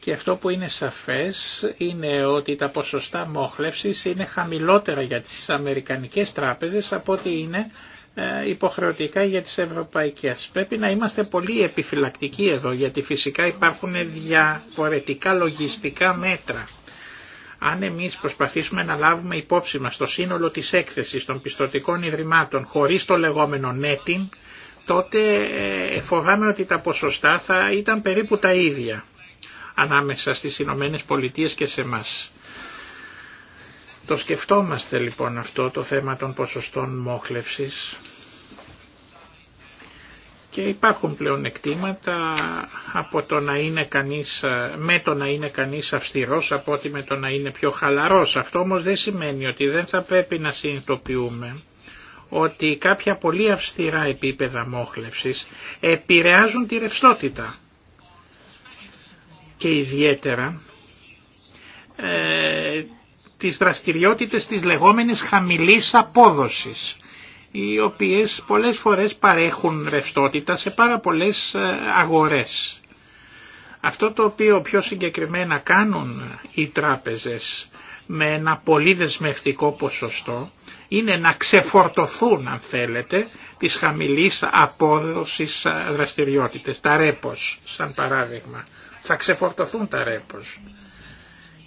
Και αυτό που είναι σαφές είναι ότι τα ποσοστά μόχλευσης είναι χαμηλότερα για τις αμερικανικές τράπεζες από ότι είναι ε, υποχρεωτικά για τις ευρωπαϊκές. Πρέπει να είμαστε πολύ επιφυλακτικοί εδώ γιατί φυσικά υπάρχουν διαφορετικά λογιστικά μέτρα αν εμείς προσπαθήσουμε να λάβουμε υπόψη μας το σύνολο της έκθεσης των πιστοτικών ιδρυμάτων χωρίς το λεγόμενο netting, τότε ε, φοβάμαι ότι τα ποσοστά θα ήταν περίπου τα ίδια ανάμεσα στις Ηνωμένες Πολιτείες και σε μας. Το σκεφτόμαστε λοιπόν αυτό το θέμα των ποσοστών μόχλευσης και υπάρχουν πλέον εκτίματα από το να είναι κανείς, με το να είναι κανείς αυστηρός από ότι με το να είναι πιο χαλαρός. Αυτό όμως δεν σημαίνει ότι δεν θα πρέπει να συνειδητοποιούμε ότι κάποια πολύ αυστηρά επίπεδα μόχλευσης επηρεάζουν τη ρευστότητα. Και ιδιαίτερα ε, τις δραστηριότητες της λεγόμενης χαμηλής απόδοσης οι οποίες πολλές φορές παρέχουν ρευστότητα σε πάρα πολλές ε, αγορές. Αυτό το οποίο πιο συγκεκριμένα κάνουν οι τράπεζες με ένα πολύ δεσμευτικό ποσοστό είναι να ξεφορτωθούν αν θέλετε τις χαμηλής απόδοσης ε, δραστηριότητες, τα ρέπος σαν παράδειγμα. Θα ξεφορτωθούν τα ρέπος.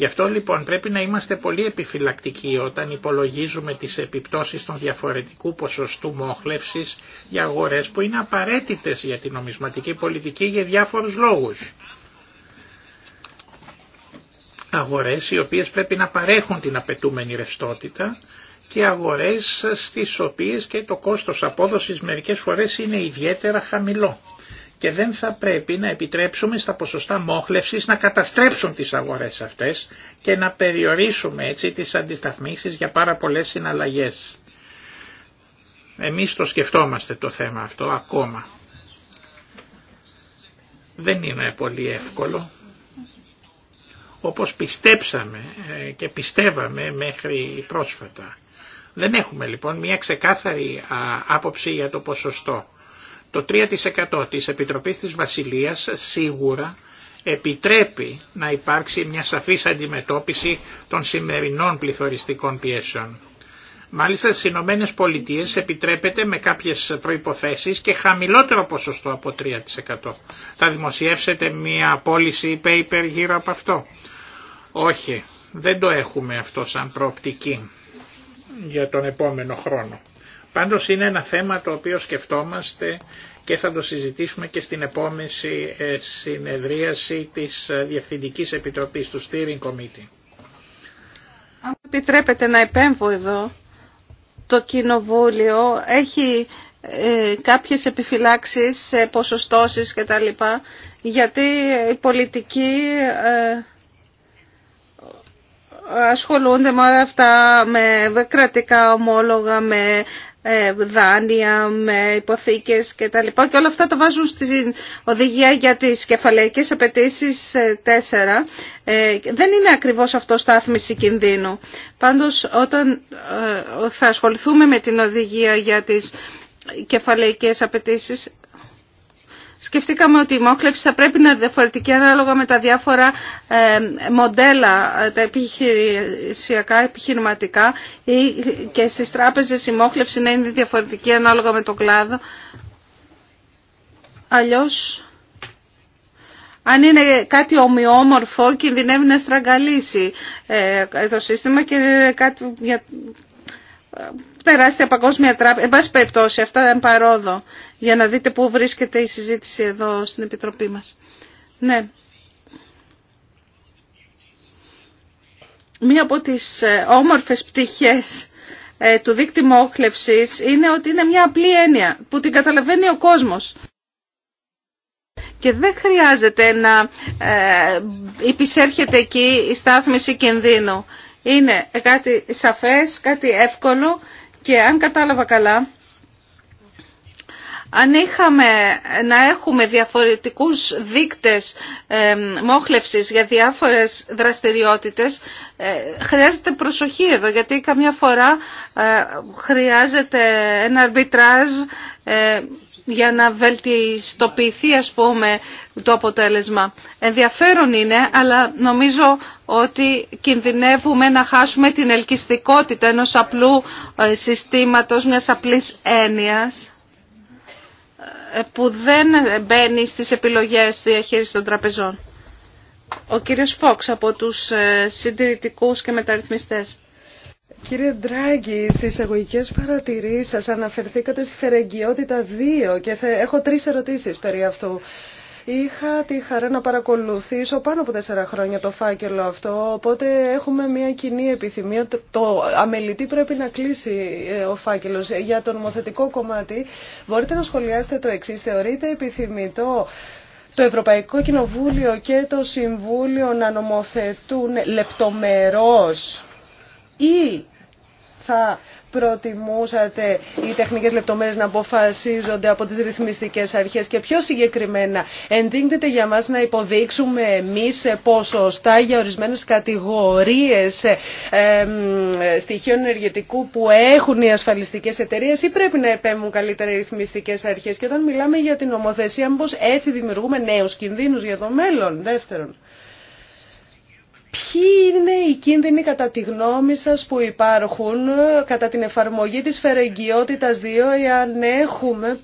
Γι' αυτό λοιπόν πρέπει να είμαστε πολύ επιφυλακτικοί όταν υπολογίζουμε τις επιπτώσεις των διαφορετικού ποσοστού μόχλευσης για αγορές που είναι απαραίτητες για την νομισματική πολιτική για διάφορους λόγους. Αγορές οι οποίες πρέπει να παρέχουν την απαιτούμενη ρευστότητα και αγορές στις οποίες και το κόστος απόδοσης μερικές φορές είναι ιδιαίτερα χαμηλό και δεν θα πρέπει να επιτρέψουμε στα ποσοστά μόχλευσης να καταστρέψουν τις αγορές αυτές και να περιορίσουμε έτσι τις αντισταθμίσεις για πάρα πολλές συναλλαγές. Εμείς το σκεφτόμαστε το θέμα αυτό ακόμα. Δεν είναι πολύ εύκολο. Όπως πιστέψαμε ε, και πιστεύαμε μέχρι πρόσφατα. Δεν έχουμε λοιπόν μια ξεκάθαρη άποψη για το ποσοστό το 3% της Επιτροπής της Βασιλείας σίγουρα επιτρέπει να υπάρξει μια σαφής αντιμετώπιση των σημερινών πληθωριστικών πιέσεων. Μάλιστα στις Ηνωμένε Πολιτείε επιτρέπεται με κάποιες προϋποθέσεις και χαμηλότερο ποσοστό από 3%. Θα δημοσιεύσετε μια πώληση paper γύρω από αυτό. Όχι, δεν το έχουμε αυτό σαν προοπτική για τον επόμενο χρόνο. Πάντως είναι ένα θέμα το οποίο σκεφτόμαστε και θα το συζητήσουμε και στην επόμενη ε, συνεδρίαση της ε, Διευθυντικής Επιτροπής του Steering Committee. Αν επιτρέπετε να επέμβω εδώ, το Κοινοβούλιο έχει ε, κάποιες επιφυλάξεις, ποσοστώσεις κτλ. Γιατί οι πολιτικοί ε, ασχολούνται με όλα αυτά, με κρατικά ομόλογα, με ε, δάνεια, με υποθήκες και τα λοιπά και όλα αυτά τα βάζουν στην οδηγία για τις κεφαλαϊκές απαιτήσει 4. Ε, ε, δεν είναι ακριβώς αυτό στάθμιση κινδύνου. Πάντως όταν θα ασχοληθούμε με την οδηγία για τις κεφαλαϊκές απαιτήσει Σκεφτήκαμε ότι η μόχλευση θα πρέπει να είναι διαφορετική ανάλογα με τα διάφορα ε, μοντέλα, ε, τα επιχειρησιακά, επιχειρηματικά και στις τράπεζες η μόχλευση να είναι διαφορετική ανάλογα με τον κλάδο. Αλλιώς, αν είναι κάτι ομοιόμορφο, κινδυνεύει να στραγγαλίσει ε, το σύστημα και είναι κάτι για τεράστια παγκόσμια τράπεζα. Εν πάση περιπτώσει, αυτά είναι παρόδο για να δείτε πού βρίσκεται η συζήτηση εδώ στην Επιτροπή μας. Ναι. Μία από τις ε, όμορφες πτυχές ε, του δίκτυ μόχλευσης είναι ότι είναι μια απο τις ομορφες πτυχες του δικτυμου μοχλευσης έννοια που την καταλαβαίνει ο κόσμος. Και δεν χρειάζεται να ε, υπησέρχεται εκεί η στάθμιση κινδύνου. Είναι κάτι σαφές, κάτι εύκολο και αν κατάλαβα καλά αν είχαμε να έχουμε διαφορετικούς δείκτες μόχλευσης για διάφορες δραστηριότητες, ε, χρειάζεται προσοχή εδώ, γιατί καμιά φορά ε, χρειάζεται ένα αρμπιτράζ ε, για να βελτιστοποιηθεί ας πούμε το αποτέλεσμα. Ενδιαφέρον είναι, αλλά νομίζω ότι κινδυνεύουμε να χάσουμε την ελκυστικότητα ενός απλού συστήματος, μιας απλής έννοιας που δεν μπαίνει στις επιλογές διαχείριση των τραπεζών. Ο κύριος Φόξ από τους ε, συντηρητικούς και μεταρρυθμιστές. Κύριε Ντράγκη, στις εγωικές παρατηρήσεις σας αναφερθήκατε στη φερεγγιότητα 2 και έχω τρεις ερωτήσεις περί αυτού. Είχα τη χαρά να παρακολουθήσω πάνω από τέσσερα χρόνια το φάκελο αυτό, οπότε έχουμε μια κοινή επιθυμία. Το αμελητή πρέπει να κλείσει ε, ο φάκελος. Για το νομοθετικό κομμάτι μπορείτε να σχολιάσετε το εξή. Θεωρείτε επιθυμητό το Ευρωπαϊκό Κοινοβούλιο και το Συμβούλιο να νομοθετούν λεπτομερώς ή θα προτιμούσατε οι τεχνικές λεπτομέρειες να αποφασίζονται από τις ρυθμιστικές αρχές και πιο συγκεκριμένα ενδείκνεται για μας να υποδείξουμε εμείς ποσοστά για ορισμένες κατηγορίες στοιχείων ενεργετικού που έχουν οι ασφαλιστικές εταιρείες ή πρέπει να επέμβουν καλύτερα οι ρυθμιστικές αρχές και όταν μιλάμε για την νομοθεσία μήπως έτσι δημιουργούμε νέους κινδύνους για το μέλλον δεύτερον. Ποιοι είναι οι κίνδυνοι κατά τη γνώμη σας που υπάρχουν ε, κατά την εφαρμογή της φερεγγιότητας 2 εάν έχουμε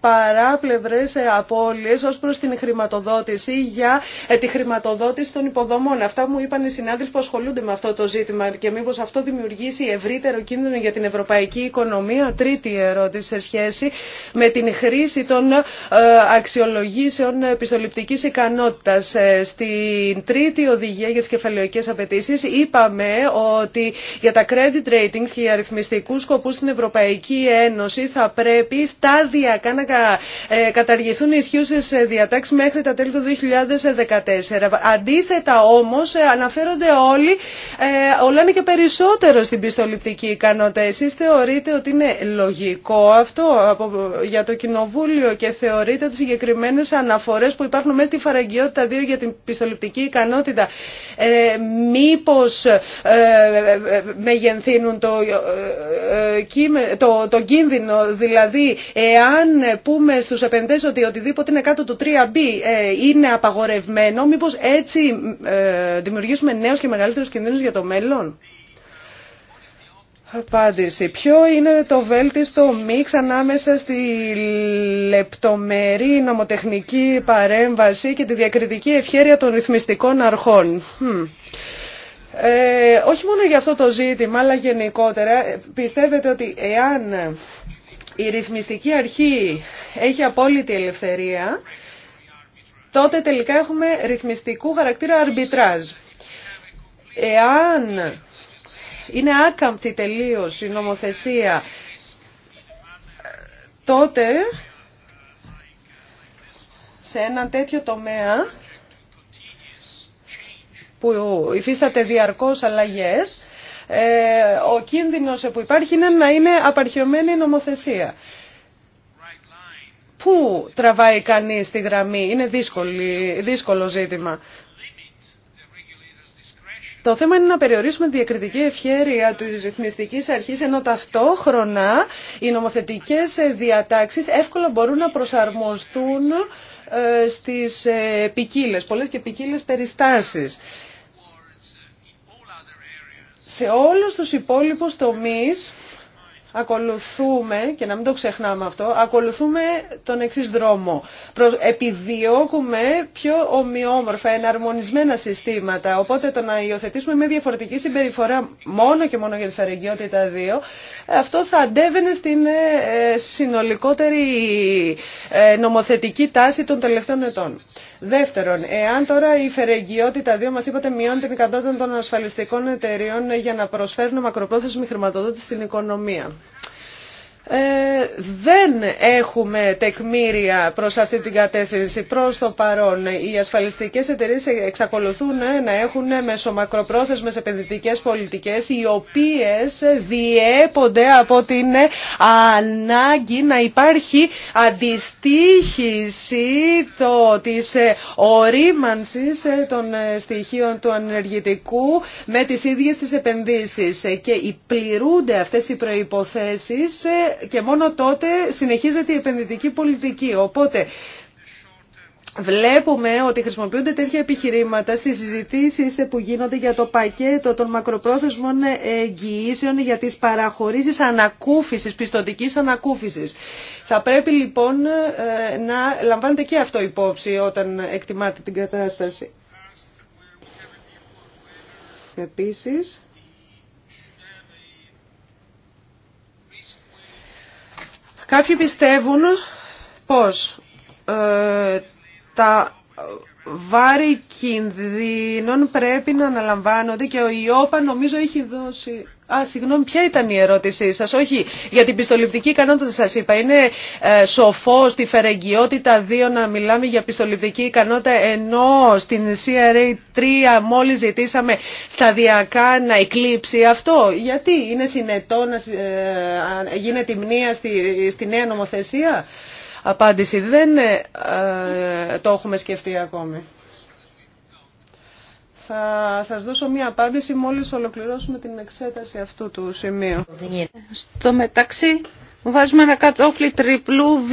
παράπλευρες απώλειες ως προς την χρηματοδότηση για ε, τη χρηματοδότηση των υποδομών. Αυτά μου είπαν οι συνάδελφοι που ασχολούνται με αυτό το ζήτημα και μήπως αυτό δημιουργήσει ευρύτερο κίνδυνο για την ευρωπαϊκή οικονομία. Τρίτη ερώτηση σε σχέση με την χρήση των ε, αξιολογήσεων επιστοληπτικής ικανότητας. Ε, στην τρίτη οδηγία για τις κεφαλαιοικές απαιτήσει είπαμε ότι για τα credit ratings και για αριθμιστικούς σκοπούς στην Ευρωπαϊκή Ένωση θα πρέπει σταδιακά να ε, καταργηθούν οι ισχύουσες ε, διατάξεις μέχρι τα τέλη του 2014. Αντίθετα όμως ε, αναφέρονται όλοι, όλα είναι και περισσότερο στην πιστοληπτική ικανότητα. Εσείς θεωρείτε ότι είναι λογικό αυτό για το Κοινοβούλιο και θεωρείτε ότι συγκεκριμένε αναφορές που υπάρχουν μέσα στη φαραγγιότητα 2 για την πιστοληπτική ικανότητα μήπως μεγενθύνουν το, το, το κίνδυνο, δηλαδή εάν πούμε στους επενδυτές ότι οτιδήποτε είναι κάτω του 3B ε, είναι απαγορευμένο, μήπως έτσι ε, δημιουργήσουμε νέους και μεγαλύτερους κινδύνους για το μέλλον. Απάντηση. Ποιο είναι το βέλτιστο μίξ ανάμεσα στη λεπτομερή νομοτεχνική παρέμβαση και τη διακριτική ευχέρεια των ρυθμιστικών αρχών. Hm. Ε, όχι μόνο για αυτό το ζήτημα, αλλά γενικότερα πιστεύετε ότι εάν η ρυθμιστική αρχή έχει απόλυτη ελευθερία, τότε τελικά έχουμε ρυθμιστικού χαρακτήρα αρμπιτράζ. Εάν είναι άκαμπτη τελείως η νομοθεσία, τότε σε ένα τέτοιο τομέα που υφίσταται διαρκώς αλλαγές, ε, ο κίνδυνος που υπάρχει είναι να είναι απαρχιωμένη η νομοθεσία. Πού τραβάει κανείς τη γραμμή, είναι δύσκολη, δύσκολο ζήτημα. Το θέμα είναι να περιορίσουμε τη διακριτική ευχέρεια τη ρυθμιστική αρχή, ενώ ταυτόχρονα οι νομοθετικέ διατάξει εύκολα μπορούν να προσαρμοστούν ε, στις ε, ποικίλε, πολλές και ποικίλε περιστάσεις. Σε όλους τους υπόλοιπους τομείς ακολουθούμε, και να μην το ξεχνάμε αυτό, ακολουθούμε τον εξή δρόμο. Επιδιώκουμε πιο ομοιόμορφα, εναρμονισμένα συστήματα. Οπότε το να υιοθετήσουμε με διαφορετική συμπεριφορά μόνο και μόνο για τη φαρεγγιότητα δύο αυτό θα αντέβαινε στην ε, συνολικότερη ε, νομοθετική τάση των τελευταίων ετών. Δεύτερον, εάν τώρα η φερεγγιότητα δύο μας είπατε μειώνει την ικανότητα των ασφαλιστικών εταιριών για να προσφέρουν μακροπρόθεσμη χρηματοδότηση στην οικονομία. Ε, δεν έχουμε τεκμήρια προς αυτή την κατεύθυνση προς το παρόν. Οι ασφαλιστικές εταιρείες εξακολουθούν να έχουν μεσομακροπρόθεσμες επενδυτικές πολιτικές οι οποίες διέπονται από την ανάγκη να υπάρχει αντιστοίχηση το, της ορίμανσης των στοιχείων του ανεργητικού με τις ίδιες τις επενδύσεις και πληρούνται αυτές οι προϋποθέσεις και μόνο τότε συνεχίζεται η επενδυτική πολιτική. Οπότε Βλέπουμε ότι χρησιμοποιούνται τέτοια επιχειρήματα στις συζητήσεις που γίνονται για το πακέτο των μακροπρόθεσμων εγγυήσεων για τις παραχωρήσεις ανακούφισης, πιστοτικής ανακούφισης. Θα πρέπει λοιπόν ε, να λαμβάνετε και αυτό υπόψη όταν εκτιμάτε την κατάσταση. Επίσης, Κάποιοι πιστεύουν πως ε, τα βάρη κινδύνων πρέπει να αναλαμβάνονται και ο Ιώπα νομίζω έχει δώσει... Α, συγγνώμη, ποια ήταν η ερώτησή σας, όχι, για την πιστοληπτική ικανότητα σας είπα. Είναι ε, σοφό στη φερεγγιότητα 2 να μιλάμε για πιστοληπτική ικανότητα, ενώ στην CRA 3 μόλις ζητήσαμε σταδιακά να εκλείψει αυτό. Γιατί είναι συνετό να ε, γίνεται η μνήα στη νέα νομοθεσία απάντηση. Δεν ε, ε, το έχουμε σκεφτεί ακόμη. Θα σας δώσω μία απάντηση μόλις ολοκληρώσουμε την εξέταση αυτού του σημείου. Στο μεταξύ βάζουμε ένα κατόφλι τριπλού Β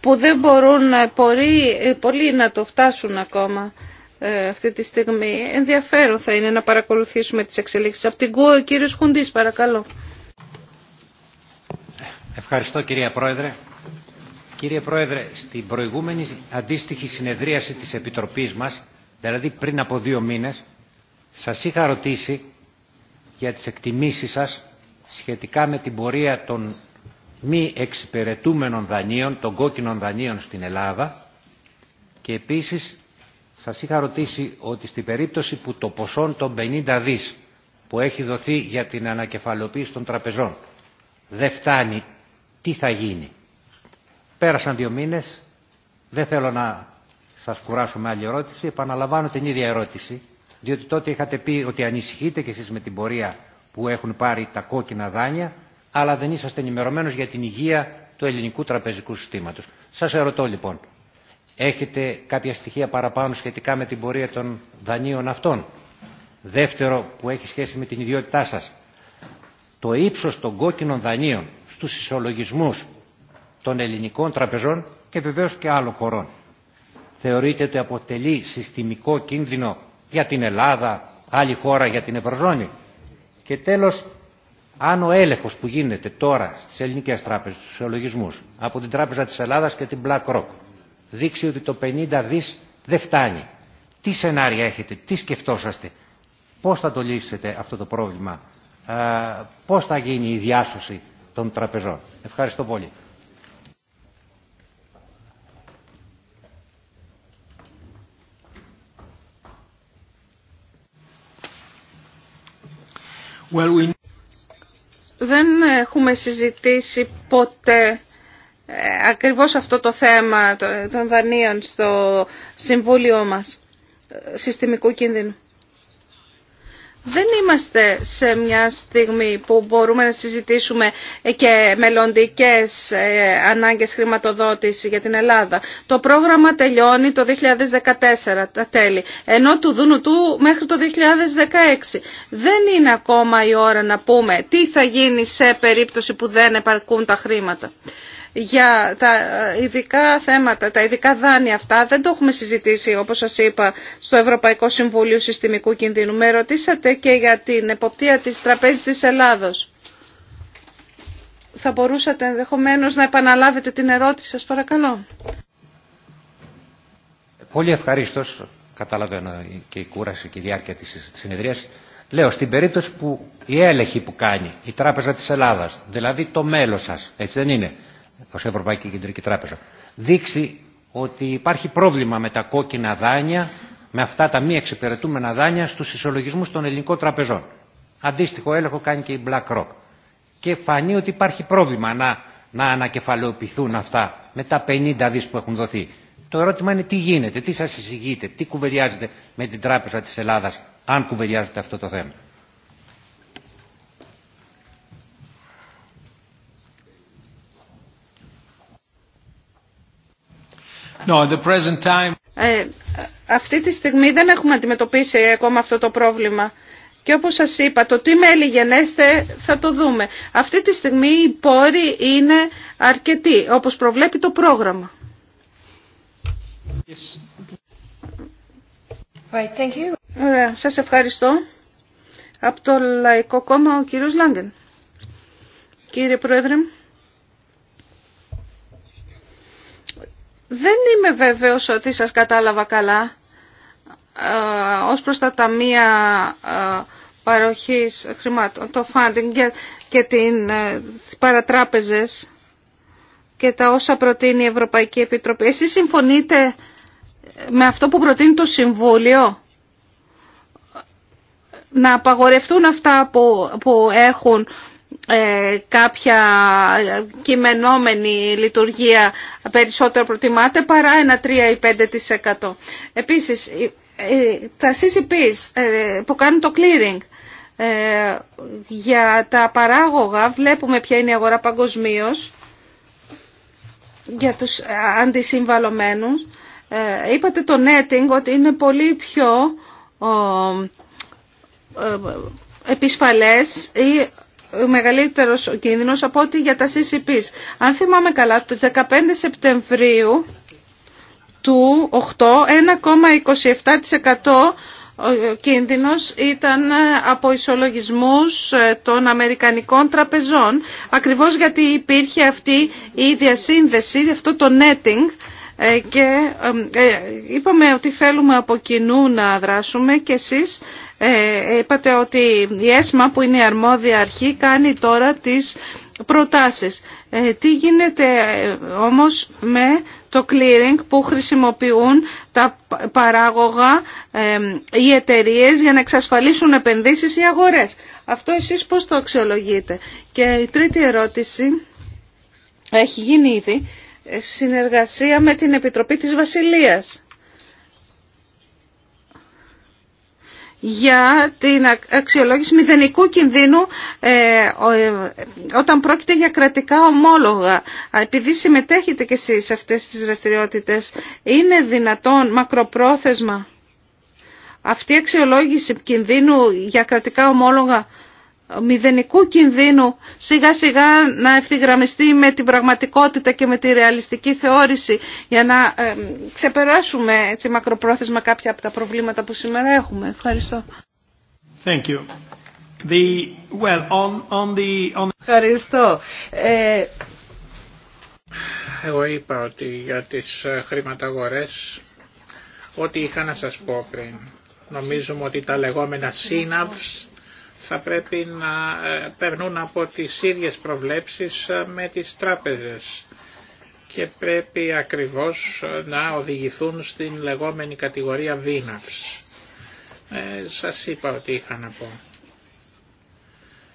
που δεν μπορούν πολλοί να το φτάσουν ακόμα ε, αυτή τη στιγμή. Ενδιαφέρον θα είναι να παρακολουθήσουμε τις εξελίξεις. Από την ΚΟΟ, ο κύριος παρακαλώ. Ευχαριστώ κυρία Πρόεδρε. Κύριε Πρόεδρε, στην προηγούμενη αντίστοιχη συνεδρίαση της Επιτροπής μας, δηλαδή πριν από δύο μήνες, σας είχα ρωτήσει για τις εκτιμήσεις σας σχετικά με την πορεία των μη εξυπηρετούμενων δανείων, των κόκκινων δανείων στην Ελλάδα και επίσης σας είχα ρωτήσει ότι στην περίπτωση που το ποσό των 50 δις που έχει δοθεί για την ανακεφαλοποίηση των τραπεζών δεν φτάνει, τι θα γίνει. Πέρασαν δύο μήνε, δεν θέλω να σα κουράσω με άλλη ερώτηση, επαναλαμβάνω την ίδια ερώτηση, διότι τότε είχατε πει ότι ανησυχείτε κι εσεί με την πορεία που έχουν πάρει τα κόκκινα δάνεια, αλλά δεν είσαστε ενημερωμένο για την υγεία του ελληνικού τραπεζικού συστήματο. Σα ερωτώ λοιπόν, έχετε κάποια στοιχεία παραπάνω σχετικά με την πορεία των δανείων αυτών. Δεύτερο που έχει σχέση με την ιδιότητά σας, το ύψος των κόκκινων δανείων στους ισολογισμούς των ελληνικών τραπεζών και βεβαίως και άλλων χωρών. Θεωρείτε ότι αποτελεί συστημικό κίνδυνο για την Ελλάδα, άλλη χώρα για την Ευρωζώνη. Και τέλος, αν ο έλεγχος που γίνεται τώρα στις ελληνικές τράπεζες, στους ολογισμούς, από την Τράπεζα της Ελλάδας και την BlackRock, δείξει ότι το 50 δις δεν φτάνει. Τι σενάρια έχετε, τι σκεφτόσαστε, πώς θα το λύσετε αυτό το πρόβλημα, ε, πώς θα γίνει η διάσωση των τραπεζών. Ευχαριστώ πολύ. Well, we... Δεν έχουμε συζητήσει ποτέ ε, ακριβώς αυτό το θέμα των δανείων στο Συμβούλιο μας ε, συστημικού κίνδυνου. Δεν είμαστε σε μια στιγμή που μπορούμε να συζητήσουμε και μελλοντικές ε, ανάγκες χρηματοδότηση για την Ελλάδα. Το πρόγραμμα τελειώνει το 2014, τα τέλη, ενώ του δούνου του μέχρι το 2016. Δεν είναι ακόμα η ώρα να πούμε τι θα γίνει σε περίπτωση που δεν επαρκούν τα χρήματα για τα ειδικά θέματα, τα ειδικά δάνεια αυτά δεν το έχουμε συζητήσει όπως σας είπα στο Ευρωπαϊκό Συμβούλιο Συστημικού Κινδύνου. Με ρωτήσατε και για την εποπτεία της τραπέζης της Ελλάδος. Θα μπορούσατε ενδεχομένω να επαναλάβετε την ερώτηση σας παρακαλώ. Πολύ ευχαριστώ. Καταλαβαίνω και η κούραση και η διάρκεια της συνεδρίας. Λέω, στην περίπτωση που η έλεγχη που κάνει η Τράπεζα της Ελλάδας, δηλαδή το μέλος σας, έτσι δεν είναι, Ω Ευρωπαϊκή Κεντρική Τράπεζα, δείξει ότι υπάρχει πρόβλημα με τα κόκκινα δάνεια, με αυτά τα μη εξυπηρετούμενα δάνεια στου ισολογισμού των ελληνικών τραπεζών. Αντίστοιχο έλεγχο κάνει και η BlackRock. Και φανεί ότι υπάρχει πρόβλημα να, να ανακεφαλαιοποιηθούν αυτά με τα 50 δι που έχουν δοθεί. Το ερώτημα είναι τι γίνεται, τι σα εισηγείτε, τι κουβεριάζετε με την Τράπεζα τη Ελλάδα αν κουβεριάζετε αυτό το θέμα. No, the present time... Ε, αυτή τη στιγμή δεν έχουμε αντιμετωπίσει ακόμα αυτό το πρόβλημα. Και όπως σας είπα, το τι μέλη γενέστε θα το δούμε. Αυτή τη στιγμή οι πόροι είναι αρκετοί, όπως προβλέπει το πρόγραμμα. Right, thank you. Ωραία, σας ευχαριστώ. Από το Λαϊκό Κόμμα ο κύριος Λάγκεν. Κύριε Πρόεδρε. Δεν είμαι βέβαιος ότι σας κατάλαβα καλά ε, ως προς τα ταμεία ε, παροχής χρημάτων, το funding και την, ε, τις παρατράπεζες και τα όσα προτείνει η Ευρωπαϊκή Επιτροπή. Εσείς συμφωνείτε με αυτό που προτείνει το Συμβούλιο να απαγορευτούν αυτά που, που έχουν ε, κάποια κειμενόμενη λειτουργία περισσότερο προτιμάται παρά ένα 3 ή 5%. Επίσης, τα CCPs ε, που κάνουν το clearing ε, για τα παράγωγα βλέπουμε ποια είναι η αγορά παγκοσμίω για τους αντισυμβαλωμένους. Είπατε το netting ότι είναι πολύ πιο επισφαλές ή Μεγαλύτερο κίνδυνο από ό,τι για τα CCP. Αν θυμάμαι καλά, το 15 Σεπτεμβρίου του 8, 1,27% κίνδυνο κίνδυνος ήταν ε, από ισολογισμούς ε, των Αμερικανικών τραπεζών, ακριβώς γιατί υπήρχε αυτή η διασύνδεση, αυτό το netting, ε, και είπαμε ότι θέλουμε από κοινού να δράσουμε και εσείς ε, είπατε ότι η ΕΣΜΑ που είναι η αρμόδια αρχή κάνει τώρα τις προτάσεις. Ε, τι γίνεται ε, όμως με το clearing που χρησιμοποιούν τα παράγωγα οι εταιρείε για να εξασφαλίσουν επενδύσεις ή αγορές. Αυτό εσείς πώς το αξιολογείτε. Και η τρίτη ερώτηση έχει γίνει ήδη συνεργασία με την Επιτροπή της Βασιλείας. για την αξιολόγηση μηδενικού κινδύνου ε, ε, όταν πρόκειται για κρατικά ομόλογα. Επειδή συμμετέχετε και εσείς σε αυτές τις δραστηριότητες, είναι δυνατόν μακροπρόθεσμα αυτή η αξιολόγηση κινδύνου για κρατικά ομόλογα μηδενικού κινδύνου σιγά σιγά να ευθυγραμμιστεί με την πραγματικότητα και με τη ρεαλιστική θεώρηση για να ξεπεράσουμε έτσι, μακροπρόθεσμα κάποια από τα προβλήματα που σήμερα έχουμε. Ευχαριστώ. Thank you. The, well, Ευχαριστώ. Ε, Εγώ είπα ότι για τις ε, χρηματαγορές ό,τι είχα να σας πω πριν. Νομίζουμε ότι τα λεγόμενα σύναυς θα πρέπει να ε, περνούν από τις ίδιες προβλέψεις ε, με τις τράπεζες και πρέπει ακριβώς ε, να οδηγηθούν στην λεγόμενη κατηγορία βίναυς. Ε, σας είπα ότι είχα να πω.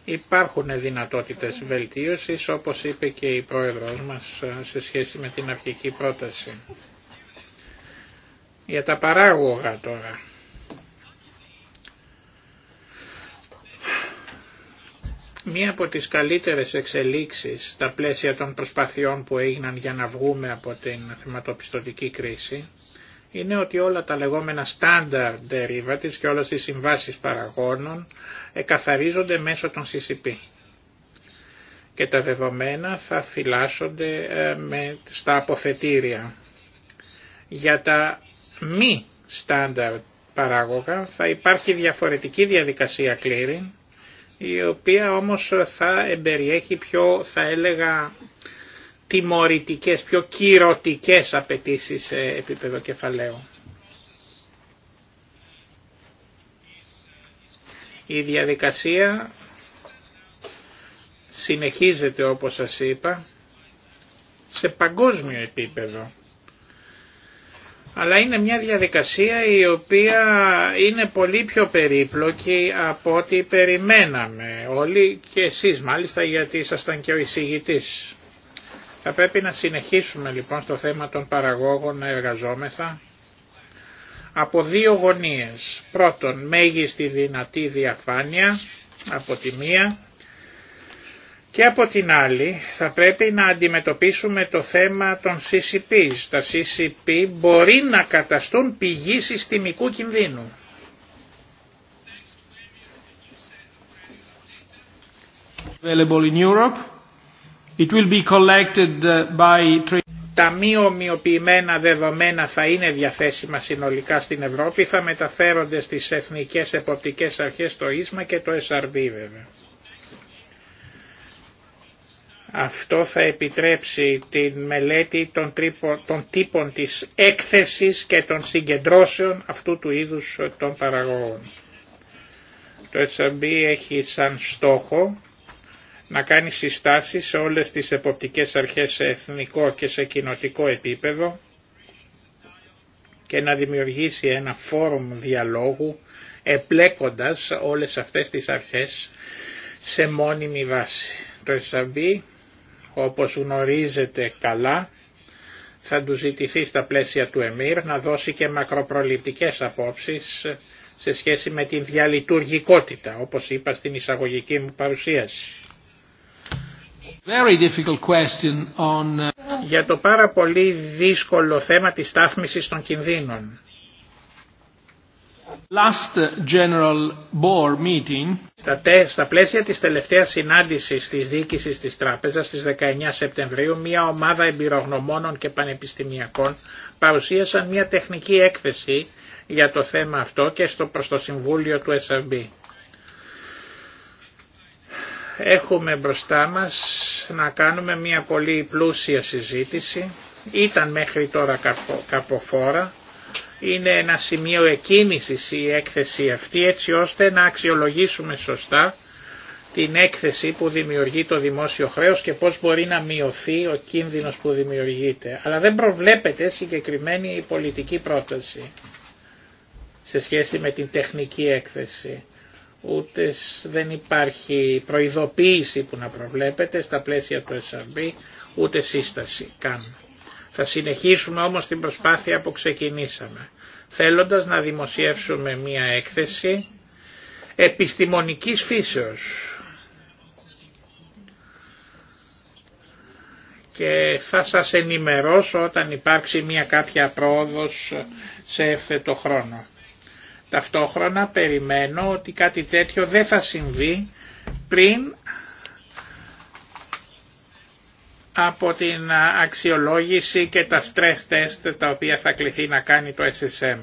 Υπάρχουν δυνατότητες βελτίωσης όπως είπε και η πρόεδρος μας σε σχέση με την αρχική πρόταση. Για τα παράγωγα τώρα. Μία από τις καλύτερες εξελίξεις στα πλαίσια των προσπαθειών που έγιναν για να βγούμε από την χρηματοπιστωτική κρίση είναι ότι όλα τα λεγόμενα standard derivatives και όλες οι συμβάσεις παραγόνων εκαθαρίζονται μέσω των CCP και τα δεδομένα θα φυλάσσονται ε, στα αποθετήρια. Για τα μη standard παράγωγα θα υπάρχει διαφορετική διαδικασία clearing η οποία όμως θα εμπεριέχει πιο θα έλεγα τιμωρητικές, πιο κυρωτικές απαιτήσεις σε επίπεδο κεφαλαίου. Η διαδικασία συνεχίζεται όπως σας είπα σε παγκόσμιο επίπεδο αλλά είναι μια διαδικασία η οποία είναι πολύ πιο περίπλοκη από ό,τι περιμέναμε όλοι και εσείς μάλιστα γιατί ήσασταν και ο εισηγητής. Θα πρέπει να συνεχίσουμε λοιπόν στο θέμα των παραγόγων να εργαζόμεθα από δύο γωνίες. Πρώτον, μέγιστη δυνατή διαφάνεια από τη μία και από την άλλη θα πρέπει να αντιμετωπίσουμε το θέμα των CCP. Τα CCP μπορεί να καταστούν πηγή συστημικού κινδύνου. Uh, Τα μη ομοιοποιημένα δεδομένα θα είναι διαθέσιμα συνολικά στην Ευρώπη, θα μεταφέρονται στις εθνικές εποπτικές αρχές το ίσμα και το SRB βέβαια. Αυτό θα επιτρέψει τη μελέτη των, τύπων της έκθεσης και των συγκεντρώσεων αυτού του είδους των παραγωγών. Το SRB έχει σαν στόχο να κάνει συστάσεις σε όλες τις εποπτικές αρχές σε εθνικό και σε κοινοτικό επίπεδο και να δημιουργήσει ένα φόρουμ διαλόγου επλέκοντας όλες αυτές τις αρχές σε μόνιμη βάση. Το SRB όπως γνωρίζετε καλά, θα του ζητηθεί στα πλαίσια του ΕΜΗΡ να δώσει και μακροπροληπτικές απόψεις σε σχέση με την διαλειτουργικότητα, όπως είπα στην εισαγωγική μου παρουσίαση. Very difficult question on... Uh, Για το πάρα πολύ δύσκολο θέμα της στάθμισης των κινδύνων. Last General Meeting. Στα, πλαίσια της τελευταίας συνάντησης της διοίκησης της τράπεζας στις 19 Σεπτεμβρίου μια ομάδα εμπειρογνωμόνων και πανεπιστημιακών παρουσίασαν μια τεχνική έκθεση για το θέμα αυτό και στο, προς το Συμβούλιο του SRB. Έχουμε μπροστά μας να κάνουμε μια πολύ πλούσια συζήτηση. Ήταν μέχρι τώρα καποφόρα είναι ένα σημείο εκκίνησης η έκθεση αυτή έτσι ώστε να αξιολογήσουμε σωστά την έκθεση που δημιουργεί το δημόσιο χρέος και πώς μπορεί να μειωθεί ο κίνδυνος που δημιουργείται. Αλλά δεν προβλέπεται συγκεκριμένη πολιτική πρόταση σε σχέση με την τεχνική έκθεση. Ούτε δεν υπάρχει προειδοποίηση που να προβλέπεται στα πλαίσια του SRB, ούτε σύσταση καν. Θα συνεχίσουμε όμως την προσπάθεια που ξεκινήσαμε, θέλοντας να δημοσιεύσουμε μία έκθεση επιστημονικής φύσεως. και θα σας ενημερώσω όταν υπάρξει μια κάποια πρόοδος σε εύθετο χρόνο. Ταυτόχρονα περιμένω ότι κάτι τέτοιο δεν θα συμβεί πριν από την αξιολόγηση και τα stress test τα οποία θα κληθεί να κάνει το SSM.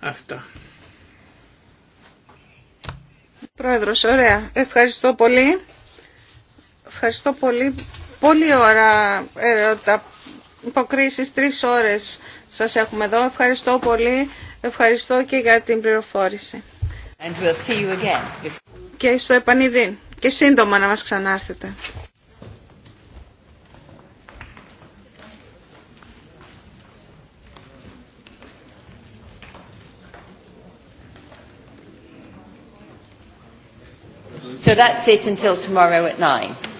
Αυτό. Πρόεδρος, ωραία. Ευχαριστώ πολύ. Ευχαριστώ πολύ. Πολύ ώρα τα Υποκρίσεις τρεις ώρες σας έχουμε εδώ. Ευχαριστώ πολύ. Ευχαριστώ και για την πληροφόρηση. see Και στο επανειδήν και σύντομα να μας ξανάρθετε. So that's it until tomorrow at 9.